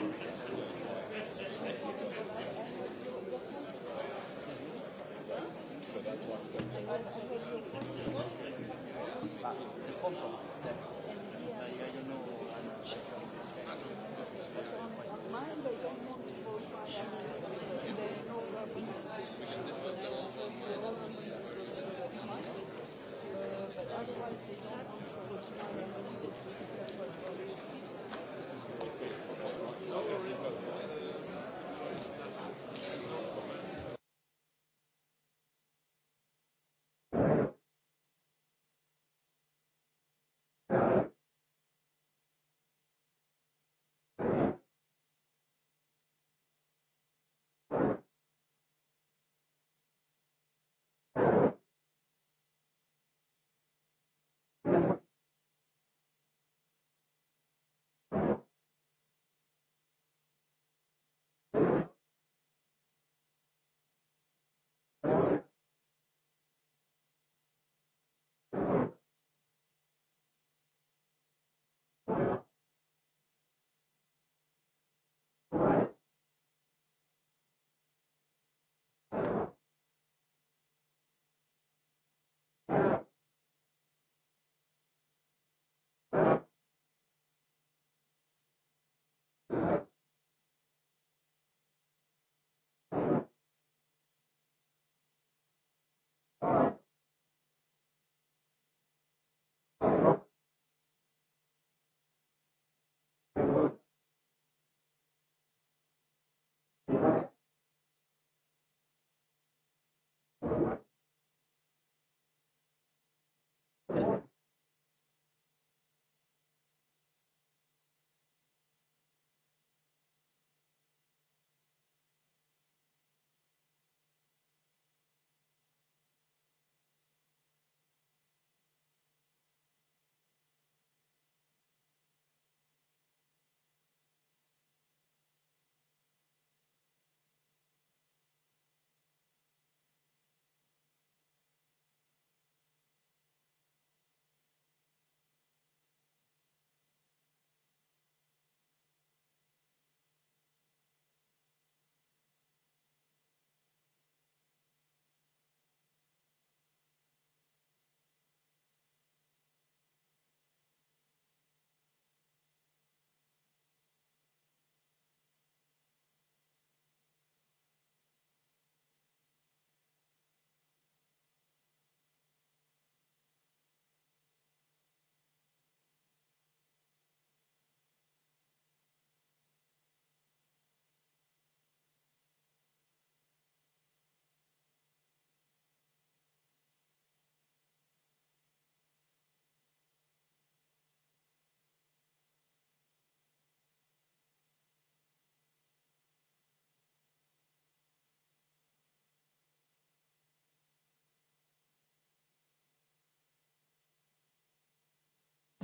So that's what the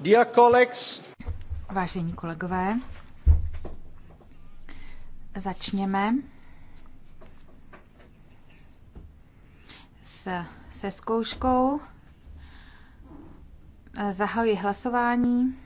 Dear colleagues. Vážení kolegové, začněme s, se zkouškou. Zahajuji hlasování.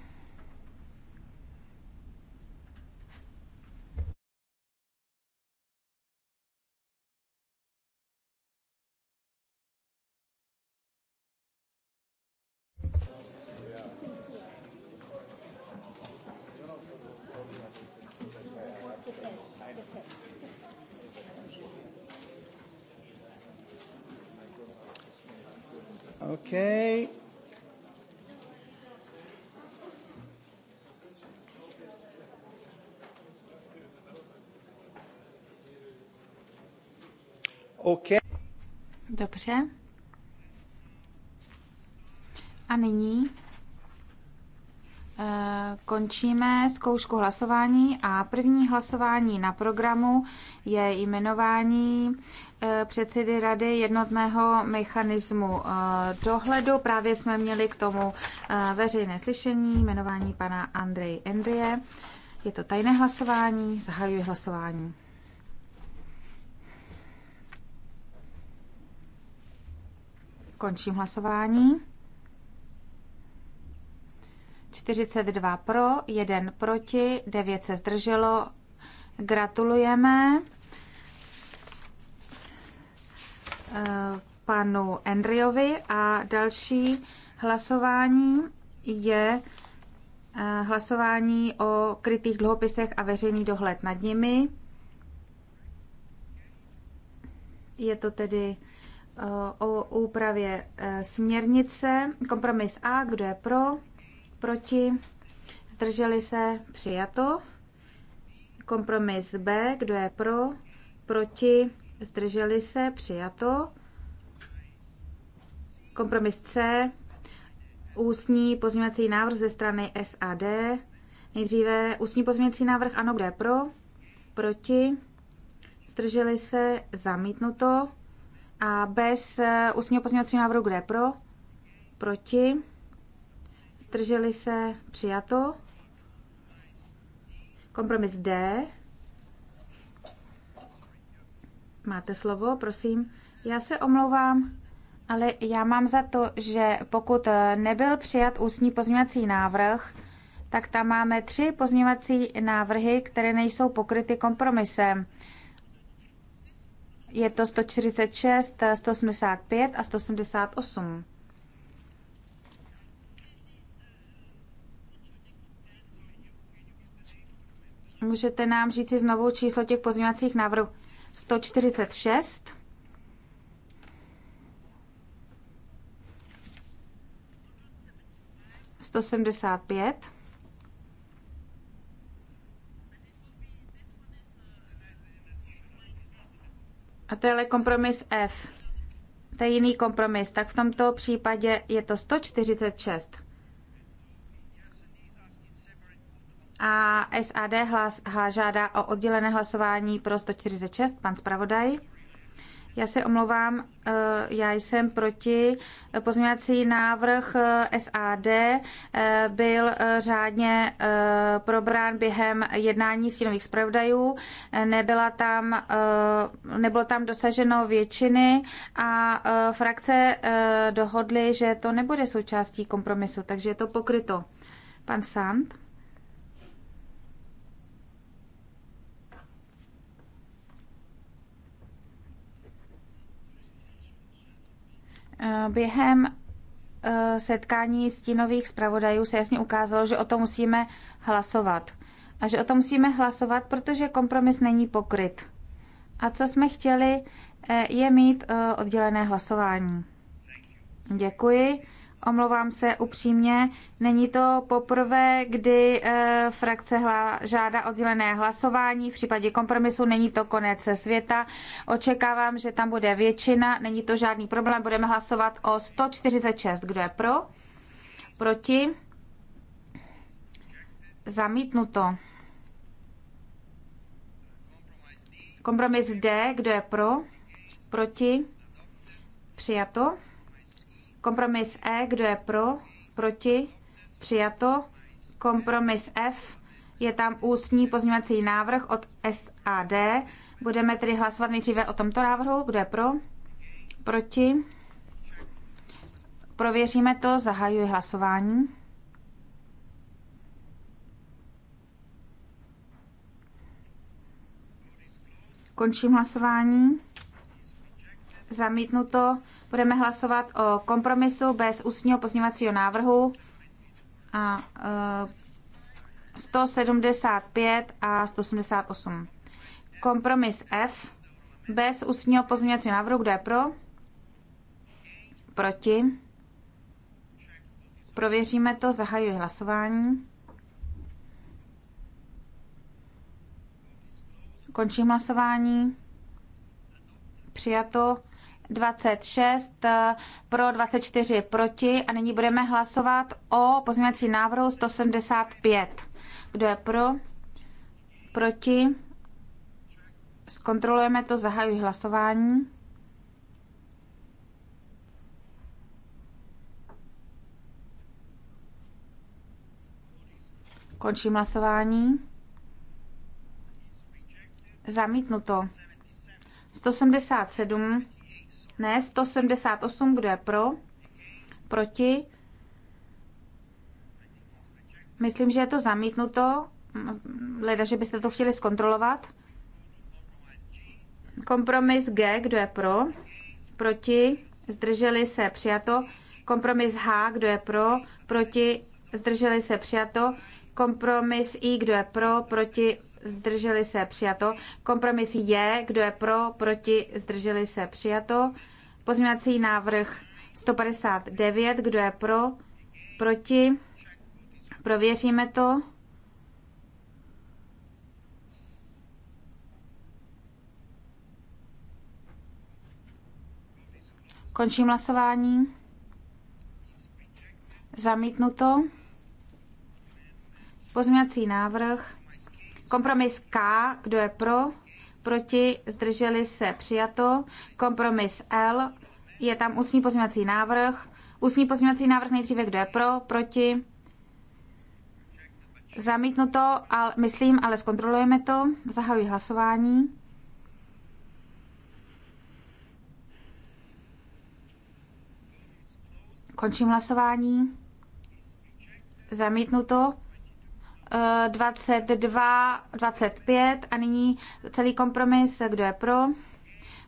Dobře. A nyní eh, končíme zkoušku hlasování a první hlasování na programu je jmenování eh, předsedy Rady jednotného mechanismu eh, dohledu. Právě jsme měli k tomu veřejné slyšení jmenování pana Andrej Endrie. Je to tajné hlasování, zahajuji hlasování. Končím hlasování. 42 pro, 1 proti, 9 se zdrželo. Gratulujeme eh, panu Andriovi a další hlasování je eh, hlasování o krytých dluhopisech a veřejný dohled nad nimi. Je to tedy o úpravě e, směrnice. Kompromis A, kdo je pro, proti, zdrželi se, přijato. Kompromis B, kdo je pro, proti, zdrželi se, přijato. Kompromis C, ústní pozměňovací návrh ze strany SAD. Nejdříve ústní pozměňovací návrh, ano, je pro, proti, zdrželi se, zamítnuto. A bez eh, ústního pozměňovacího návrhu, kde pro? Proti? Zdrželi se? Přijato. Kompromis D. Máte slovo, prosím. Já se omlouvám, ale já mám za to, že pokud eh, nebyl přijat ústní pozměňovací návrh, tak tam máme tři pozměňovací návrhy, které nejsou pokryty kompromisem. Je to 146, 185 a 178. Můžete nám říct si znovu číslo těch pozměňovacích návrhů? 146. Sto sedmdesát pět. A to je kompromis F. To je jiný kompromis. Tak v tomto případě je to 146. A SAD hlas, H žádá o oddělené hlasování pro 146. Pan zpravodaj. Já se omlouvám, eh, já jsem proti. Pozměňovací návrh eh, SAD eh, byl řádně probrán během jednání sínových zpravodajů. Nebyla tam, nebylo tam dosaženo většiny a frakce dohodly, že to nebude součástí kompromisu, takže je to pokryto. Pan Sand. Eh, během eh, setkání stínových zpravodajů se jasně ukázalo, že o to musíme hlasovat. A že o to musíme hlasovat, protože kompromis není pokryt. A co jsme chtěli, eh, je mít oddělené hlasování. Děkuji. Omlouvám se upřímně, není to poprvé, kdy e, frakce hla, žádá oddělené hlasování. V případě kompromisu není to konec světa. Očekávám, že tam bude většina, není to žádný problém. Budeme hlasovat o 146. Kdo je pro? Proti? Zamítnuto. Kompromis D. Kdo je pro? Proti? Přijato. Kompromis E, kdo je pro, proti, přijato. Kompromis F, je tam ústní pozměňovací návrh od SAD. Budeme tedy hlasovat nejdříve o tomto návrhu. Kdo je pro? Proti? Prověříme to, zahajuji hlasování. Končím hlasování. Zamítnuto Budeme hlasovat o kompromisu bez ústního pozměvacího návrhu a 175 e, a 188. Kompromis F bez ústního pozměvacího návrhu. Kdo je pro? Proti? Prověříme to, zahajuji hlasování. Končím hlasování. Přijato 26 eh, pro 24 proti a nyní budeme hlasovat o pozměňovací návrhu 175. Kdo je pro? Proti? Zkontrolujeme to, zahajuji hlasování. Končím hlasování. Zamítnuto. 177 ne, 178, kdo je pro? Proti? Myslím, že je to zamítnuto. Leda, že byste to chtěli zkontrolovat. Kompromis G, kdo je pro? Proti? Zdrželi se, přijato. Kompromis H, kdo je pro? Proti? Zdrželi se, přijato. Kompromis I, kdo je pro? Proti? zdrželi se, přijato. Kompromis je, kdo je pro, proti, zdrželi se, přijato. Pozměňovací návrh 159, kdo je pro, proti, prověříme to. Končím hlasování. Zamítnuto. Pozměňovací návrh Kompromis K, kdo je pro, proti, zdrželi se, přijato. Kompromis L, je tam ústní pozměňovací návrh. Ústní pozměňovací návrh nejdříve, kdo je pro, proti. Zamítnuto, ale, myslím, ale zkontrolujeme to. Zahajuji hlasování. Končím hlasování. Zamítnuto. 22, 25 a nyní celý kompromis, kdo je pro,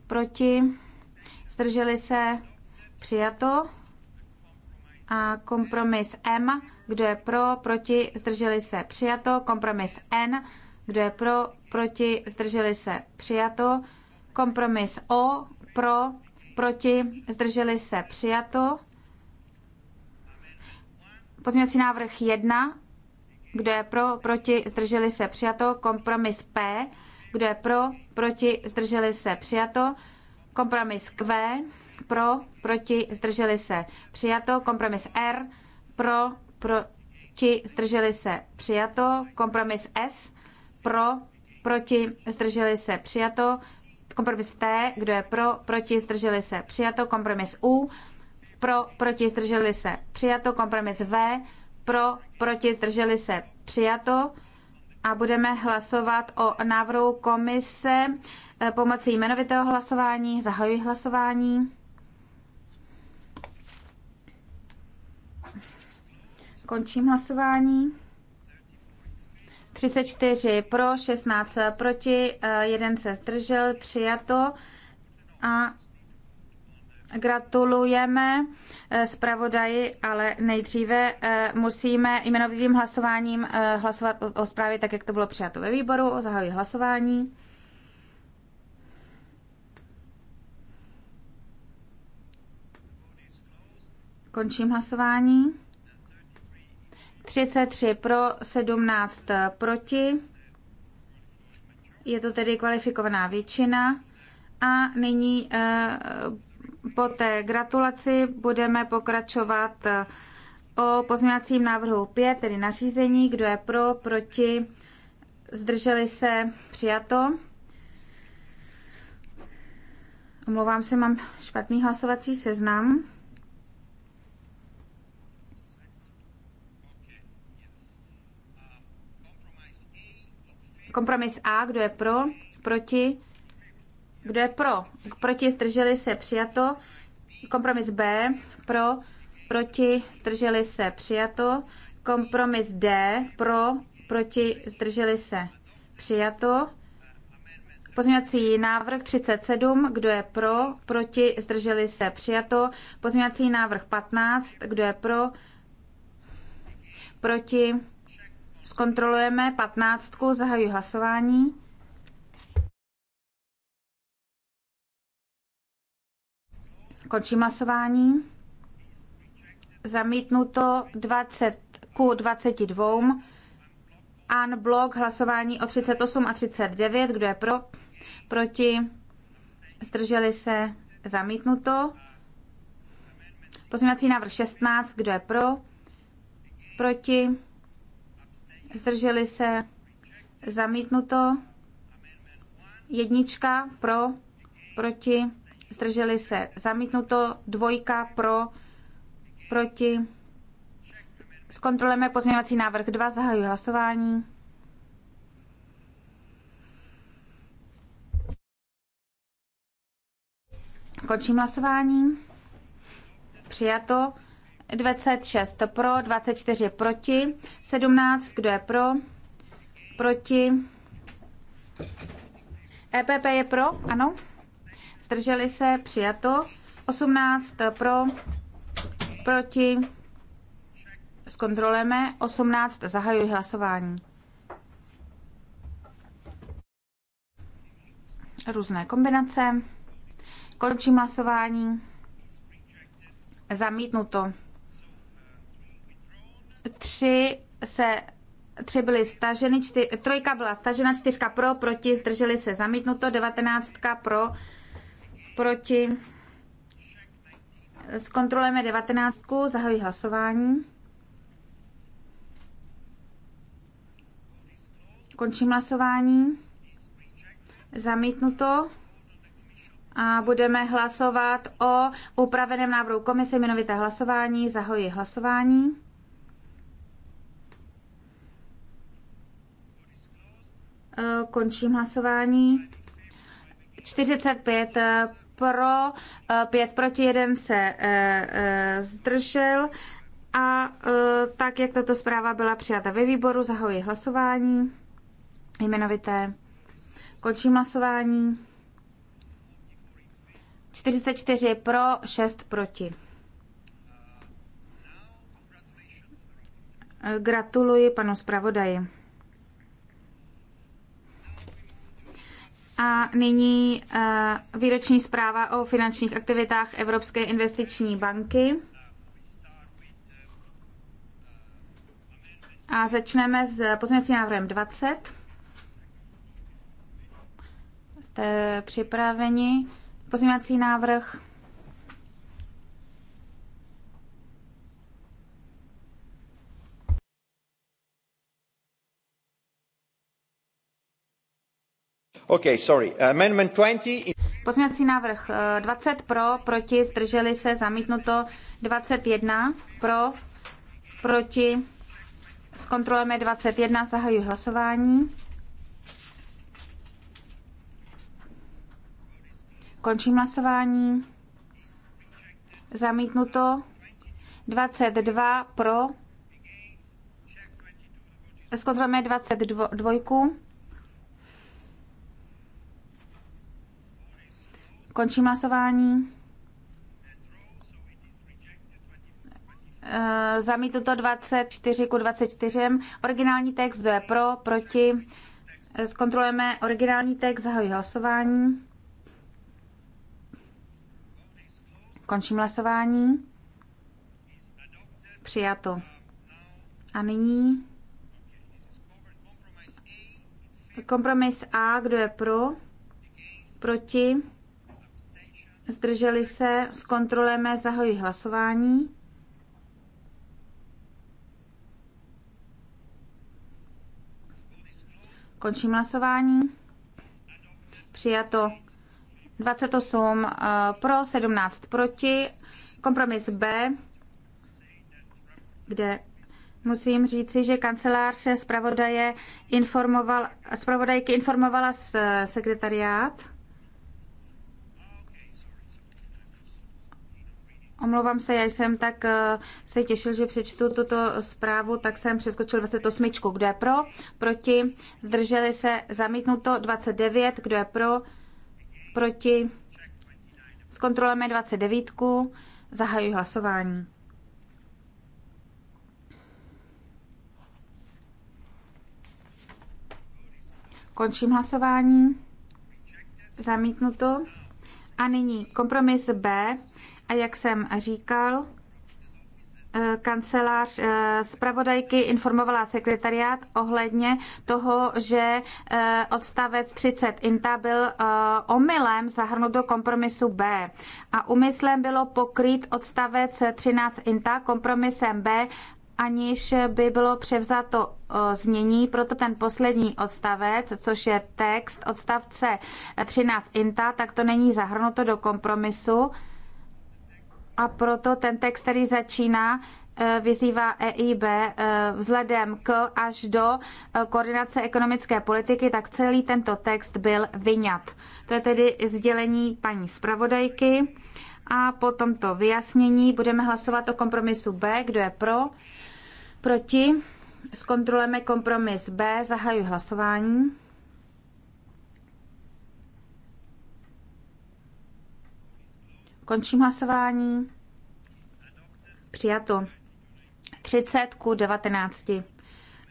proti, zdrželi se, přijato. A kompromis M, kdo je pro, proti, zdrželi se, přijato. Kompromis N, kdo je pro, proti, zdrželi se, přijato. Kompromis O, pro, proti, zdrželi se, přijato. Pozměňovací návrh 1, kdo je pro, proti, zdrželi se, přijato. Kompromis P. Kdo je pro, proti, zdrželi se, přijato. Kompromis Q. Pro, proti, zdrželi se, přijato. Kompromis R. Pro, proti, zdrželi se, přijato. Kompromis S. Pro, proti, zdrželi se, přijato. Kompromis T. Kdo je pro, proti, zdrželi se, přijato. Kompromis U. Pro, proti, zdrželi se, přijato. Kompromis V pro, proti, zdrželi se, přijato. A budeme hlasovat o návrhu komise eh, pomocí jmenovitého hlasování. Zahajuji hlasování. Končím hlasování. 34 pro, 16 proti, eh, jeden se zdržel, přijato. A Gratulujeme eh, zpravodaji, ale nejdříve eh, musíme jmenovitým hlasováním eh, hlasovat o zprávě tak, jak to bylo přijato ve výboru. Zahajuji hlasování. Končím hlasování. 33 pro, 17 proti. Je to tedy kvalifikovaná většina. A nyní po té gratulaci budeme pokračovat eh, o pozměňovacím návrhu 5, tedy nařízení, kdo je pro, proti, zdrželi se, přijato. Omlouvám se, mám špatný hlasovací seznam. Kompromis A, kdo je pro, proti, kdo je pro? Proti zdrželi se přijato. Kompromis B. Pro. Proti zdrželi se přijato. Kompromis D. Pro. Proti zdrželi se přijato. Pozměňovací návrh 37, kdo je pro, proti, zdrželi se, přijato. Pozměňovací návrh 15, kdo je pro, proti, zkontrolujeme 15, zahajuji hlasování. Končím hlasování. Zamítnuto 20 ku 22. An blok hlasování o 38 a 39. Kdo je pro? Proti? Zdrželi se? Zamítnuto. Pozměňovací návrh 16. Kdo je pro? Proti? Zdrželi se? Zamítnuto. Jednička pro? Proti? zdrželi se zamítnuto, dvojka pro, proti. Zkontrolujeme pozměňovací návrh 2, zahajuji hlasování. Končím hlasování. Přijato. 26 pro, 24 proti, 17, kdo je pro, proti. EPP je pro, ano? zdrželi se, přijato. 18 eh, pro, proti, zkontrolujeme. 18 zahajuji hlasování. Různé kombinace. Končím hlasování. Zamítnuto. Tři se tři byly staženy, čty, trojka byla stažena, čtyřka pro, proti, zdrželi se zamítnuto, devatenáctka pro, proti. Zkontrolujeme devatenáctku, Zahajuji hlasování. Končím hlasování. Zamítnuto. A budeme hlasovat o upraveném návrhu komise jmenovité hlasování. Zahoji hlasování. E, končím hlasování. 45 pro, eh, pět proti jeden se eh, eh, zdržel. A tak, jak tato zpráva byla přijata ve výboru, zahajuji hlasování jmenovité. Končím hlasování. 44 pro, 6 proti. Gratuluji panu zpravodaji. A nyní eh, výroční zpráva o finančních aktivitách Evropské investiční banky. A začneme s pozměcím návrhem 20. Jste připraveni? Pozměcí návrh Okay, sorry. Amendment 20. Pozměňovací návrh 20 eh, pro, proti, zdrželi se, zamítnuto 21 pro, proti, zkontrolujeme 21, zahajuji hlasování. Končím hlasování. Zamítnuto 22 pro, zkontrolujeme 22. Končím hlasování. Eh, to 24 ku 24. Originální text je pro, proti. Eh, zkontrolujeme originální text, zahajuji hlasování. Končím hlasování. Přijato. A nyní kompromis A, kdo je pro, proti, zdrželi se, zkontrolujeme, zahojí hlasování. Končím hlasování. Přijato 28 eh, pro, 17 proti. Kompromis B, kde musím říci, že kancelář se zpravodaje informoval, zpravodajky informovala s sekretariát. Omlouvám se, já jsem tak eh, se těšil, že přečtu tuto zprávu, tak jsem přeskočil 28. Kdo je pro? Proti? Zdrželi se? Zamítnuto 29. Kdo je pro? Proti? Zkontrolujeme 29. Zahajuji hlasování. Končím hlasování. Zamítnuto. A nyní kompromis B a jak jsem říkal, eh, kancelář eh, zpravodajky informovala sekretariát ohledně toho, že eh, odstavec 30 INTA byl omylem zahrnut do kompromisu B a úmyslem bylo pokrýt odstavec 13 INTA kompromisem B aniž by bylo převzato znění, proto ten poslední odstavec, což je text odstavce 13 INTA, tak to není zahrnuto do kompromisu a proto ten text, který začíná, eh, vyzývá EIB eh, vzhledem k až do eh, koordinace ekonomické politiky, tak celý tento text byl vyňat. To je tedy sdělení paní zpravodajky. A po tomto vyjasnění budeme hlasovat o kompromisu B. Kdo je pro? Proti? Zkontrolujeme kompromis B. Zahajuji hlasování. Končím hlasování. Přijato. 30 ku 19.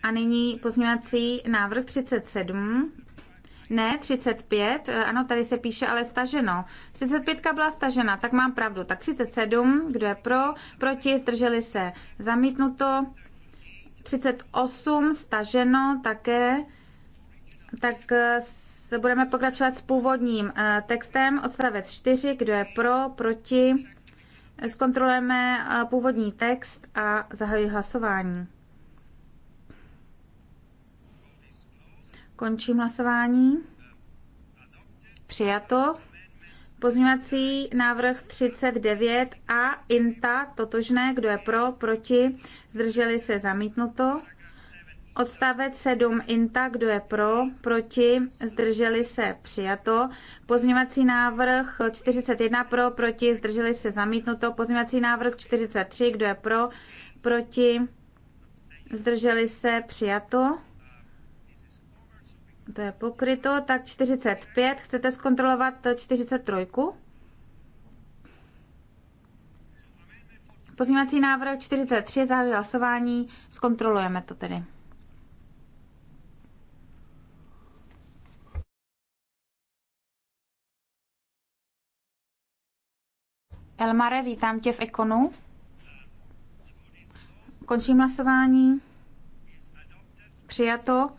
A nyní pozměňovací návrh 37. Ne, 35, ano, tady se píše, ale staženo. 35 byla stažena, tak mám pravdu. Tak 37, kdo je pro, proti, zdrželi se, zamítnuto. 38 staženo také, tak eh, budeme pokračovat s původním eh, textem, odstavec 4, kdo je pro, proti. Zkontrolujeme eh, původní text a zahajuji hlasování. Končím hlasování. Přijato. Pozměňovací návrh 39 a INTA, totožné, kdo je pro, proti, zdrželi se zamítnuto. Odstavec 7 INTA, kdo je pro, proti, zdrželi se, přijato. Pozměňovací návrh 41 pro, proti, zdrželi se, zamítnuto. Pozměňovací návrh 43, kdo je pro, proti, zdrželi se, přijato. To je pokryto, tak 45. Chcete zkontrolovat 43? Pozměňovací návrh 43, zahájí hlasování, zkontrolujeme to tedy. Elmare, vítám tě v Ekonu. Končím hlasování. Přijato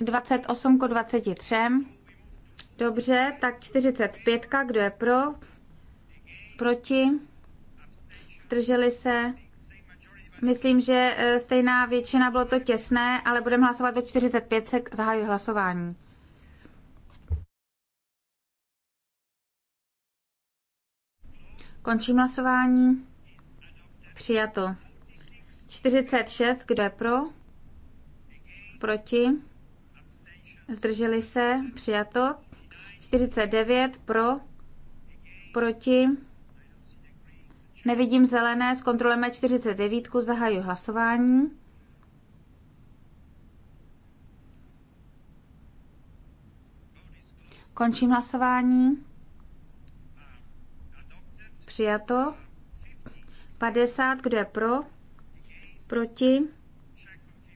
28 k 23. Dobře, tak 45. Kdo je pro? Proti? Zdrželi se? Myslím, že eh, stejná většina bylo to těsné, ale budeme hlasovat o 45. Zahajuji hlasování. Končím hlasování. Přijato. 46, kdo je pro? Proti? Zdrželi se? Přijato. 49, pro? Proti? Nevidím zelené, zkontrolujeme 49, zahaju hlasování. Končím hlasování. Přijato. 50, kdo je pro? Proti?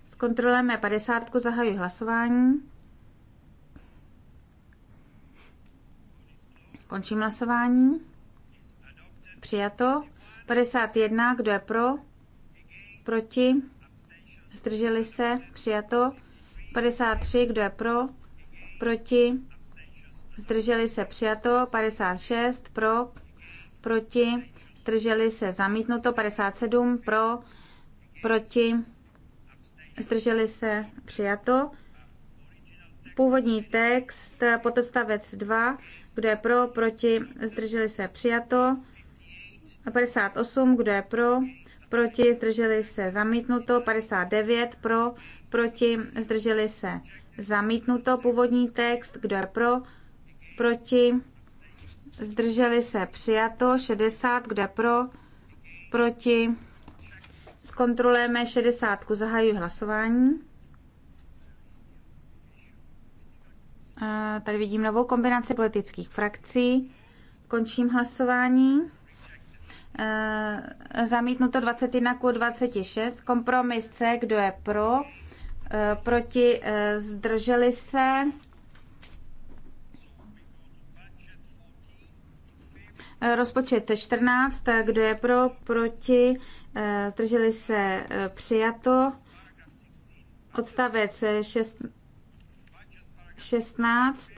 Zkontrolujeme 50, zahajuji hlasování. Končím hlasování. Přijato. 51, kdo je pro? Proti? Zdrželi se? Přijato. 53, kdo je pro? Proti? Zdrželi se? Přijato. 56, pro? proti, zdrželi se zamítnuto, 57 pro, proti, zdrželi se přijato. Původní text, podstavec 2, kdo je pro, proti, zdrželi se přijato. 58, kdo je pro, proti, zdrželi se zamítnuto. 59 pro, proti, zdrželi se zamítnuto. Původní text, kdo je pro, proti, zdrželi se přijato, 60, kde pro, proti, zkontrolujeme 60, zahajuji hlasování. Tady vidím novou kombinaci politických frakcí. Končím hlasování. E, zamítnuto 21 k 26. Kompromis C, kdo je pro, e, proti, e, zdrželi se Rozpočet 14, eh, eh, kdo je pro, proti, zdrželi se přijato. Odstavec 16,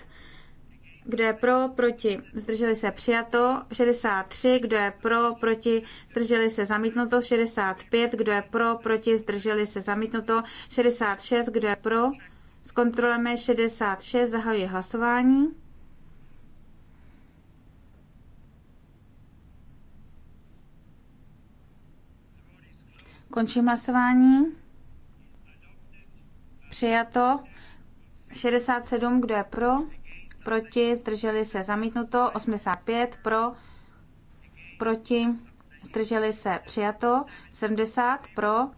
kdo je pro, proti, zdrželi se přijato. 63, kdo je pro, proti, zdrželi se zamítnuto. 65, kdo je pro, proti, zdrželi se zamítnuto. 66, kdo je pro, zkontrolujeme 66, zahajuji hlasování. Končím hlasování. Přijato. 67, kdo je pro? Proti, zdrželi se, zamítnuto. 85, pro, proti, zdrželi se, přijato. 70, pro,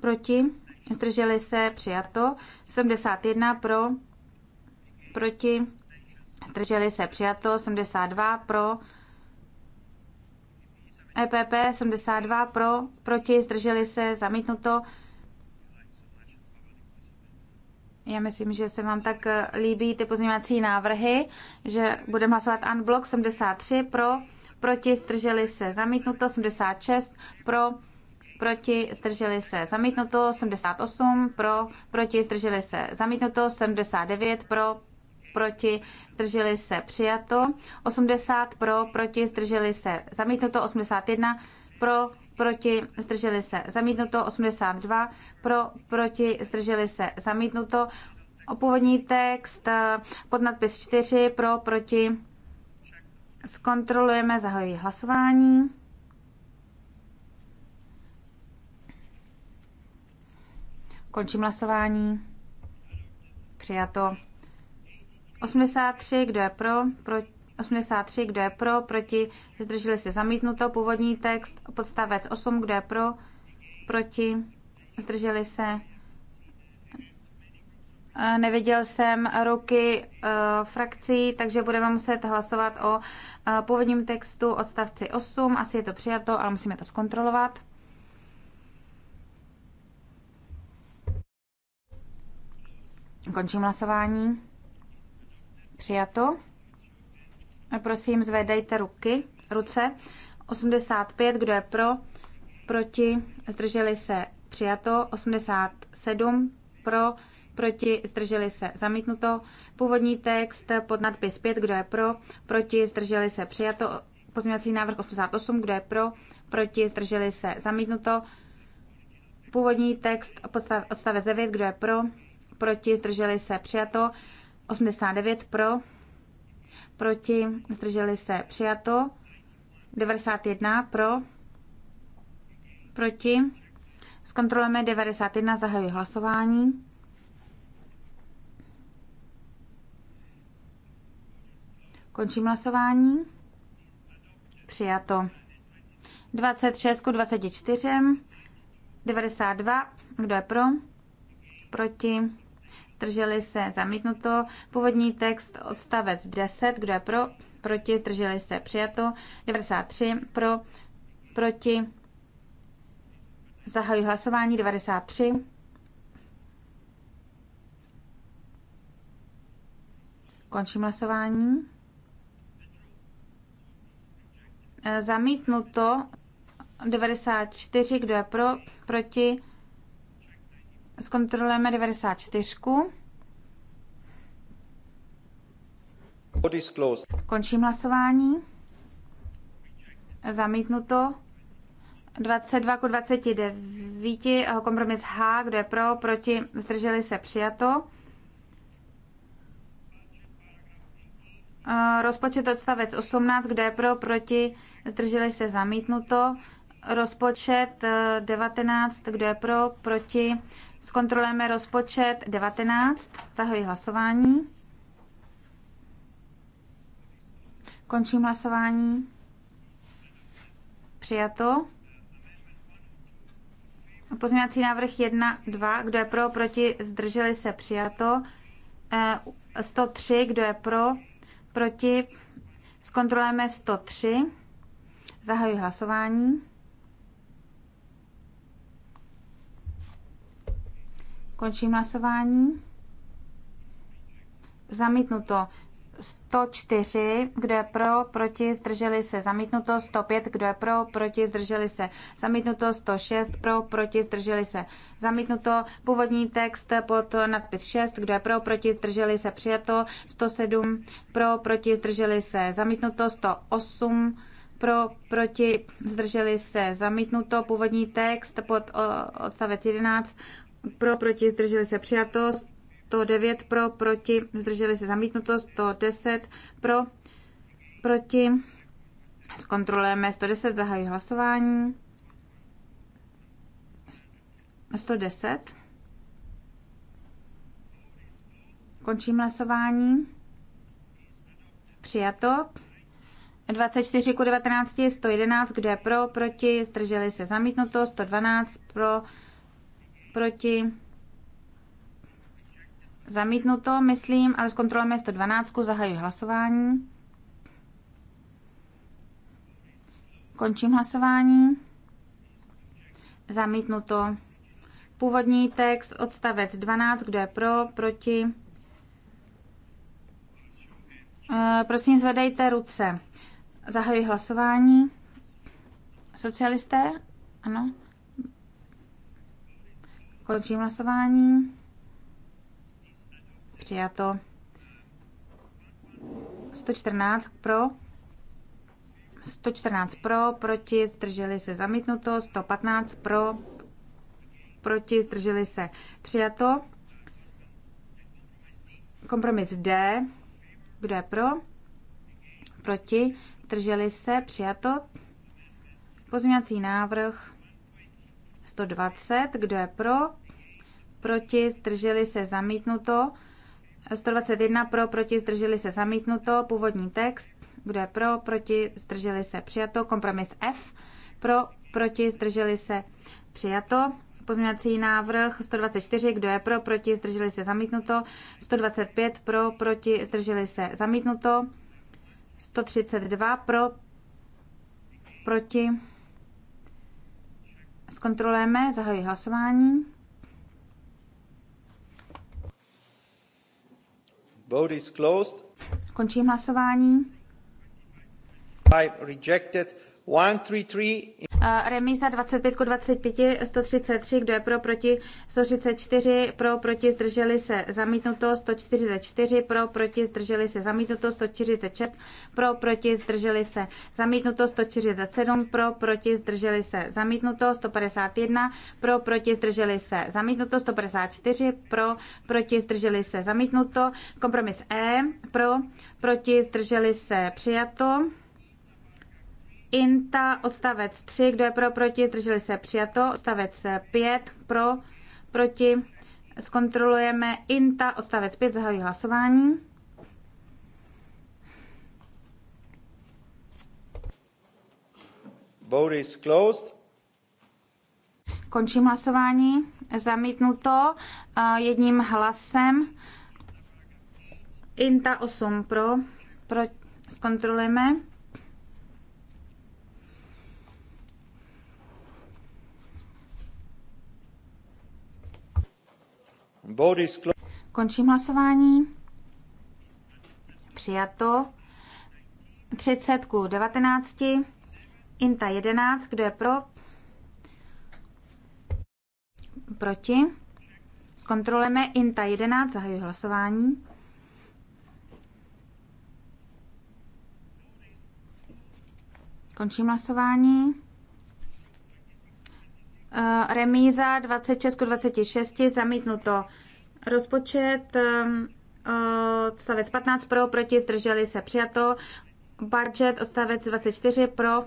proti, zdrželi se, přijato. 71, pro, proti, zdrželi se, přijato. 72, pro, EPP 72 pro, proti, zdrželi se, zamítnuto. Já myslím, že se vám tak eh, líbí ty pozměňovací návrhy, že budeme hlasovat unblock 73 pro, proti, zdrželi se, zamítnuto 76 pro, proti, zdrželi se, zamítnuto 78 pro, proti, zdrželi se, zamítnuto 79 pro, proti, zdrželi se přijato, 80 pro, proti, zdrželi se zamítnuto, 81 pro, proti, zdrželi se zamítnuto, 82 pro, proti, zdrželi se zamítnuto, o původní text eh, pod nadpis 4 pro, proti, zkontrolujeme, zahojí hlasování. Končím hlasování. Přijato. 83, kdo je pro, pro 83, kdo je pro, proti, zdrželi se zamítnuto, původní text, podstavec 8, kdo je pro, proti, zdrželi se. Eh, neviděl jsem ruky eh, frakcí, takže budeme muset hlasovat o eh, původním textu odstavci 8. Asi je to přijato, ale musíme to zkontrolovat. Končím hlasování. Přijato. A prosím, zvedejte ruky, ruce. 85, kdo je pro, proti, zdrželi se, přijato. 87, pro, proti, zdrželi se, zamítnuto. Původní text pod nadpis 5, kdo je pro, proti, zdrželi se, přijato. Pozměňovací návrh 88, kdo je pro, proti, zdrželi se, zamítnuto. Původní text odstavec 9, kdo je pro, proti, zdrželi se, přijato. 89 pro, proti, zdrželi se přijato, 91 pro, proti, zkontrolujeme 91, zahajuji hlasování. Končím hlasování. Přijato. 26 ku 24, 92, kdo je pro, proti, zdrželi se, zamítnuto. Původní text odstavec 10, kdo je pro, proti, zdrželi se, přijato. 93 pro, proti, zahajuji hlasování 93. Končím hlasování. Zamítnuto 94, kdo je pro, proti, Zkontrolujeme 94. Končím hlasování. Zamítnuto. 22 ku 29. Kompromis H, kdo je pro, proti, zdrželi se, přijato. Eh, rozpočet odstavec 18, kdo je pro, proti, zdrželi se, zamítnuto. Rozpočet 19, eh, kdo je pro, proti, Zkontrolujeme rozpočet 19. Zahoji hlasování. Končím hlasování. Přijato. Pozměňovací návrh 1, 2. Kdo je pro, proti, zdrželi se, přijato. 103. Eh, Kdo je pro, proti, zkontrolujeme 103. Zahajuji hlasování. Končím hlasování. Zamítnuto. 104, kdo je pro, proti, zdrželi se, zamítnuto, 105, kdo je pro, proti, zdrželi se, zamítnuto, 106, pro, proti, zdrželi se, zamítnuto, původní text pod nadpis 6, kdo je pro, proti, zdrželi se, přijato, 107, pro, proti, zdrželi se, zamítnuto, 108, pro, proti, zdrželi se, zamítnuto, původní text pod odstavec 11, pro, proti, zdrželi se přijato, 109 pro, proti, zdrželi se zamítnuto, 110 pro, proti, zkontrolujeme 110, zahají hlasování, 110, končím hlasování, přijato, 24 ku 19, 111, kdo je pro, proti, zdrželi se zamítnuto, 112 pro, proti, zamítnuto, myslím, ale zkontrolujeme 112, zahajuji hlasování. Končím hlasování. Zamítnuto. Původní text, odstavec 12, kdo je pro, proti. E, prosím, zvedejte ruce. Zahajuji hlasování. Socialisté? Ano. Končím hlasování. Přijato. 114 pro. 114 pro, proti, zdrželi se zamítnuto, 115 pro, proti, zdrželi se přijato. Kompromis D, kdo je pro, proti, zdrželi se přijato. Pozměňovací návrh 120, kdo je pro, proti, zdrželi se zamítnuto. 121 pro, proti, zdrželi se zamítnuto. Původní text, kdo je pro, proti, zdrželi se přijato. Kompromis F, pro, proti, zdrželi se přijato. Pozměňovací návrh 124, kdo je pro, proti, zdrželi se zamítnuto. 125 pro, proti, zdrželi se zamítnuto. 132 pro, proti, Zkontrolujeme, zahajuji hlasování. Vote is closed. Končím hlasování. I rejected Remíza 25 ku 25, 133, kdo je pro, proti, 134, pro, proti, zdrželi se, zamítnuto, 144, pro, proti, zdrželi se, zamítnuto, 146, pro, proti, zdrželi se, zamítnuto, 147, pro, proti, zdrželi se, zamítnuto, 151, pro, proti, zdrželi se, zamítnuto, 154, pro, proti, zdrželi se, zamítnuto, kompromis E, pro, proti, zdrželi se, přijato, Inta, odstavec 3, kdo je pro, proti, zdrželi se přijato, odstavec 5, pro, proti, zkontrolujeme Inta, odstavec 5, zahajuji hlasování. Vote is closed. Končím hlasování. Zamítnuto jedním hlasem. Inta 8 pro. pro zkontrolujeme. Končím hlasování. Přijato. 30 ku 19. Inta 11. Kdo je pro? Proti. Zkontrolujeme Inta 11. Zahajuji hlasování. Končím hlasování. Eh, remíza 26 26, zamítnuto. Rozpočet ehm, eh, odstavec 15 pro, proti, zdrželi se přijato. Budget odstavec 24 pro,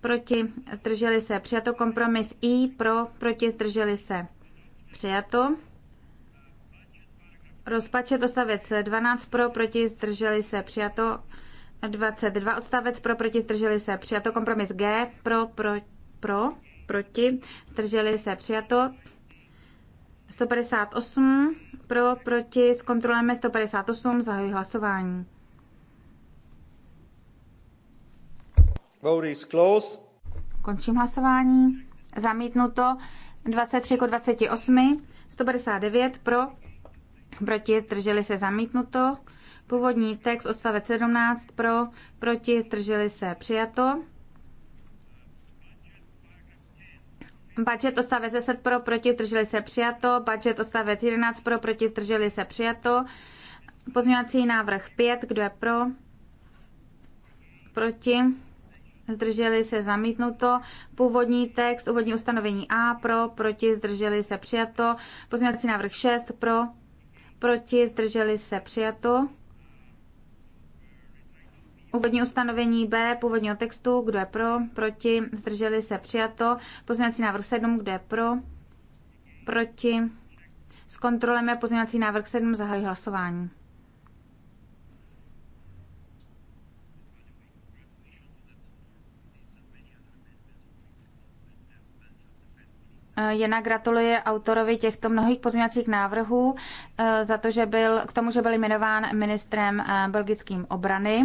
proti, zdrželi se přijato. Kompromis I pro, proti, zdrželi se přijato. rozpočet odstavec 12 pro, proti, zdrželi se přijato. 22 odstavec pro, proti, zdrželi se přijato. Kompromis G pro, pro, pro proti, zdrželi se přijato. 158 pro, proti, zkontrolujeme 158, zahajuji hlasování. Vote is closed. Končím hlasování. Zamítnuto 23 k 28, 159 pro, proti, zdrželi se zamítnuto. Původní text odstavec 17 pro, proti, zdrželi se přijato. Budget odstavec 10 pro, proti, zdrželi se přijato. Budget odstavec 11 pro, proti, zdrželi se přijato. Pozměňovací návrh 5, kdo je pro? Proti? Zdrželi se zamítnuto. Původní text, úvodní ustanovení A, pro, proti, zdrželi se přijato. Pozměňovací návrh 6, pro, proti, zdrželi se přijato. Úvodní ustanovení B původního textu, kdo je pro, proti, zdrželi se přijato. Pozměňovací návrh 7, kdo je pro, proti. Zkontrolujeme pozměňovací návrh 7, zahajuji hlasování. Eh, Jena gratuluje autorovi těchto mnohých pozměňovacích návrhů eh, za to, že byl, k tomu, že byl jmenován ministrem eh, belgickým obrany.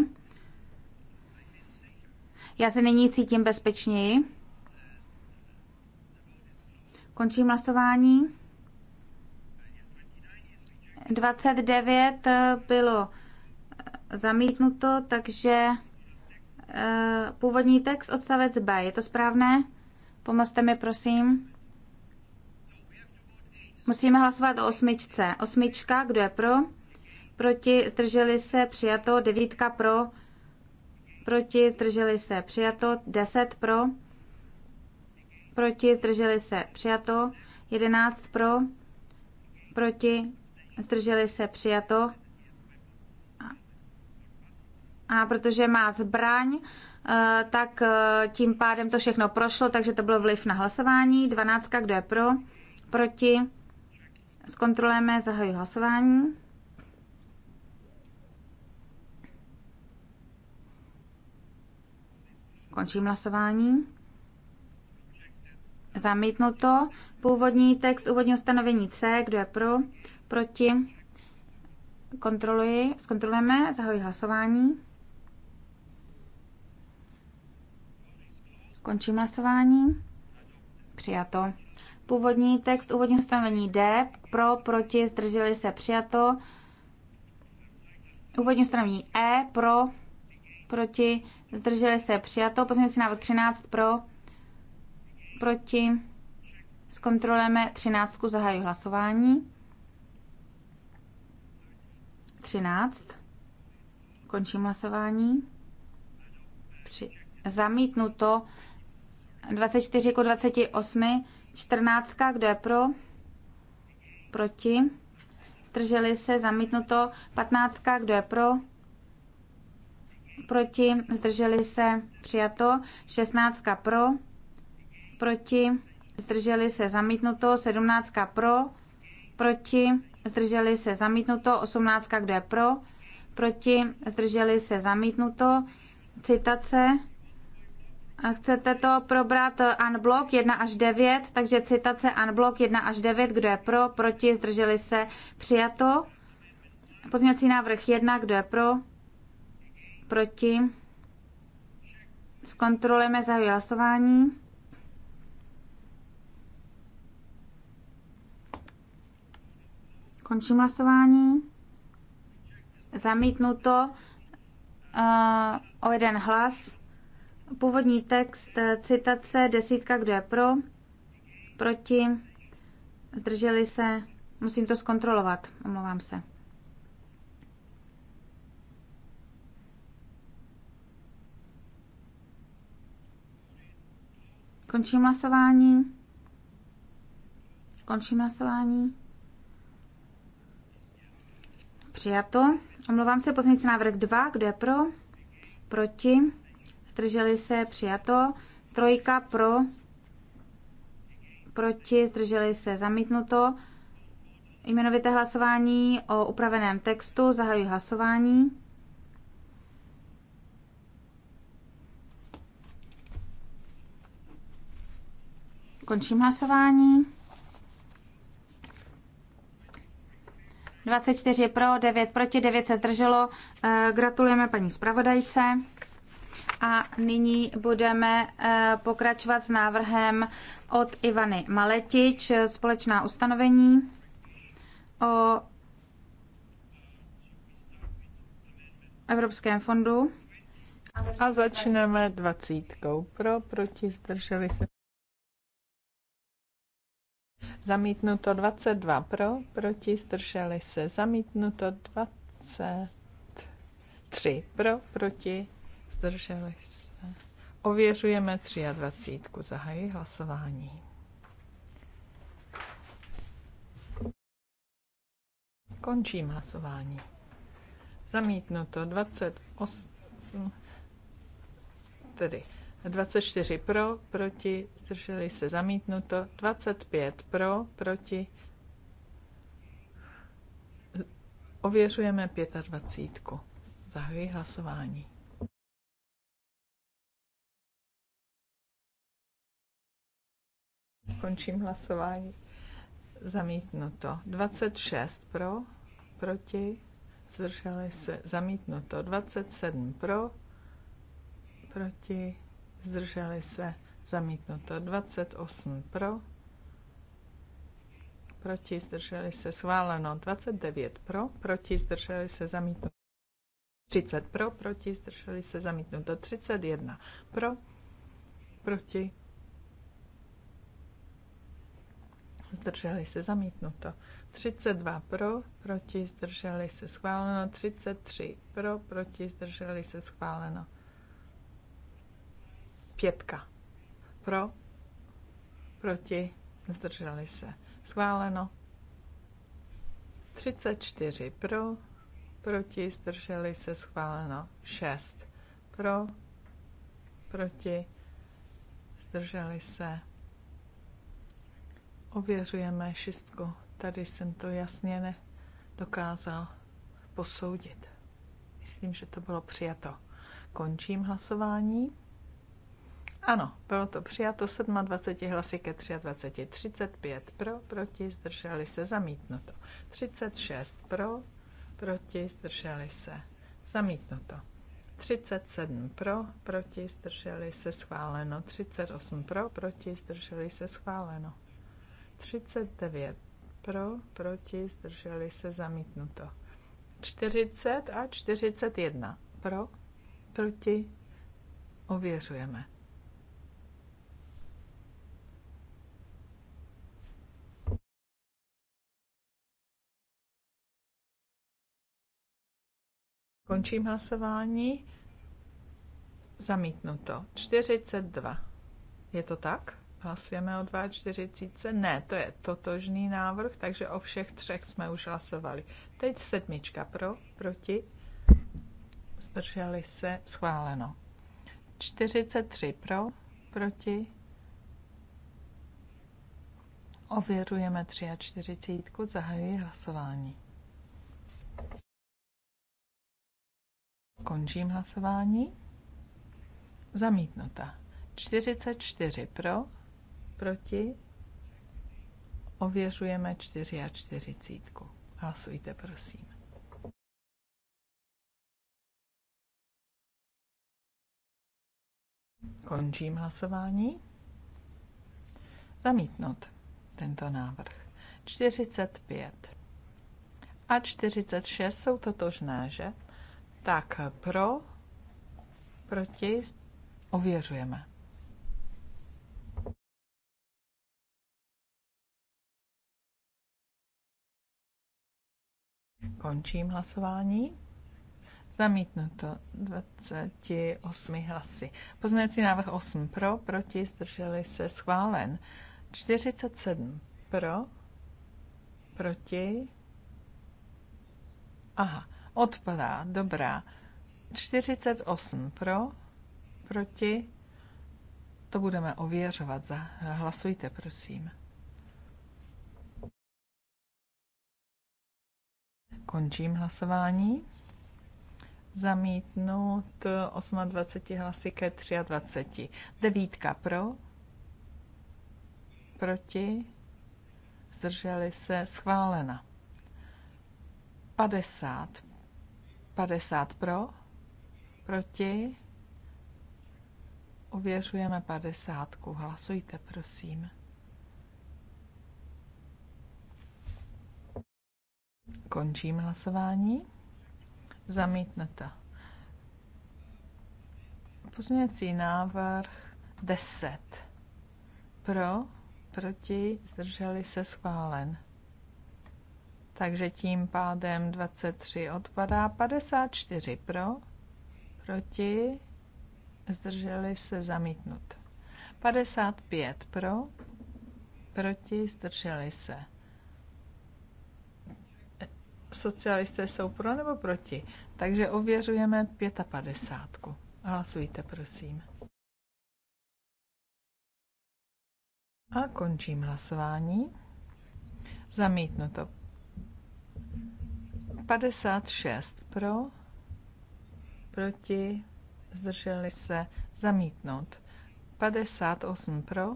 Já se nyní cítím bezpečněji. Končím hlasování. 29 eh, bylo eh, zamítnuto, takže eh, původní text odstavec B. Je to správné? Pomozte mi, prosím. Musíme hlasovat o osmičce. Osmička, kdo je pro? Proti, zdrželi se, přijato, devítka pro, proti, zdrželi se, přijato. 10 pro, proti, zdrželi se, přijato. 11 pro, proti, zdrželi se, přijato. A protože má zbraň, eh, tak eh, tím pádem to všechno prošlo, takže to byl vliv na hlasování. 12, kdo je pro, proti, zkontrolujeme, zahajuji hlasování. Končím hlasování. Zamítnuto. Původní text úvodní ustanovení C. Kdo je pro? Proti? Kontroluji. Zkontrolujeme. Zahoji hlasování. Končím hlasování. Přijato. Původní text úvodní ustanovení D. Pro, proti, zdrželi se. Přijato. Úvodní ustanovení E. Pro, proti, zdrželi se přijato, pozměňovací návrh 13 pro, proti, zkontrolujeme 13, zahajuji hlasování. 13, končím hlasování. Při, zamítnuto 24 k 28, 14, kdo je pro, proti, zdrželi se, zamítnuto 15, kdo je pro, proti, zdrželi se, přijato, 16 pro, proti, zdrželi se, zamítnuto, 17 pro, proti, zdrželi se, zamítnuto, 18 kdo je pro, proti, zdrželi se, zamítnuto, citace, a chcete to probrat unblock 1 až 9, takže citace unblock 1 až 9, kdo je pro, proti, zdrželi se, přijato. Pozměňovací návrh 1, kdo je pro, proti. Zkontrolujeme zahajuji hlasování. Končím hlasování. Zamítnuto uh, o jeden hlas. Původní text, eh, citace, desítka, kdo je pro, proti, zdrželi se, musím to zkontrolovat, omlouvám se. Končím hlasování. Končím hlasování. Přijato. Omlouvám se, pozměňující návrh 2. Kdo je pro? Proti? Zdrželi se? Přijato. Trojka pro? Proti? Zdrželi se? Zamítnuto. Jmenovité hlasování o upraveném textu. Zahajuji hlasování. Končím hlasování. 24 pro, 9 proti, 9 se zdrželo. Eh, gratulujeme paní zpravodajce. A nyní budeme eh, pokračovat s návrhem od Ivany Maletič, společná ustanovení o Evropském fondu. A začneme dvacítkou. Pro, proti, zdrželi se. Zamítnuto 22 pro, proti, zdrželi se. Zamítnuto 23 pro, proti, zdrželi se. Ověřujeme 23. Zahají hlasování. Končím hlasování. Zamítnuto 28, tedy 24 pro, proti, zdrželi se zamítnuto. 25 pro, proti. Ověřujeme 25. Zahajuji hlasování. Končím hlasování. Zamítnuto. 26 pro, proti, zdrželi se. Zamítnuto. 27 pro, proti zdrželi se, zamítnuto 28 pro, proti, zdrželi se, schváleno 29 pro, proti, zdrželi se, zamítnuto 30 pro, proti, zdrželi se, zamítnuto 31 pro, proti, zdrželi se, zamítnuto 32 pro, proti, zdrželi se, schváleno 33 pro, proti, zdrželi se, schváleno Pětka. Pro, proti, zdrželi se. Schváleno. 34 pro, proti, zdrželi se. Schváleno. 6 pro, proti, zdrželi se. Ověřujeme šestku. Tady jsem to jasně nedokázal posoudit. Myslím, že to bylo přijato. Končím hlasování. Ano, bylo to přijato 27 hlasy ke 23, 35 pro, proti, zdrželi se, zamítnuto. 36 pro, proti, zdrželi se, zamítnuto. 37 pro, proti, zdrželi se, schváleno. 38 pro, proti, zdrželi se, schváleno. 39 pro, proti, zdrželi se, zamítnuto. 40 a 41 pro, proti, ověřujeme. Končím hlasování. Zamítnuto. 42. Je to tak? Hlasujeme o 42. Ne, to je totožný návrh, takže o všech třech jsme už hlasovali. Teď sedmička pro, proti. Zdrželi se, schváleno. 43 pro, proti. Ověrujeme 43. Zahajuji hlasování. Končím hlasování. Zamítnuta. 44 pro, proti. Ověřujeme 44. Hlasujte, prosím. Končím hlasování. Zamítnout tento návrh. 45 a 46 jsou totožné, že? Tak pro, proti, ověřujeme. Končím hlasování. Zamítnuto 28 hlasy. Pozměňovací návrh 8 pro, proti, zdrželi se, schválen. 47 pro, proti. Aha, Odpadá, dobrá. 48 pro, proti. To budeme ověřovat. Za, hlasujte, prosím. Končím hlasování. Zamítnout 28 hlasy ke 23. Devítka pro, proti, zdrželi se, schválena. 50 50 pro, proti. Ověřujeme 50. Hlasujte, prosím. Končím hlasování. Zamítnete. Pozměňovací návrh 10. Pro, proti, zdrželi se schválen takže tím pádem 23 odpadá, 54 pro, proti, zdrželi se zamítnut. 55 pro, proti, zdrželi se. Socialisté jsou pro nebo proti? Takže ověřujeme 55. Hlasujte, prosím. A končím hlasování. Zamítnuto 56 pro, proti, zdrželi se, zamítnout. 58 pro,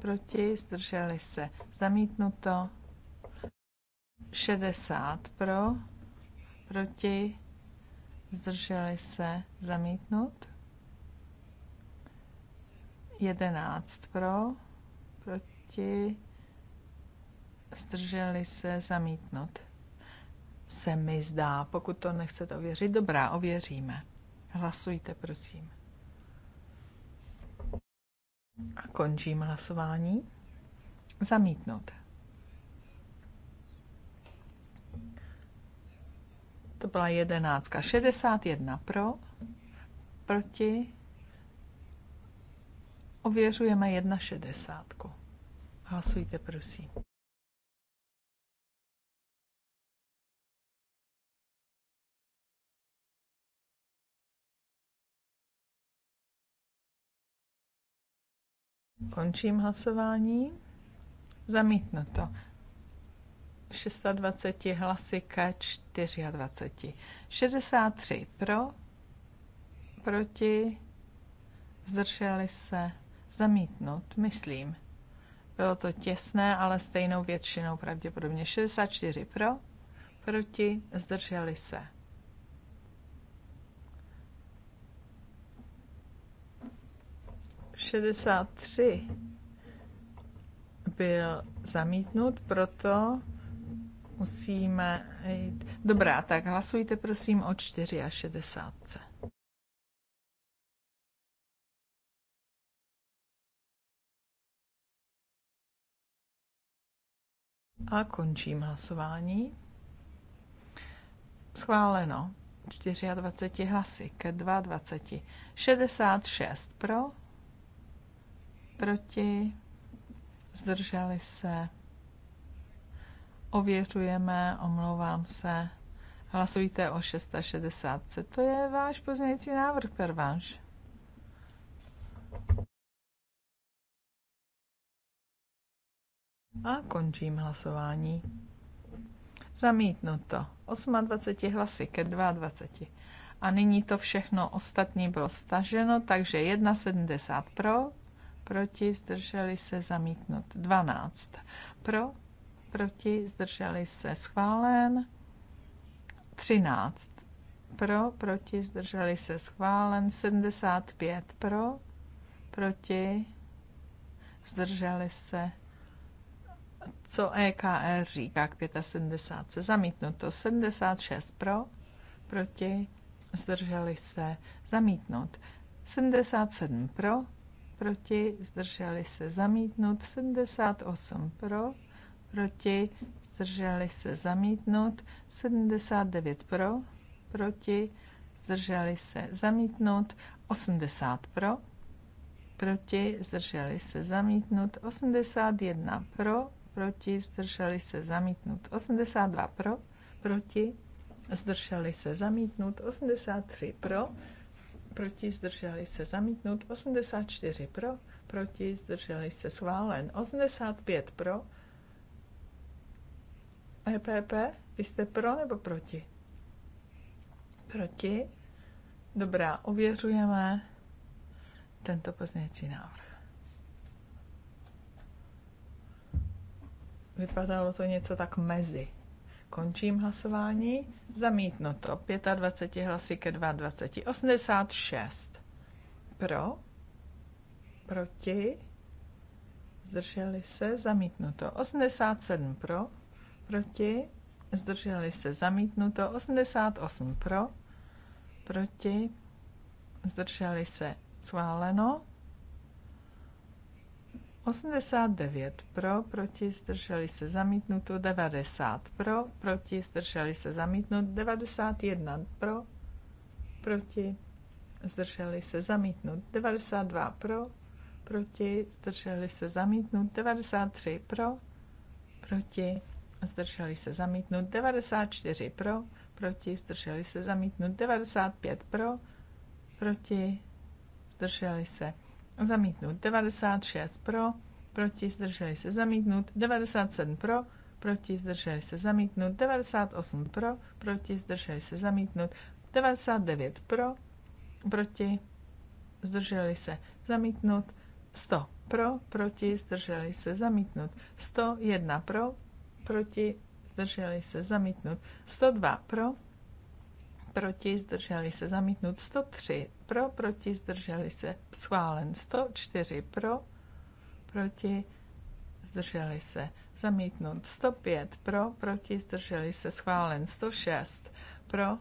proti, zdrželi se, zamítnuto. 60 pro, proti, zdrželi se, zamítnout. 11 pro, proti, zdrželi se, zamítnout se mi zdá. Pokud to nechcete ověřit, dobrá, ověříme. Hlasujte, prosím. A končím hlasování. Zamítnout. To byla jedenáctka. 61 pro, proti. Ověřujeme 1,60. Hlasujte, prosím. Končím hlasování. to. 620 hlasy k 24. 63 pro, proti, zdrželi se, zamítnout, myslím. Bylo to těsné, ale stejnou většinou pravděpodobně. 64 pro, proti, zdrželi se. 63 byl zamítnut, proto musíme jít. Dobrá, tak hlasujte prosím o 4 a 60. A končím hlasování. Schváleno 24 hlasy ke 22. 66 pro, proti, zdrželi se. Ověřujeme, omlouvám se. Hlasujte o 660. To je váš pozměňující návrh, Pervanš. A končím hlasování. Zamítnuto. 28 hlasy ke 22. A nyní to všechno ostatní bylo staženo, takže 1,70 pro, proti, zdrželi se zamítnut. 12 pro, proti, zdrželi se schválen. 13 pro, proti, zdrželi se schválen. 75 pro, proti, zdrželi se co EKR říká k 75 se zamítnuto, 76 pro, proti, zdrželi se zamítnout, 77 pro, proti, zdrželi se zamítnout, 78 pro, proti, zdrželi se zamítnout, 79 pro, proti, zdrželi se zamítnout, 80 pro, proti, zdrželi se zamítnout, 81 pro, proti, zdrželi se zamítnout, 82 pro, proti, zdrželi se zamítnout, 83 pro, proti, zdrželi se zamítnout, 84 pro, proti, zdrželi se schválen, 85 pro, EPP, vy jste pro nebo proti? Proti. Dobrá, ověřujeme tento pozměňující návrh. Vypadalo to něco tak mezi. Končím hlasování. Zamítnuto. 25 hlasy ke 22. 86. Pro. Proti. Zdrželi se. Zamítnuto. 87 pro. Proti. Zdrželi se. Zamítnuto. 88 pro. Proti. Zdrželi se. Schváleno. 89 pro, proti, zdrželi se zamítnuto, 90 pro, proti, zdrželi se zamítnuto, 91 pro, proti, zdrželi se zamítnut, 92 pro, proti, zdrželi se zamítnut, 93 pro, proti, zdrželi se zamítnut, 94 pro, proti, zdrželi se zamítnut, 95 pro, proti, zdrželi se zamítnut 96 pro, proti zdrželi se zamítnut 97 pro, proti zdrželi se zamítnut 98 pro, proti zdrželi se zamítnut 99 pro, proti zdrželi se zamítnut 100 pro, proti zdrželi se zamítnut 101 pro, proti zdrželi se zamítnut 102 pro, proti, zdrželi se zamítnut 103, pro, proti, zdrželi se schválen 104, pro, proti, zdrželi se zamítnut 105, pro, proti, zdrželi se schválen 106, pro,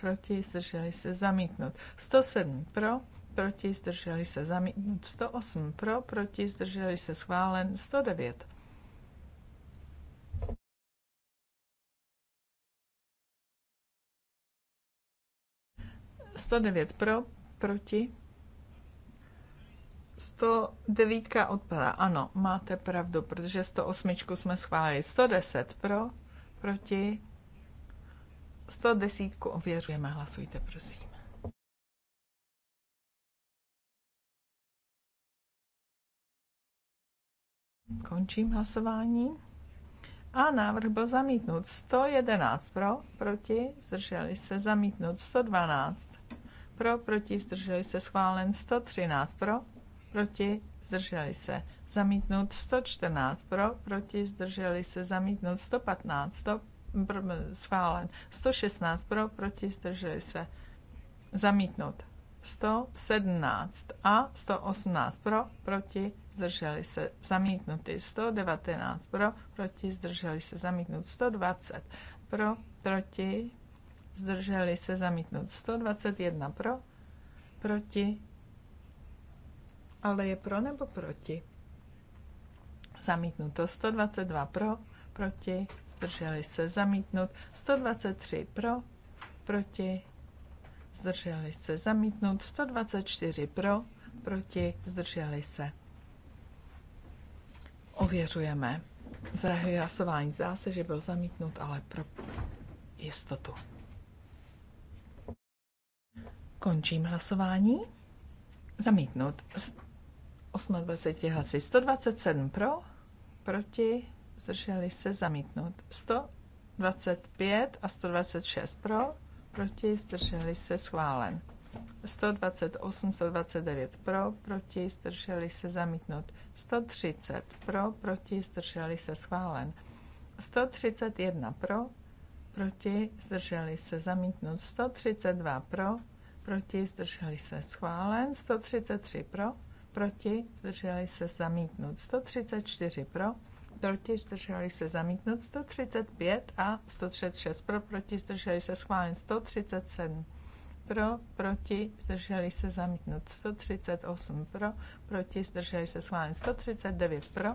proti, zdrželi se zamítnut 107, pro, proti, zdrželi se zamítnut 108, pro, proti, zdrželi se schválen 109 109 pro, proti. 109 odpadá. Ano, máte pravdu, protože 108 jsme schválili. 110 pro, proti. 110 ověřujeme. Hlasujte, prosím. Končím hlasování. A návrh byl zamítnut. 111 pro, proti, zdrželi se zamítnut. 112 pro, proti, zdrželi se, schválen 113 pro, proti, zdrželi se, zamítnut 114 pro, proti, zdrželi se, zamítnut 115, 100, pro, schválen 116 pro, proti, zdrželi se, zamítnut 117 a 118 pro, proti, zdrželi se, zamítnuty 119 pro, proti, zdrželi se, zamítnut 120 pro, proti, zdrželi se zamítnout 121 pro, proti, ale je pro nebo proti? Zamítnuto 122 pro, proti, zdrželi se zamítnout 123 pro, proti, zdrželi se zamítnout 124 pro, proti, zdrželi se. Ověřujeme. Zahajuji hlasování. Zdá se, že byl zamítnut, ale pro jistotu. Končím hlasování. Zamítnout. 28 hlasy. 127 pro, proti, zdrželi se, zamítnout. 125 a 126 pro, proti, zdrželi se, schválen. 128, 129 pro, proti, zdrželi se, zamítnout. 130 pro, proti, zdrželi se, schválen. 131 pro, proti, zdrželi se, zamítnout. 132 pro, proti, zdrželi se schválen, 133 pro, proti, zdrželi se zamítnut, 134 pro, proti, zdrželi se zamítnut, 135 a 136 pro, proti, zdrželi se schválen, 137 pro, proti, zdrželi se zamítnut, 138 pro, proti, zdrželi se schválen, 139 pro,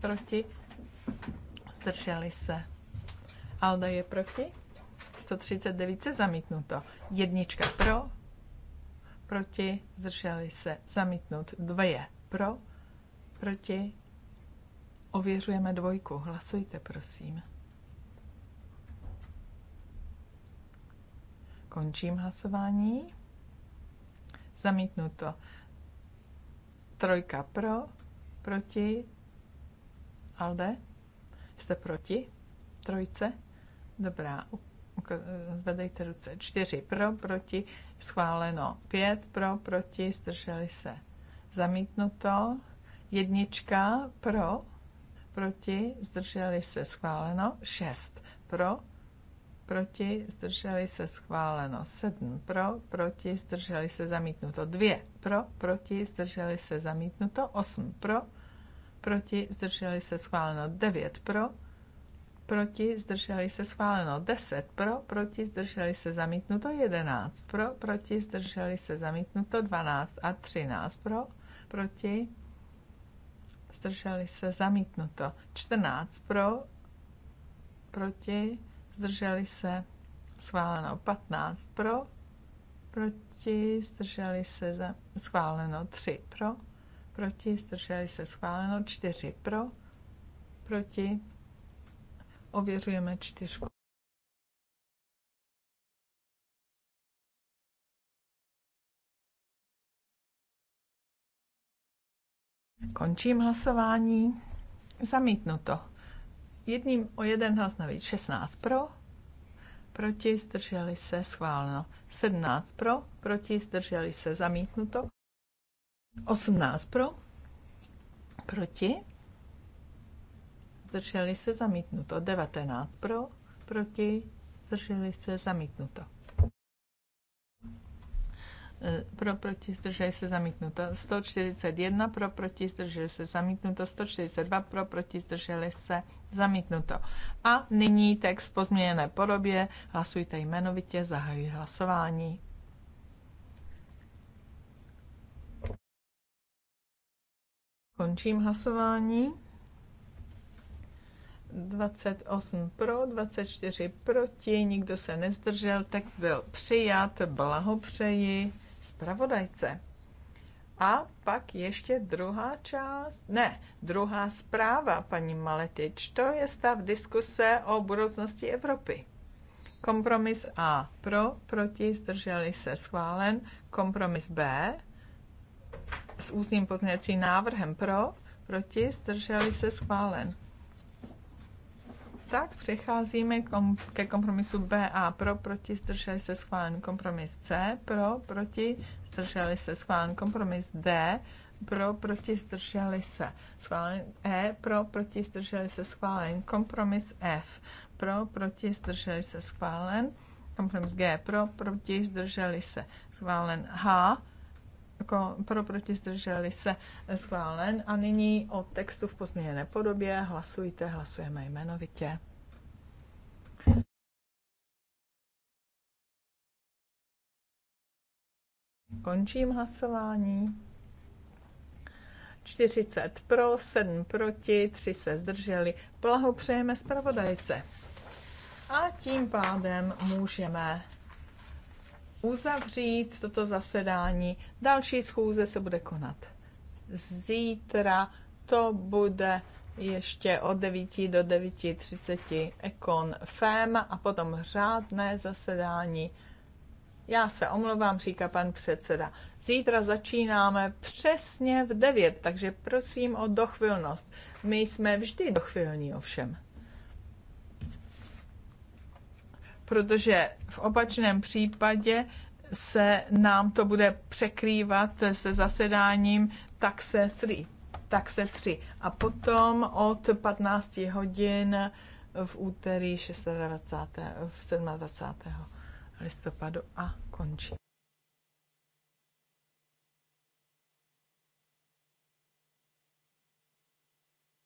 proti, zdrželi se. Alda je proti, 139 se zamítnuto, jednička pro, proti, zdrželi se, zamítnout. Dvě pro, proti, ověřujeme dvojku. Hlasujte, prosím. Končím hlasování. Zamítnuto. Trojka pro, proti, Alde, jste proti trojce? Dobrá, zvedejte ruce. čtyři pro, proti, schváleno. pět pro, proti, zdrželi se. Zamítnuto. Jednička pro, proti, zdrželi se. Schváleno. šest pro, proti, zdrželi se. Schváleno. sedm pro, proti, zdrželi se. Zamítnuto. Dvě pro, proti, zdrželi se. Zamítnuto. osm pro, proti, zdrželi se. Schváleno. devět pro, proti, zdrželi se schváleno 10 pro, proti, zdrželi se zamítnuto 11 pro, proti, zdrželi se zamítnuto 12 a 13 pro, proti, zdrželi se zamítnuto 14 pro, proti, zdrželi se schváleno 15 pro, proti, zdrželi se za, schváleno 3 pro, proti, zdrželi se schváleno 4 pro, proti, Ověřujeme čtyřku. Končím hlasování. Zamítnuto. Jedním o jeden hlas navíc. 16 pro, proti, zdrželi se, schváleno. 17 pro, proti, zdrželi se, zamítnuto. 18 pro, proti, zdrželi se zamítnuto. 19 pro, proti, zdrželi se zamítnuto. E, pro, proti, zdrželi se zamítnuto. 141 pro, proti, zdrželi se zamítnuto. 142 pro, proti, zdrželi se zamítnuto. A nyní text po pozměněné podobě. Hlasujte jmenovitě, zahajuji hlasování. Končím hlasování. 28 pro, 24 proti, nikdo se nezdržel, text byl přijat, blahopřeji zpravodajce. A pak ještě druhá část, ne, druhá zpráva, paní Maletič, to je stav diskuse o budoucnosti Evropy. Kompromis A pro, proti, zdrželi se schválen. Kompromis B s ústním pozměcí návrhem pro, proti, zdrželi se schválen tak přecházíme kom- ke kompromisu B a pro, proti, zdrželi se schválen kompromis C, pro, proti, zdrželi se schválen kompromis D, pro, proti, zdrželi se schválen E, pro, proti, zdrželi se schválen kompromis F, pro, proti, zdrželi se schválen kompromis G, pro, proti, zdrželi se schválen H, jako pro proti zdrželi se eh, schválen. A nyní o textu v pozměněné podobě hlasujte, hlasujeme jmenovitě. Končím hlasování. 40 pro, 7 proti, 3 se zdrželi. Blahopřejeme zpravodajce. A tím pádem můžeme uzavřít toto zasedání. Další schůze se bude konat zítra. To bude ještě od 9 do 9.30 Ekon FEM a potom řádné zasedání. Já se omlouvám, říká pan předseda. Zítra začínáme přesně v 9, takže prosím o dochvilnost. My jsme vždy dochvilní ovšem. protože v opačném případě se nám to bude překrývat se zasedáním taxe 3. Taxe 3. A potom od 15 hodin v úterý 26. v 27. listopadu a končí.